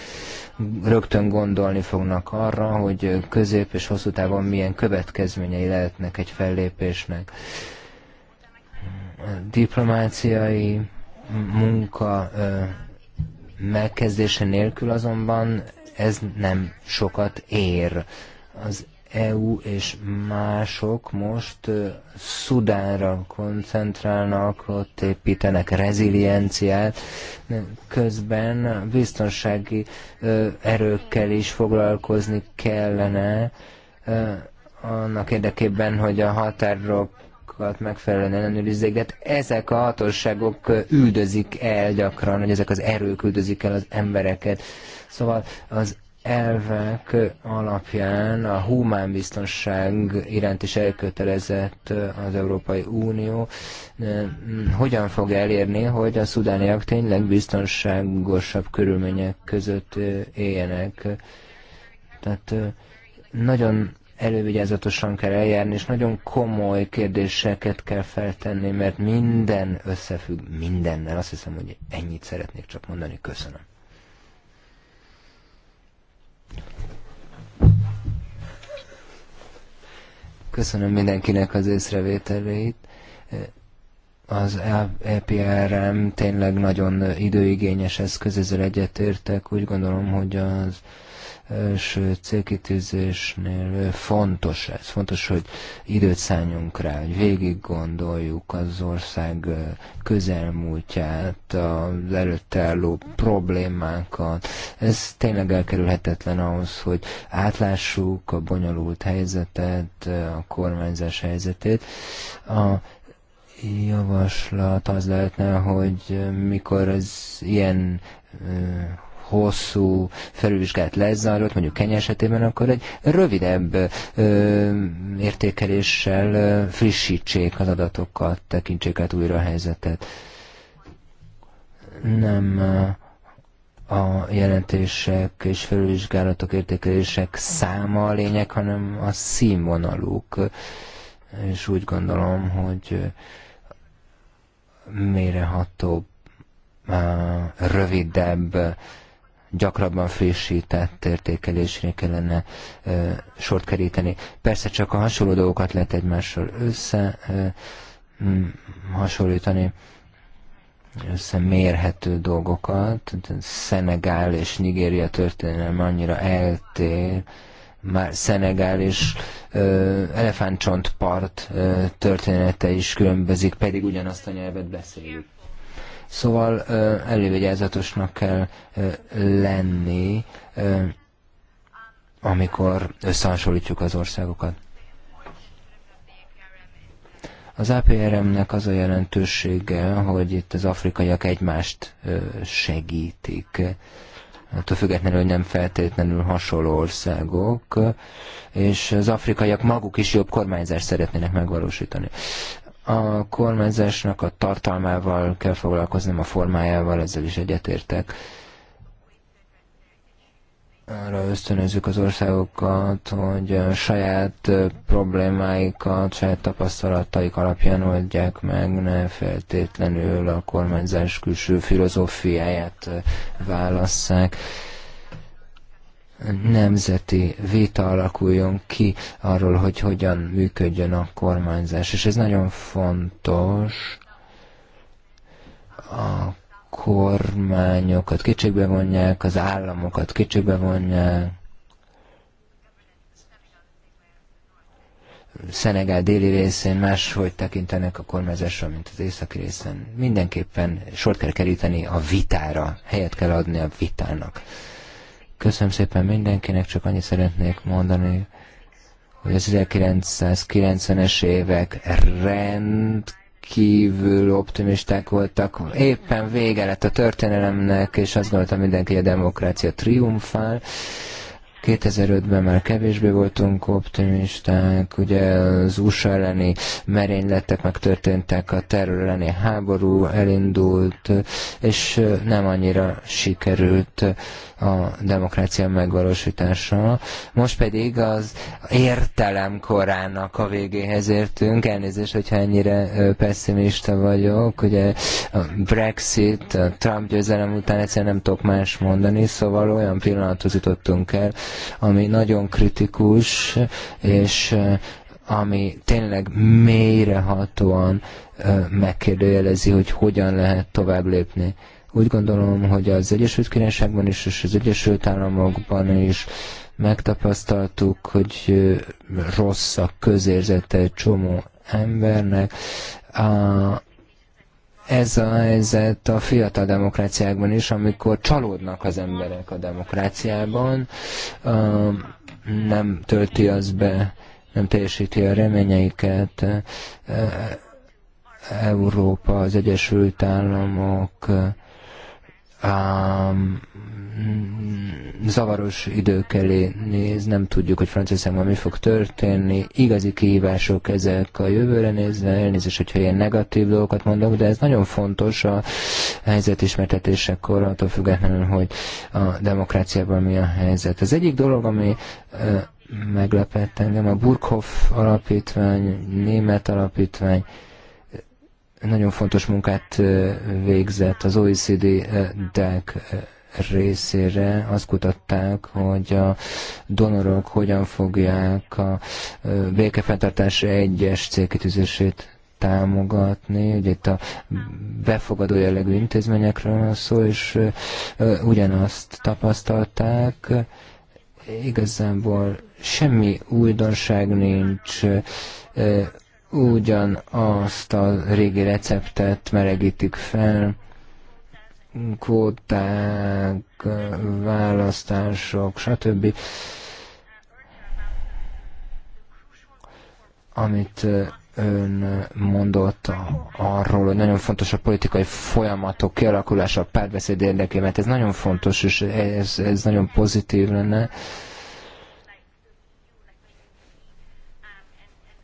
Rögtön gondolni fognak arra, hogy közép és hosszú távon milyen következményei lehetnek egy fellépésnek. Diplomáciai munka megkezdése nélkül azonban ez nem sokat ér. Az EU és mások most Szudánra koncentrálnak, ott építenek rezilienciát, közben biztonsági erőkkel is foglalkozni kellene, annak érdekében, hogy a határok megfelelően ellenőrizzék, de hát ezek a hatóságok üldözik el gyakran, hogy ezek az erők üldözik el az embereket. Szóval az elvek alapján a biztonság iránt is elkötelezett az Európai Unió. Mm, hogyan fog elérni, hogy a szudániak tényleg biztonságosabb körülmények között éljenek? Tehát nagyon elővigyázatosan kell eljárni, és nagyon komoly kérdéseket kell feltenni, mert minden összefügg mindennel. Azt hiszem, hogy ennyit szeretnék csak mondani. Köszönöm. Köszönöm mindenkinek az észrevételeit. Az EPRM tényleg nagyon időigényes eszköz, ezzel egyetértek. Úgy gondolom, hogy az első célkitűzésnél fontos ez. Fontos, hogy időt szálljunk rá, hogy végig gondoljuk az ország közelmúltját, az előtte álló problémákat. Ez tényleg elkerülhetetlen ahhoz, hogy átlássuk a bonyolult helyzetet, a kormányzás helyzetét. A javaslat az lehetne, hogy mikor az ilyen hosszú felülvizsgált lezárult, mondjuk Kenya esetében, akkor egy rövidebb ö, értékeléssel ö, frissítsék az adatokat, tekintsék át újra a helyzetet. Nem a jelentések és felülvizsgálatok, értékelések száma a lényeg, hanem a színvonaluk. És úgy gondolom, hogy mérehatóbb, rövidebb gyakrabban frissített értékelésre kellene sort keríteni. Persze csak a hasonló dolgokat lehet egymással össze hasonlítani összemérhető dolgokat. Szenegál és Nigéria történelme annyira eltér, már Szenegál és ö, elefántcsontpart története is különbözik, pedig ugyanazt a nyelvet beszéljük. Szóval elővigyázatosnak kell lenni, amikor összehasonlítjuk az országokat. Az APRM-nek az a jelentősége, hogy itt az afrikaiak egymást segítik. Attól függetlenül, hogy nem feltétlenül hasonló országok, és az afrikaiak maguk is jobb kormányzást szeretnének megvalósítani. A kormányzásnak a tartalmával kell foglalkozni, a formájával, ezzel is egyetértek arra ösztönözzük az országokat, hogy a saját problémáikat, saját tapasztalataik alapján oldják meg, ne feltétlenül a kormányzás külső filozófiáját válasszák nemzeti vita alakuljon ki arról, hogy hogyan működjön a kormányzás. És ez nagyon fontos a kormányokat kétségbe vonják, az államokat kétségbe vonják, Szenegál déli részén máshogy tekintenek a kormányzásra, mint az északi részen. Mindenképpen sort kell keríteni a vitára, helyet kell adni a vitának. Köszönöm szépen mindenkinek, csak annyit szeretnék mondani, hogy az 1990-es évek rendkívül optimisták voltak. Éppen vége lett a történelemnek, és azt gondoltam mindenki, hogy a demokrácia triumfál. 2005-ben már kevésbé voltunk optimisták, ugye az USA elleni merényletek megtörténtek, a terror elleni háború elindult, és nem annyira sikerült a demokrácia megvalósítása. Most pedig az értelem korának a végéhez értünk, elnézést, hogyha ennyire pessimista vagyok, ugye a Brexit, a Trump győzelem után egyszerűen nem tudok más mondani, szóval olyan pillanathoz jutottunk el, ami nagyon kritikus, és ami tényleg mélyrehatóan megkérdőjelezi, hogy hogyan lehet tovább lépni. Úgy gondolom, hogy az Egyesült Királyságban is, és az Egyesült Államokban is megtapasztaltuk, hogy rossz a közérzete csomó embernek. A ez a helyzet a fiatal demokráciákban is, amikor csalódnak az emberek a demokráciában, um, nem tölti az be, nem teljesíti a reményeiket. Uh, Európa, az Egyesült Államok um, Mm, zavaros idők elé néz, nem tudjuk, hogy Franciaországban mi fog történni, igazi kihívások ezek a jövőre nézve, elnézést, hogyha ilyen negatív dolgokat mondok, de ez nagyon fontos a helyzet ismertetésekor, attól függetlenül, hogy a demokráciában mi a helyzet. Az egyik dolog, ami meglepett engem, a Burkhoff alapítvány, német alapítvány, nagyon fontos munkát végzett az OECD dek részére azt kutatták, hogy a donorok hogyan fogják a békefenntartás egyes célkitűzését támogatni, ugye itt a befogadó jellegű intézményekről van szó, és ugyanazt tapasztalták, igazából semmi újdonság nincs, ugyanazt a régi receptet melegítik fel, kvóták, választások, stb. Amit ön mondott arról, hogy nagyon fontos a politikai folyamatok kialakulása a párbeszéd érdekében. Hát ez nagyon fontos, és ez, ez nagyon pozitív lenne.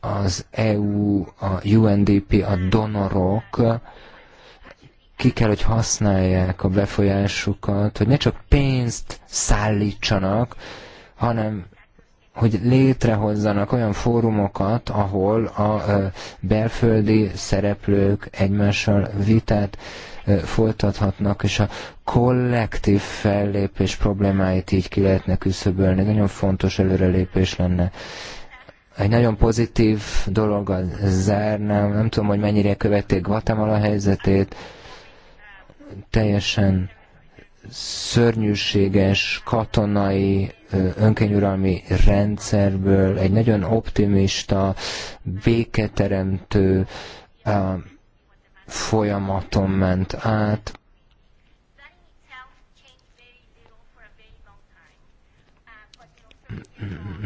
Az EU, a UNDP, a donorok, ki kell, hogy használják a befolyásukat, hogy ne csak pénzt szállítsanak, hanem hogy létrehozzanak olyan fórumokat, ahol a belföldi szereplők egymással vitát folytathatnak, és a kollektív fellépés problémáit így ki lehetne küszöbölni. Nagyon fontos előrelépés lenne. Egy nagyon pozitív dologgal zárnám, nem tudom, hogy mennyire követték Guatemala helyzetét, teljesen szörnyűséges katonai önkényuralmi rendszerből egy nagyon optimista, béketeremtő folyamaton ment át.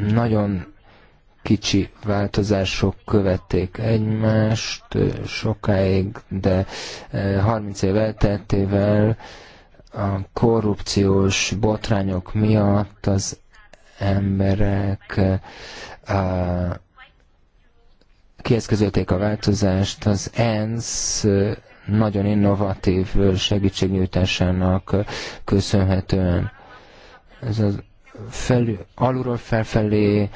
Nagyon kicsi változások követték egymást sokáig, de 30 év elteltével a korrupciós botrányok miatt az emberek a, kieszközölték a változást, az ENSZ nagyon innovatív segítségnyújtásának köszönhetően. Ez az felül, alulról felfelé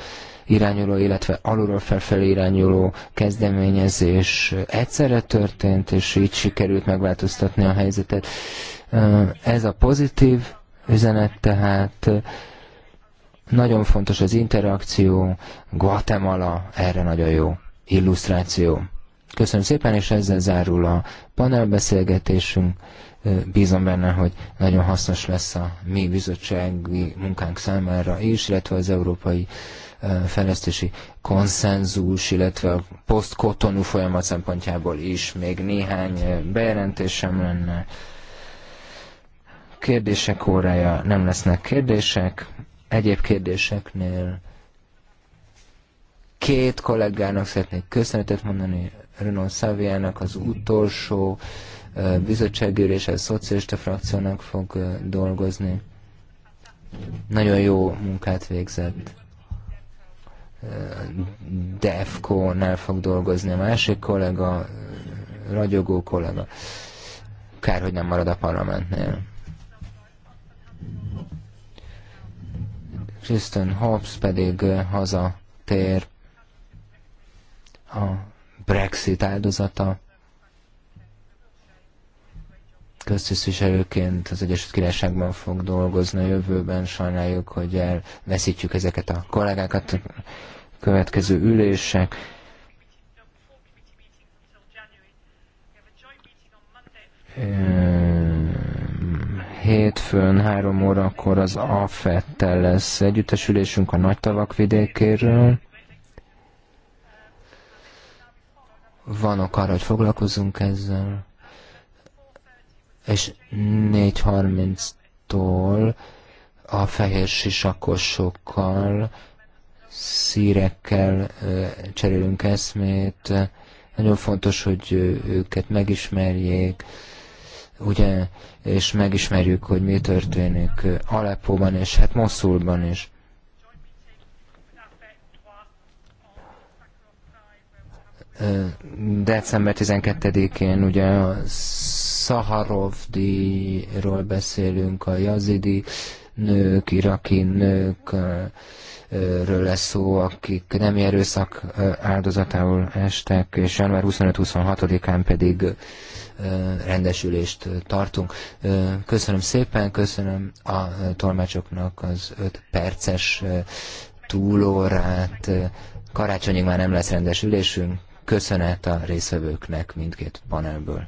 irányuló, illetve alulról felfelé irányuló kezdeményezés egyszerre történt, és így sikerült megváltoztatni a helyzetet. Ez a pozitív üzenet tehát nagyon fontos az interakció, Guatemala erre nagyon jó illusztráció. Köszönöm szépen, és ezzel zárul a panelbeszélgetésünk. Bízom benne, hogy nagyon hasznos lesz a mi bizottsági munkánk számára is, illetve az Európai fejlesztési konszenzus, illetve a posztkotonú folyamat szempontjából is még néhány bejelentésem lenne. Kérdések órája nem lesznek kérdések, egyéb kérdéseknél két kollégának szeretnék köszönetet mondani, Renaud Szaviának az utolsó bizottságülése a szocialista frakciónak fog dolgozni. Nagyon jó munkát végzett. DEFCO-nál fog dolgozni a másik kollega, ragyogó kollega. Kár, hogy nem marad a parlamentnél. Kristen Hobbs pedig haza tér a Brexit áldozata. Köztisztviselőként az Egyesült Királyságban fog dolgozni a jövőben. Sajnáljuk, hogy elveszítjük ezeket a kollégákat következő ülések, hétfőn három órakor az AFET-tel lesz együttesülésünk a nagy tavak vidékéről. Vanok arra, hogy foglalkozunk ezzel. És 4.30-tól a fehér sisakosokkal szírekkel cserélünk eszmét, nagyon fontos, hogy őket megismerjék, ugye, és megismerjük, hogy mi történik Aleppóban és hát Moszulban is. December 12-én ugye a Szaharov beszélünk, a jazidi nők, iraki nők, ről lesz szó, akik nem erőszak áldozatául estek, és január 25-26-án pedig rendesülést tartunk. Köszönöm szépen, köszönöm a tolmácsoknak az 5 perces túlórát. Karácsonyig már nem lesz rendesülésünk. Köszönet a részvevőknek mindkét panelből.